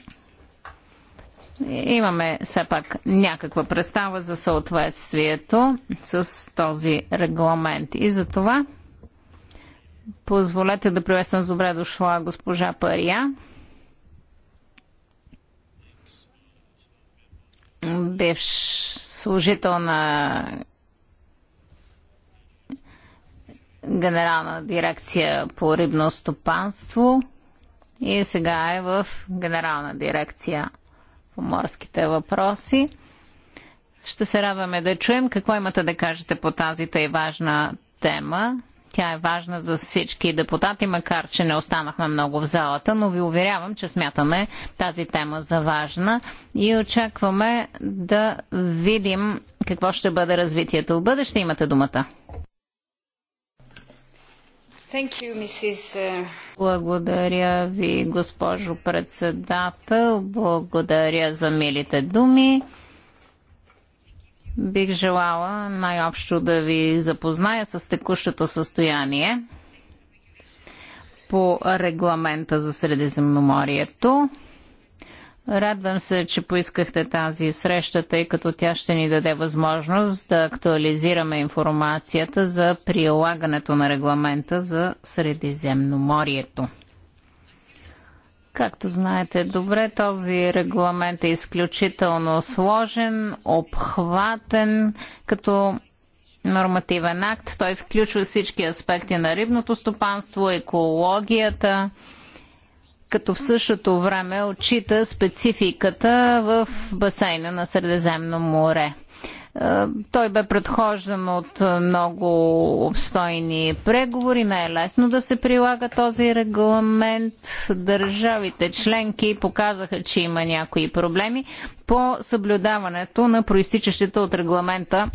имаме все пак някаква представа за съответствието с този регламент. И за това позволете да приветствам с добре дошла госпожа Пария, бивш служител на генерална дирекция по рибно стопанство и сега е в генерална дирекция по морските въпроси. Ще се радваме да чуем какво имате да кажете по тази тъй важна тема. Тя е важна за всички депутати, макар че не останахме много в залата, но ви уверявам, че смятаме тази тема за важна и очакваме да видим какво ще бъде развитието в бъдеще. Имате думата. Uh, Благодаря ви, госпожо председател. Благодаря за милите думи. Бих желала най-общо да ви запозная с текущото състояние по регламента за Средиземноморието. Радвам се, че поискахте тази среща, тъй като тя ще ни даде възможност да актуализираме информацията за прилагането на регламента за Средиземноморието. Както знаете добре, този регламент е изключително сложен, обхватен, като нормативен акт. Той включва всички аспекти на рибното стопанство, екологията, като в същото време отчита спецификата в басейна на Средиземно море. Е, той бе предхождан от много обстойни преговори. Не е лесно да се прилага този регламент. Държавите членки показаха, че има някои проблеми по съблюдаването на проистичащите от регламента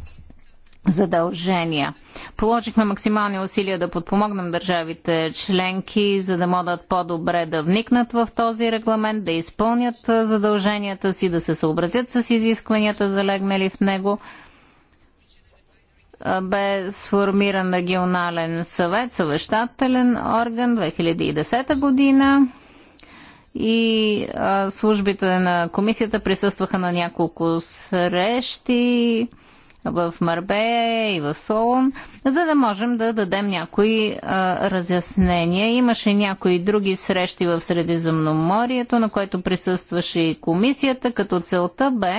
задължения. Положихме максимални усилия да подпомогнем държавите членки, за да могат по-добре да вникнат в този регламент, да изпълнят задълженията си, да се съобразят с изискванията, залегнали в него. Бе сформиран регионален съвет, съвещателен орган 2010 година и службите на комисията присъстваха на няколко срещи в Марбея и в Солон, за да можем да дадем някои а, разяснения. Имаше някои други срещи в Средиземноморието, на което присъстваше и комисията, като целта бе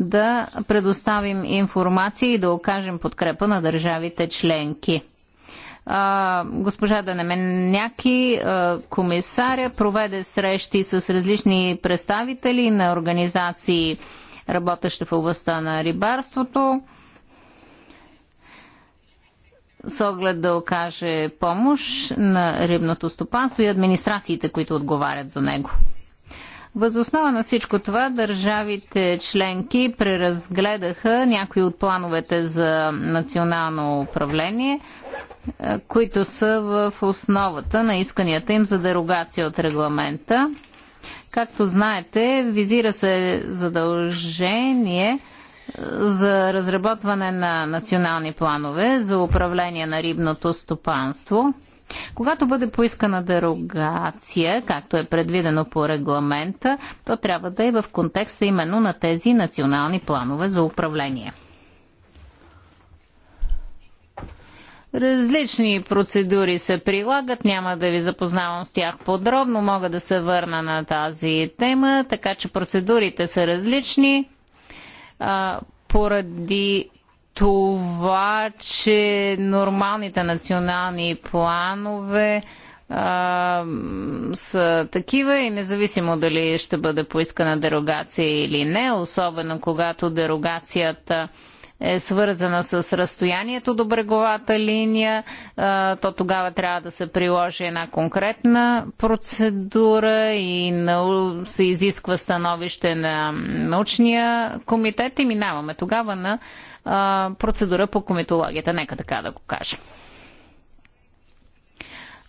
да предоставим информация и да окажем подкрепа на държавите членки. А, госпожа Данеменяки, комисаря, проведе срещи с различни представители на организации, работещи в областта на рибарството с оглед да окаже помощ на рибното стопанство и администрациите, които отговарят за него. Възоснова на всичко това държавите членки преразгледаха някои от плановете за национално управление, е, които са в основата на исканията им за дерогация от регламента. Както знаете, визира се задължение – за разработване на национални планове за управление на рибното стопанство. Когато бъде поискана дерогация, както е предвидено по регламента, то трябва да е в контекста именно на тези национални планове за управление. Различни процедури се прилагат, няма да ви запознавам с тях подробно, мога да се върна на тази тема, така че процедурите са различни а, поради това, че нормалните национални планове а, са такива и независимо дали ще бъде поискана дерогация или не, особено когато дерогацията а, е свързана с разстоянието до бреговата линия, то тогава трябва да се приложи една конкретна процедура и се изисква становище на научния комитет и минаваме тогава на процедура по комитологията. Нека така да го кажем.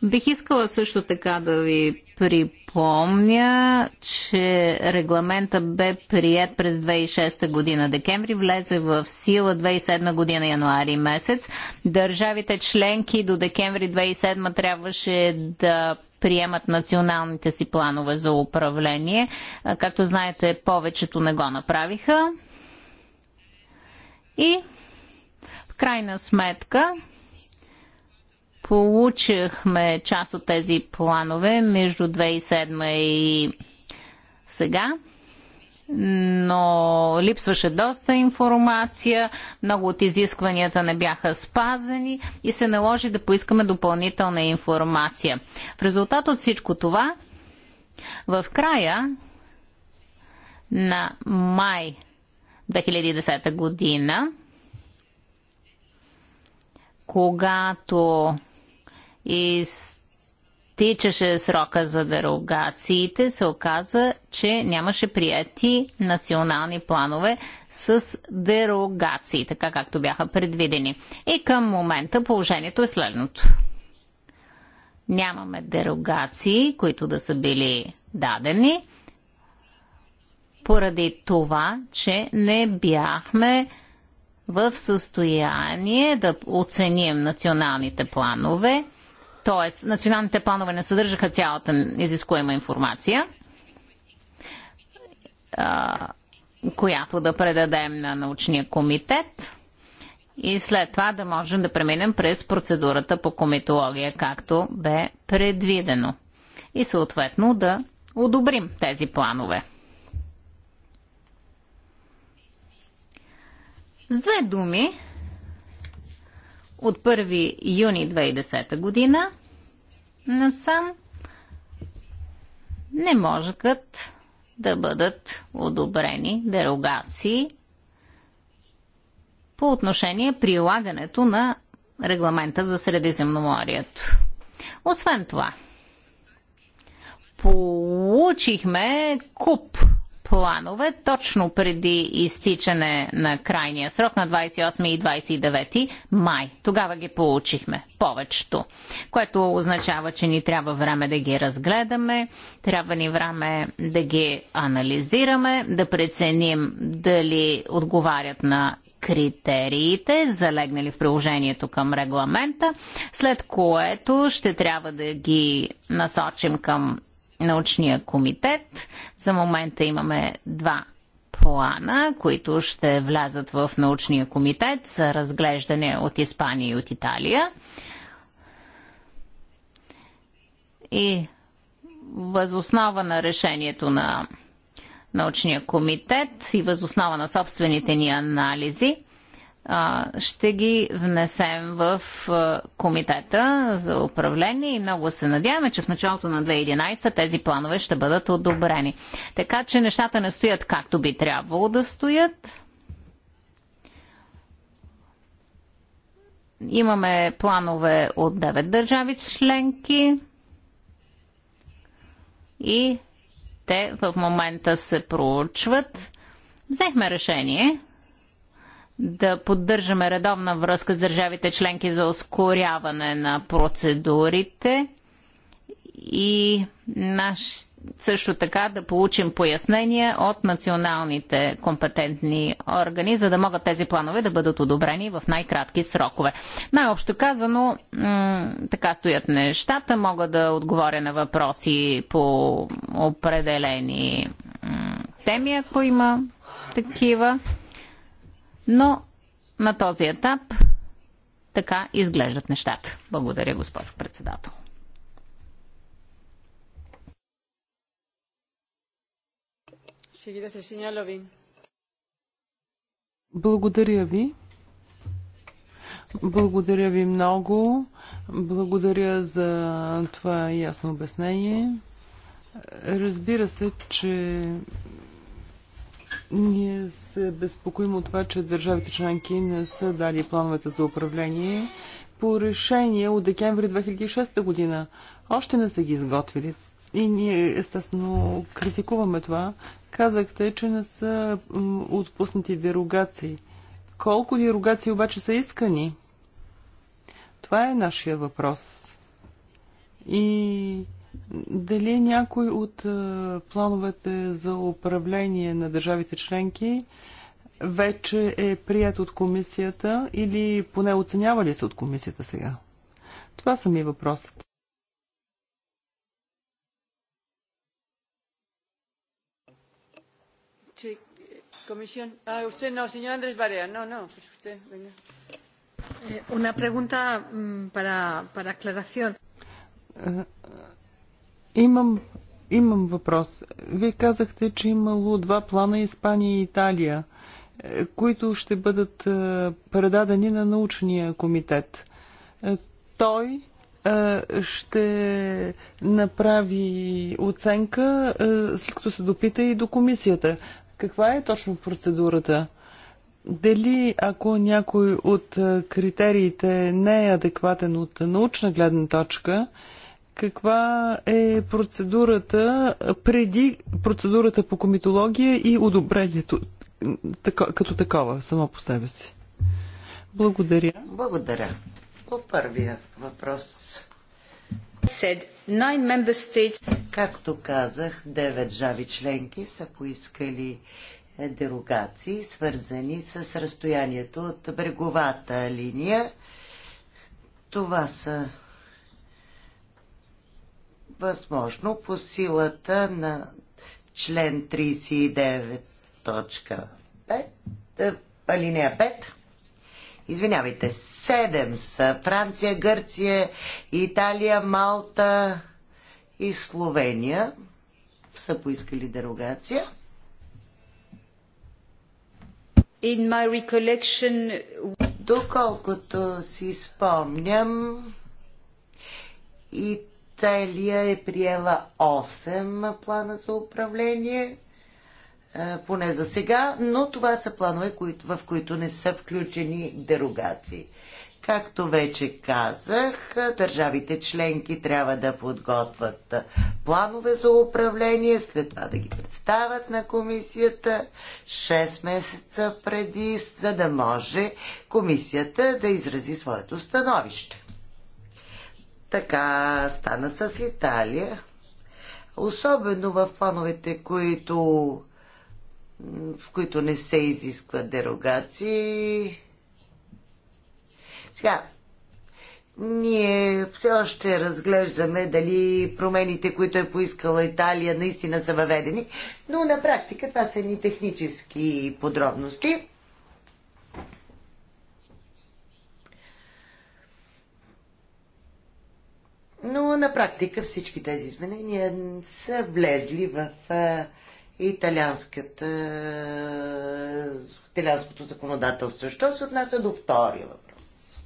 Бих искала също така да ви припомня, че регламента бе прият през 2006 година. Декември влезе в сила 2007 година, януари месец. Държавите членки до декември 2007 трябваше да приемат националните си планове за управление. Както знаете, повечето не го направиха. И в крайна сметка Получихме част от тези планове между 2007 и сега но липсваше доста информация, много от изискванията не бяха спазени и се наложи да поискаме допълнителна информация. В резултат от всичко това, в края на май 2010 година, когато и тичаше срока за дерогациите, се оказа, че нямаше прияти национални планове с дерогации, така както бяха предвидени. И към момента положението е следното. Нямаме дерогации, които да са били дадени, поради това, че не бяхме в състояние да оценим националните планове – Тоест, националните планове не съдържаха цялата изискуема информация, която да предадем на научния комитет и след това да можем да преминем през процедурата по комитология, както бе предвидено. И съответно да одобрим тези планове. С две думи, от 1 юни 2010 година насам не можекът да бъдат одобрени дерогации по отношение прилагането на регламента за Средиземноморието. Освен това, получихме куп планове точно преди изтичане на крайния срок на 28 и 29 май. Тогава ги получихме повечето, което означава, че ни трябва време да ги разгледаме, трябва ни време да ги анализираме, да преценим дали отговарят на критериите, залегнали в приложението към регламента, след което ще трябва да ги насочим към научния комитет. За момента имаме два плана, които ще влязат в научния комитет за разглеждане от Испания и от Италия. И възоснова на решението на научния комитет и възоснова на собствените ни анализи, ще ги внесем в комитета за управление и много се надяваме, че в началото на 2011 тези планове ще бъдат одобрени. Така че нещата не стоят както би трябвало да стоят. Имаме планове от 9 държави членки и те в момента се проучват. Взехме решение да поддържаме редовна връзка с държавите членки за ускоряване на процедурите и наш, също така да получим пояснения от националните компетентни органи, за да могат тези планове да бъдат одобрени в най-кратки срокове. Най-общо казано, така стоят нещата. Мога да отговоря на въпроси по определени теми, ако има такива. Но на този етап така изглеждат нещата. Благодаря, госпожо председател. Благодаря ви. Благодаря ви много. Благодаря за това ясно обяснение. Разбира се, че ние се безпокоим от това, че държавите членки не са дали плановете за управление по решение от декември 2006 година. Още не са ги изготвили. И ние естествено критикуваме това. Казахте, че не са отпуснати дерогации. Колко дерогации обаче са искани? Това е нашия въпрос. И дали някой от е, плановете за управление на държавите членки вече е прият от комисията или поне оценява ли се от комисията сега? Това са ми въпросите. Comisión. Ah, usted no, señor Andrés Barea. No, no, pues usted, venga. Eh, una pregunta mm, para, para aclaración. Eh, Имам, имам въпрос. Вие казахте, че имало два плана Испания и Италия, е, които ще бъдат е, предадени на научния комитет. Е, той ще направи оценка, след като се допита и до комисията. Каква е точно процедурата? Дали ако някой от критериите не е адекватен от научна гледна точка, каква е процедурата преди процедурата по комитология и одобрението като такова само по себе си. Благодаря. Благодаря. По първия въпрос. Както казах, девет жави членки са поискали е, дерогации, свързани с разстоянието от бреговата линия. Това са възможно по силата на член 39.5, алинея 5. Извинявайте, 7 са Франция, Гърция, Италия, Малта и Словения са поискали дерогация. In my recollection... Доколкото си спомням, и Целия е приела 8 плана за управление, поне за сега, но това са планове, в които не са включени дерогации. Както вече казах, държавите членки трябва да подготвят планове за управление, след това да ги представят на комисията 6 месеца преди, за да може комисията да изрази своето становище. Така стана с Италия. Особено в плановете, които, в които не се изискват дерогации. Сега, ние все още разглеждаме дали промените, които е поискала Италия, наистина са въведени, но на практика това са ни технически подробности. Но на практика всички тези изменения са влезли в италианското законодателство. Що се отнася до втория въпрос?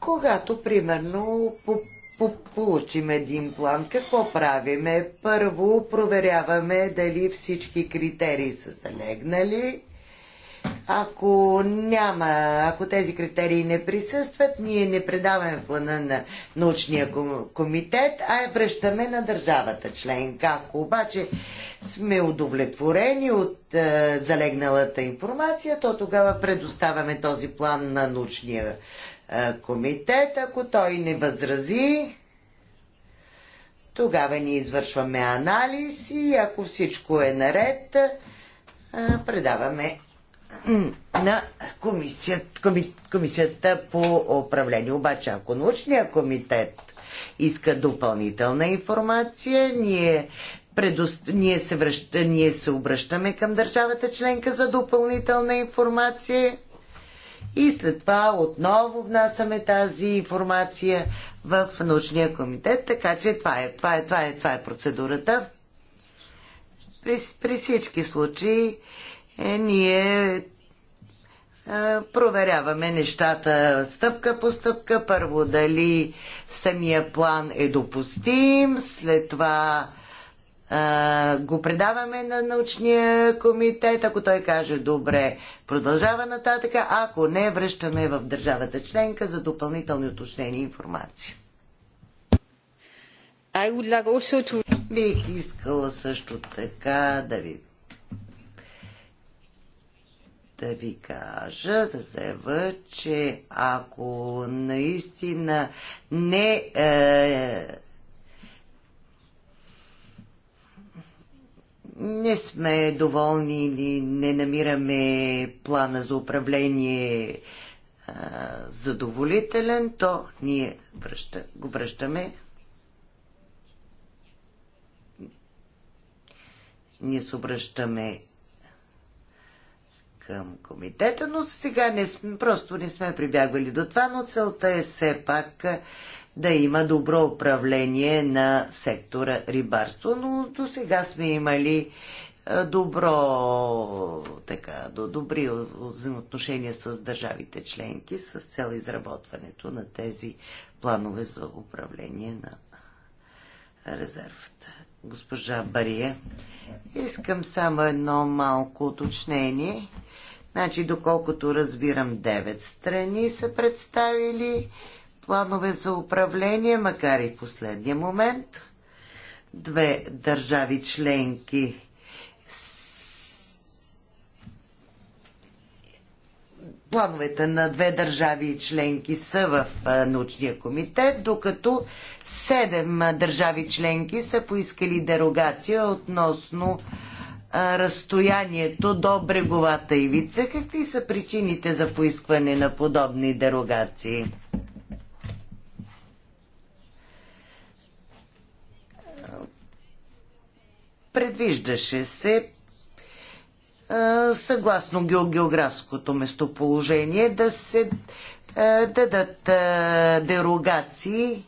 Когато, примерно, по по получим един план, какво правиме? Първо проверяваме дали всички критерии са залегнали ако няма, ако тези критерии не присъстват, ние не предаваме плана на научния комитет, а я връщаме на държавата членка. Ако обаче сме удовлетворени от е, залегналата информация, то тогава предоставяме този план на научния е, комитет. Ако той не възрази, тогава ние извършваме анализ и ако всичко е наред, е, предаваме на комисията, коми, комисията по управление. Обаче, ако научния комитет иска допълнителна информация, ние, предост... ние, се, връща... ние се обръщаме към държавата членка за допълнителна информация и след това отново внасяме тази информация в научния комитет, така че това е, това е, това е, това е процедурата. При, при всички случаи е, ние проверяваме нещата стъпка по стъпка. Първо дали самия план е допустим, след това го предаваме на научния комитет, ако той каже добре, продължава нататък, ако не, връщаме в държавата членка за допълнителни уточнения и информация. I would like also to... Бих искала също така да ви да ви кажа, да заява, че ако наистина не е, не сме доволни или не намираме плана за управление е, задоволителен, то ние връща, го връщаме ние се обръщаме към комитета, но сега не, просто не сме прибягвали до това, но целта е все пак да има добро управление на сектора рибарство, но до сега сме имали добро, така, до добри взаимоотношения с държавите членки с цел изработването на тези планове за управление на резервата. Госпожа Бария, искам само едно малко уточнение. Значи, доколкото разбирам, 9 страни са представили планове за управление, макар и в последния момент. Две държави членки Плановете на две държави и членки са в научния комитет, докато седем държави членки са поискали дерогация относно разстоянието до бреговата ивица. Какви са причините за поискване на подобни дерогации? Предвиждаше се съгласно географското местоположение да се дадат дерогации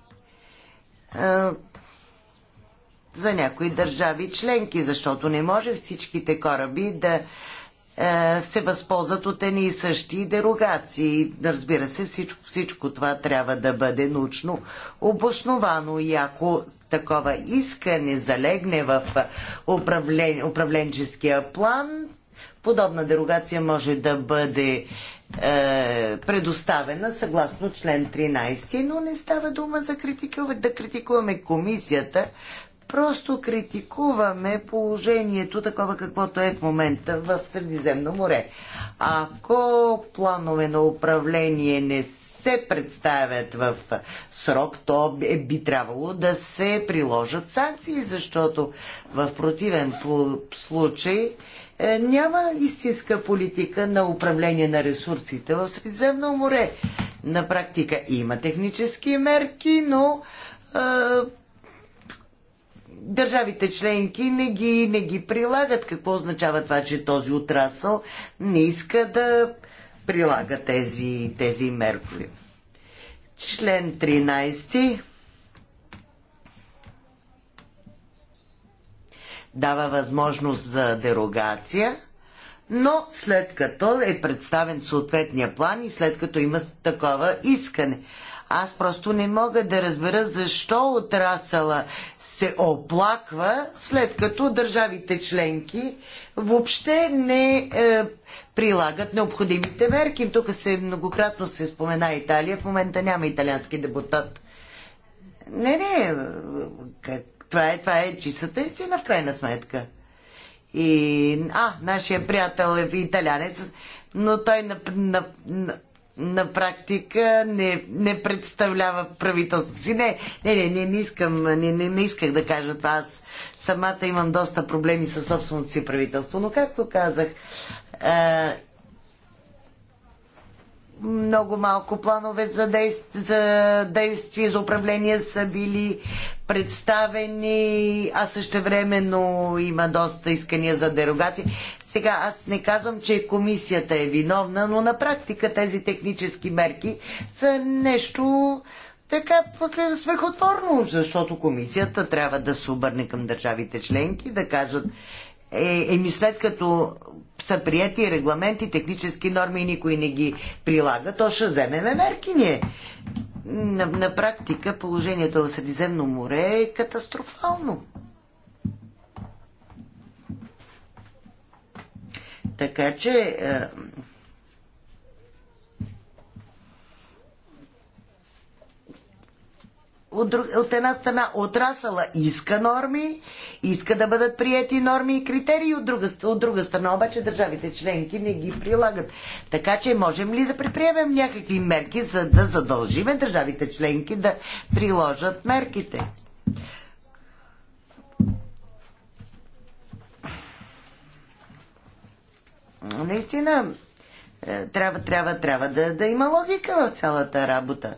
за някои държави членки, защото не може всичките кораби да е, се възползват от едни и същи дерогации. Разбира се, всичко, всичко това трябва да бъде научно обосновано и ако такова искане залегне в е, управлен, управленческия план, подобна дерогация може да бъде е, предоставена съгласно член 13, но не става дума за критика, да критикуваме комисията Просто критикуваме положението такова каквото е в момента в Средиземно море. Ако планове на управление не се представят в срок, то е, би трябвало да се приложат санкции, защото в противен случай е, няма истинска политика на управление на ресурсите в Средиземно море. На практика има технически мерки, но е, държавите членки не ги, не ги прилагат. Какво означава това, че този отрасъл не иска да прилага тези, тези мерки? Член 13 дава възможност за дерогация, но след като е представен съответния план и след като има такова искане. Аз просто не мога да разбера защо отрасъла се оплаква, след като държавите членки въобще не е, прилагат необходимите мерки. Тук се многократно се спомена Италия. В момента няма италиански депутат. Не, не. Как, това е, това е чистата истина в крайна сметка. И, а, нашия приятел е италянец, но той на, на, на, на практика не, не представлява правителството си. Не, не, не, не, не искам, не, не, не исках да кажа това. Аз самата имам доста проблеми със собственото си правителство. Но както казах, е, много малко планове за, действие, за действие, за управление са били представени, а също времено има доста искания за дерогации. Сега аз не казвам, че комисията е виновна, но на практика тези технически мерки са нещо така пък е смехотворно, защото комисията трябва да се обърне към държавите членки, да кажат е, еми след като са прияти регламенти, технически норми и никой не ги прилага, то ще вземеме мерки ние. На, на практика положението в Средиземно море е катастрофално. Така че е, от, друг, от една страна отрасъла иска норми, иска да бъдат приети норми и критерии, от друга, от друга страна обаче държавите членки не ги прилагат. Така че можем ли да приприемем някакви мерки, за да задължиме държавите членки да приложат мерките? Наистина, е, трябва, трябва, трябва да, да има логика в цялата работа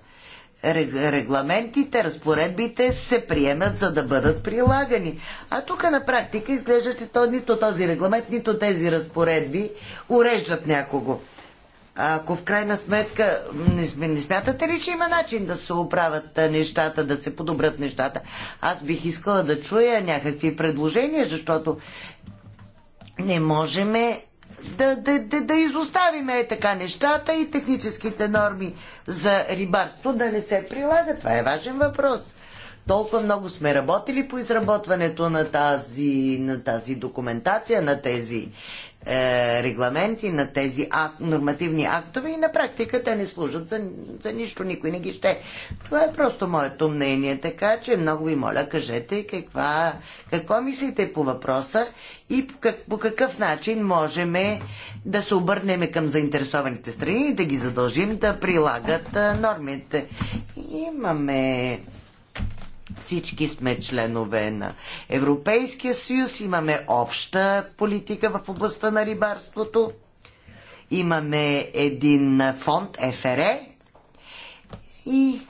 регламентите, разпоредбите се приемат, за да бъдат прилагани. А тук на практика изглежда, че то, нито този регламент, нито тези разпоредби уреждат някого. А ако в крайна сметка не, не смятате ли, че има начин да се оправят нещата, да се подобрят нещата? Аз бих искала да чуя някакви предложения, защото не можеме да, да, да, да изоставиме е така нещата и техническите норми за рибарство да не се прилагат. Това е важен въпрос. Толкова много сме работили по изработването на тази, на тази документация, на тези е, регламенти, на тези ак, нормативни актове и на практика те не служат за, за нищо, никой не ги ще. Това е просто моето мнение, така че много ви моля, кажете каква, какво мислите по въпроса и по, как, по какъв начин можем да се обърнем към заинтересованите страни и да ги задължим да прилагат е, нормите. Имаме всички сме членове на Европейския съюз, имаме обща политика в областта на рибарството, имаме един фонд ФРЕ и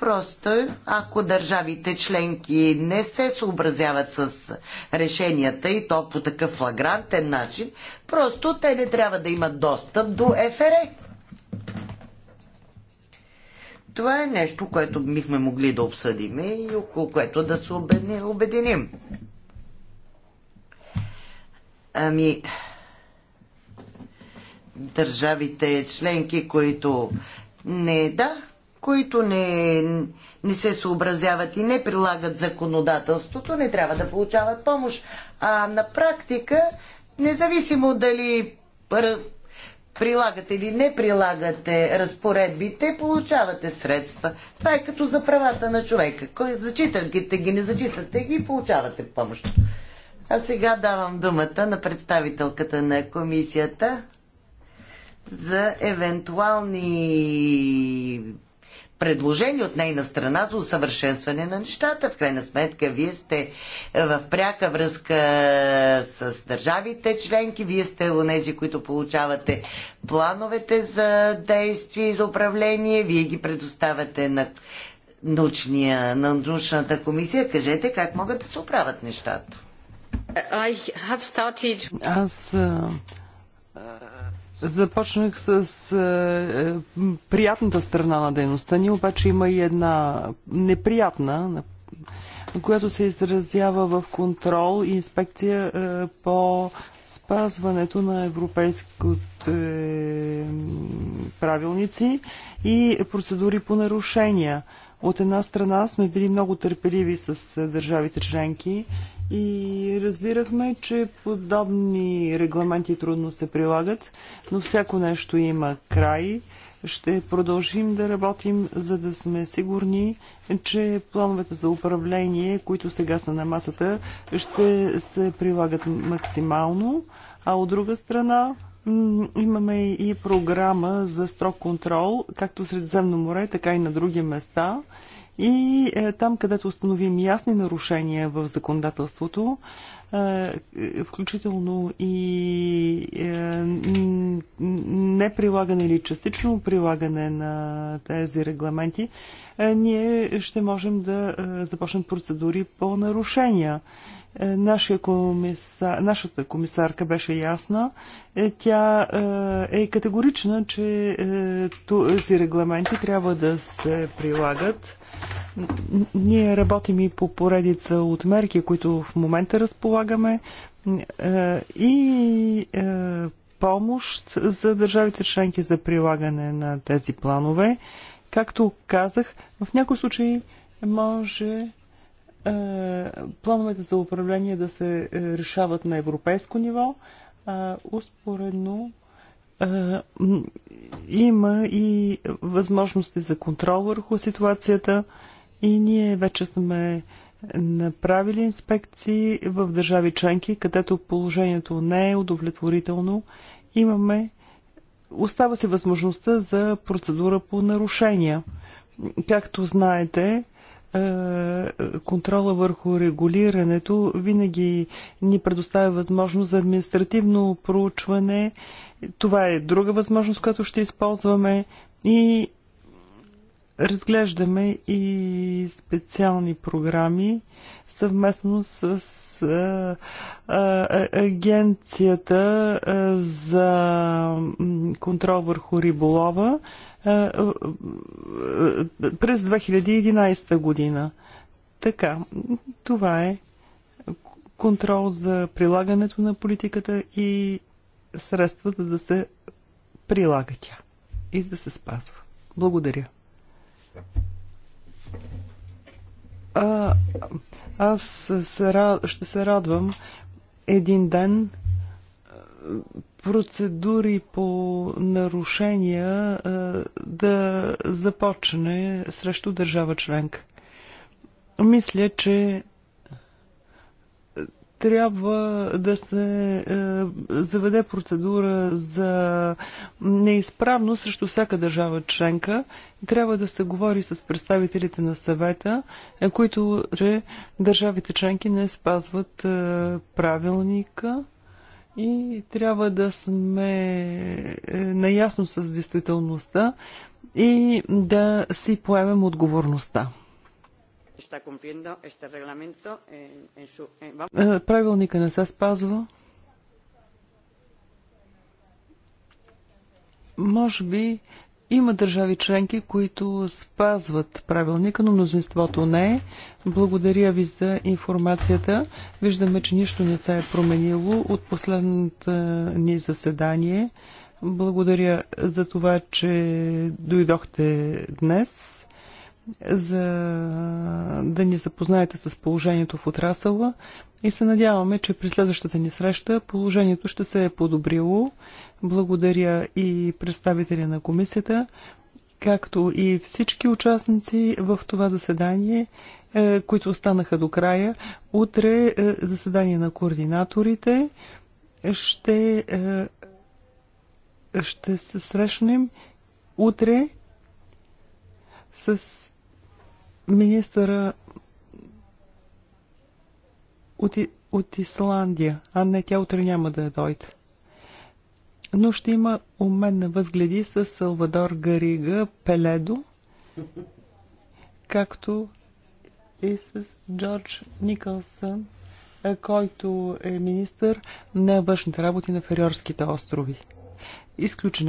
Просто, ако държавите членки не се съобразяват с решенията и то по такъв флагрантен начин, просто те не трябва да имат достъп до ФРЕ това е нещо, което бихме могли да обсъдим и около което да се обединим. Ами, държавите членки, които не да, които не, не се съобразяват и не прилагат законодателството, не трябва да получават помощ. А на практика, независимо дали прилагате или не прилагате разпоредбите, получавате средства. Това е като за правата на човека. Кой зачитате ги, не зачитате ги получавате помощ. А сега давам думата на представителката на комисията за евентуални предложение от нейна страна за усъвършенстване на нещата. В крайна сметка, вие сте е, в пряка връзка е, с държавите членки, вие сте нези, които получавате плановете за действие и за управление, вие ги предоставяте на научния, на научната комисия. Кажете как могат да се оправят нещата. Started... Аз е, Започнах с е, е, приятната страна на дейността ни, обаче има и една неприятна, която се изразява в контрол и инспекция е, по спазването на европейските е, правилници и процедури по нарушения. От една страна сме били много търпеливи с е, държавите членки и разбирахме, че подобни регламенти трудно се прилагат, но всяко нещо има край. Ще продължим да работим, за да сме сигурни, че плановете за управление, които сега са на масата, ще се прилагат максимално, а от друга страна имаме и програма за строг контрол, както Средиземно море, така и на други места – и е, там, където установим ясни нарушения в законодателството, е, включително и е, неприлагане или частично прилагане на тези регламенти, е, ние ще можем да е, започнем процедури по нарушения. Е, нашия комисар, нашата комисарка беше ясна. Тя е категорична, че тези регламенти трябва да се прилагат ние работим и по поредица от мерки, които в момента разполагаме е, и е, помощ за държавите членки за прилагане на тези планове. Както казах, в някои случаи може е, плановете за управление да се решават на европейско ниво, а успоредно има и възможности за контрол върху ситуацията и ние вече сме направили инспекции в държави членки, където положението не е удовлетворително. Имаме остава се възможността за процедура по нарушения. Както знаете, контрола върху регулирането винаги ни предоставя възможност за административно проучване, това е друга възможност, която ще използваме и разглеждаме и специални програми съвместно с а, а, агенцията а, за контрол върху риболова а, през 2011 година. Така, това е контрол за прилагането на политиката и средствата да се прилага тя и да се спазва. Благодаря. А, аз се, ще се радвам един ден процедури по нарушения да започне срещу държава членка. Мисля, че трябва да се е, заведе процедура за неизправност срещу всяка държава членка. Трябва да се говори с представителите на съвета, е, които, че държавите членки не спазват е, правилника и трябва да сме е, наясно с действителността и да си поемем отговорността está cumpliendo este reglamento en, en su... En, vamos... Е, правилника не се спазва. Може би има държави членки, които спазват правилника, но мнозинството не е. Благодаря ви за информацията. Виждаме, че нищо не се е променило от последното е, ни заседание. Благодаря за това, че дойдохте днес за да ни запознаете с положението в отрасъла и се надяваме, че при следващата ни среща положението ще се е подобрило. Благодаря и представителя на комисията, както и всички участници в това заседание, е, които останаха до края. Утре е, заседание на координаторите ще, е, ще се срещнем утре с министъра от, от Исландия. А не, тя утре няма да дойде. Но ще има обмен на възгледи с Салвадор Гарига Пеледо, както и с Джордж Никълсън, който е министър на външните работи на Фериорските острови. Изключен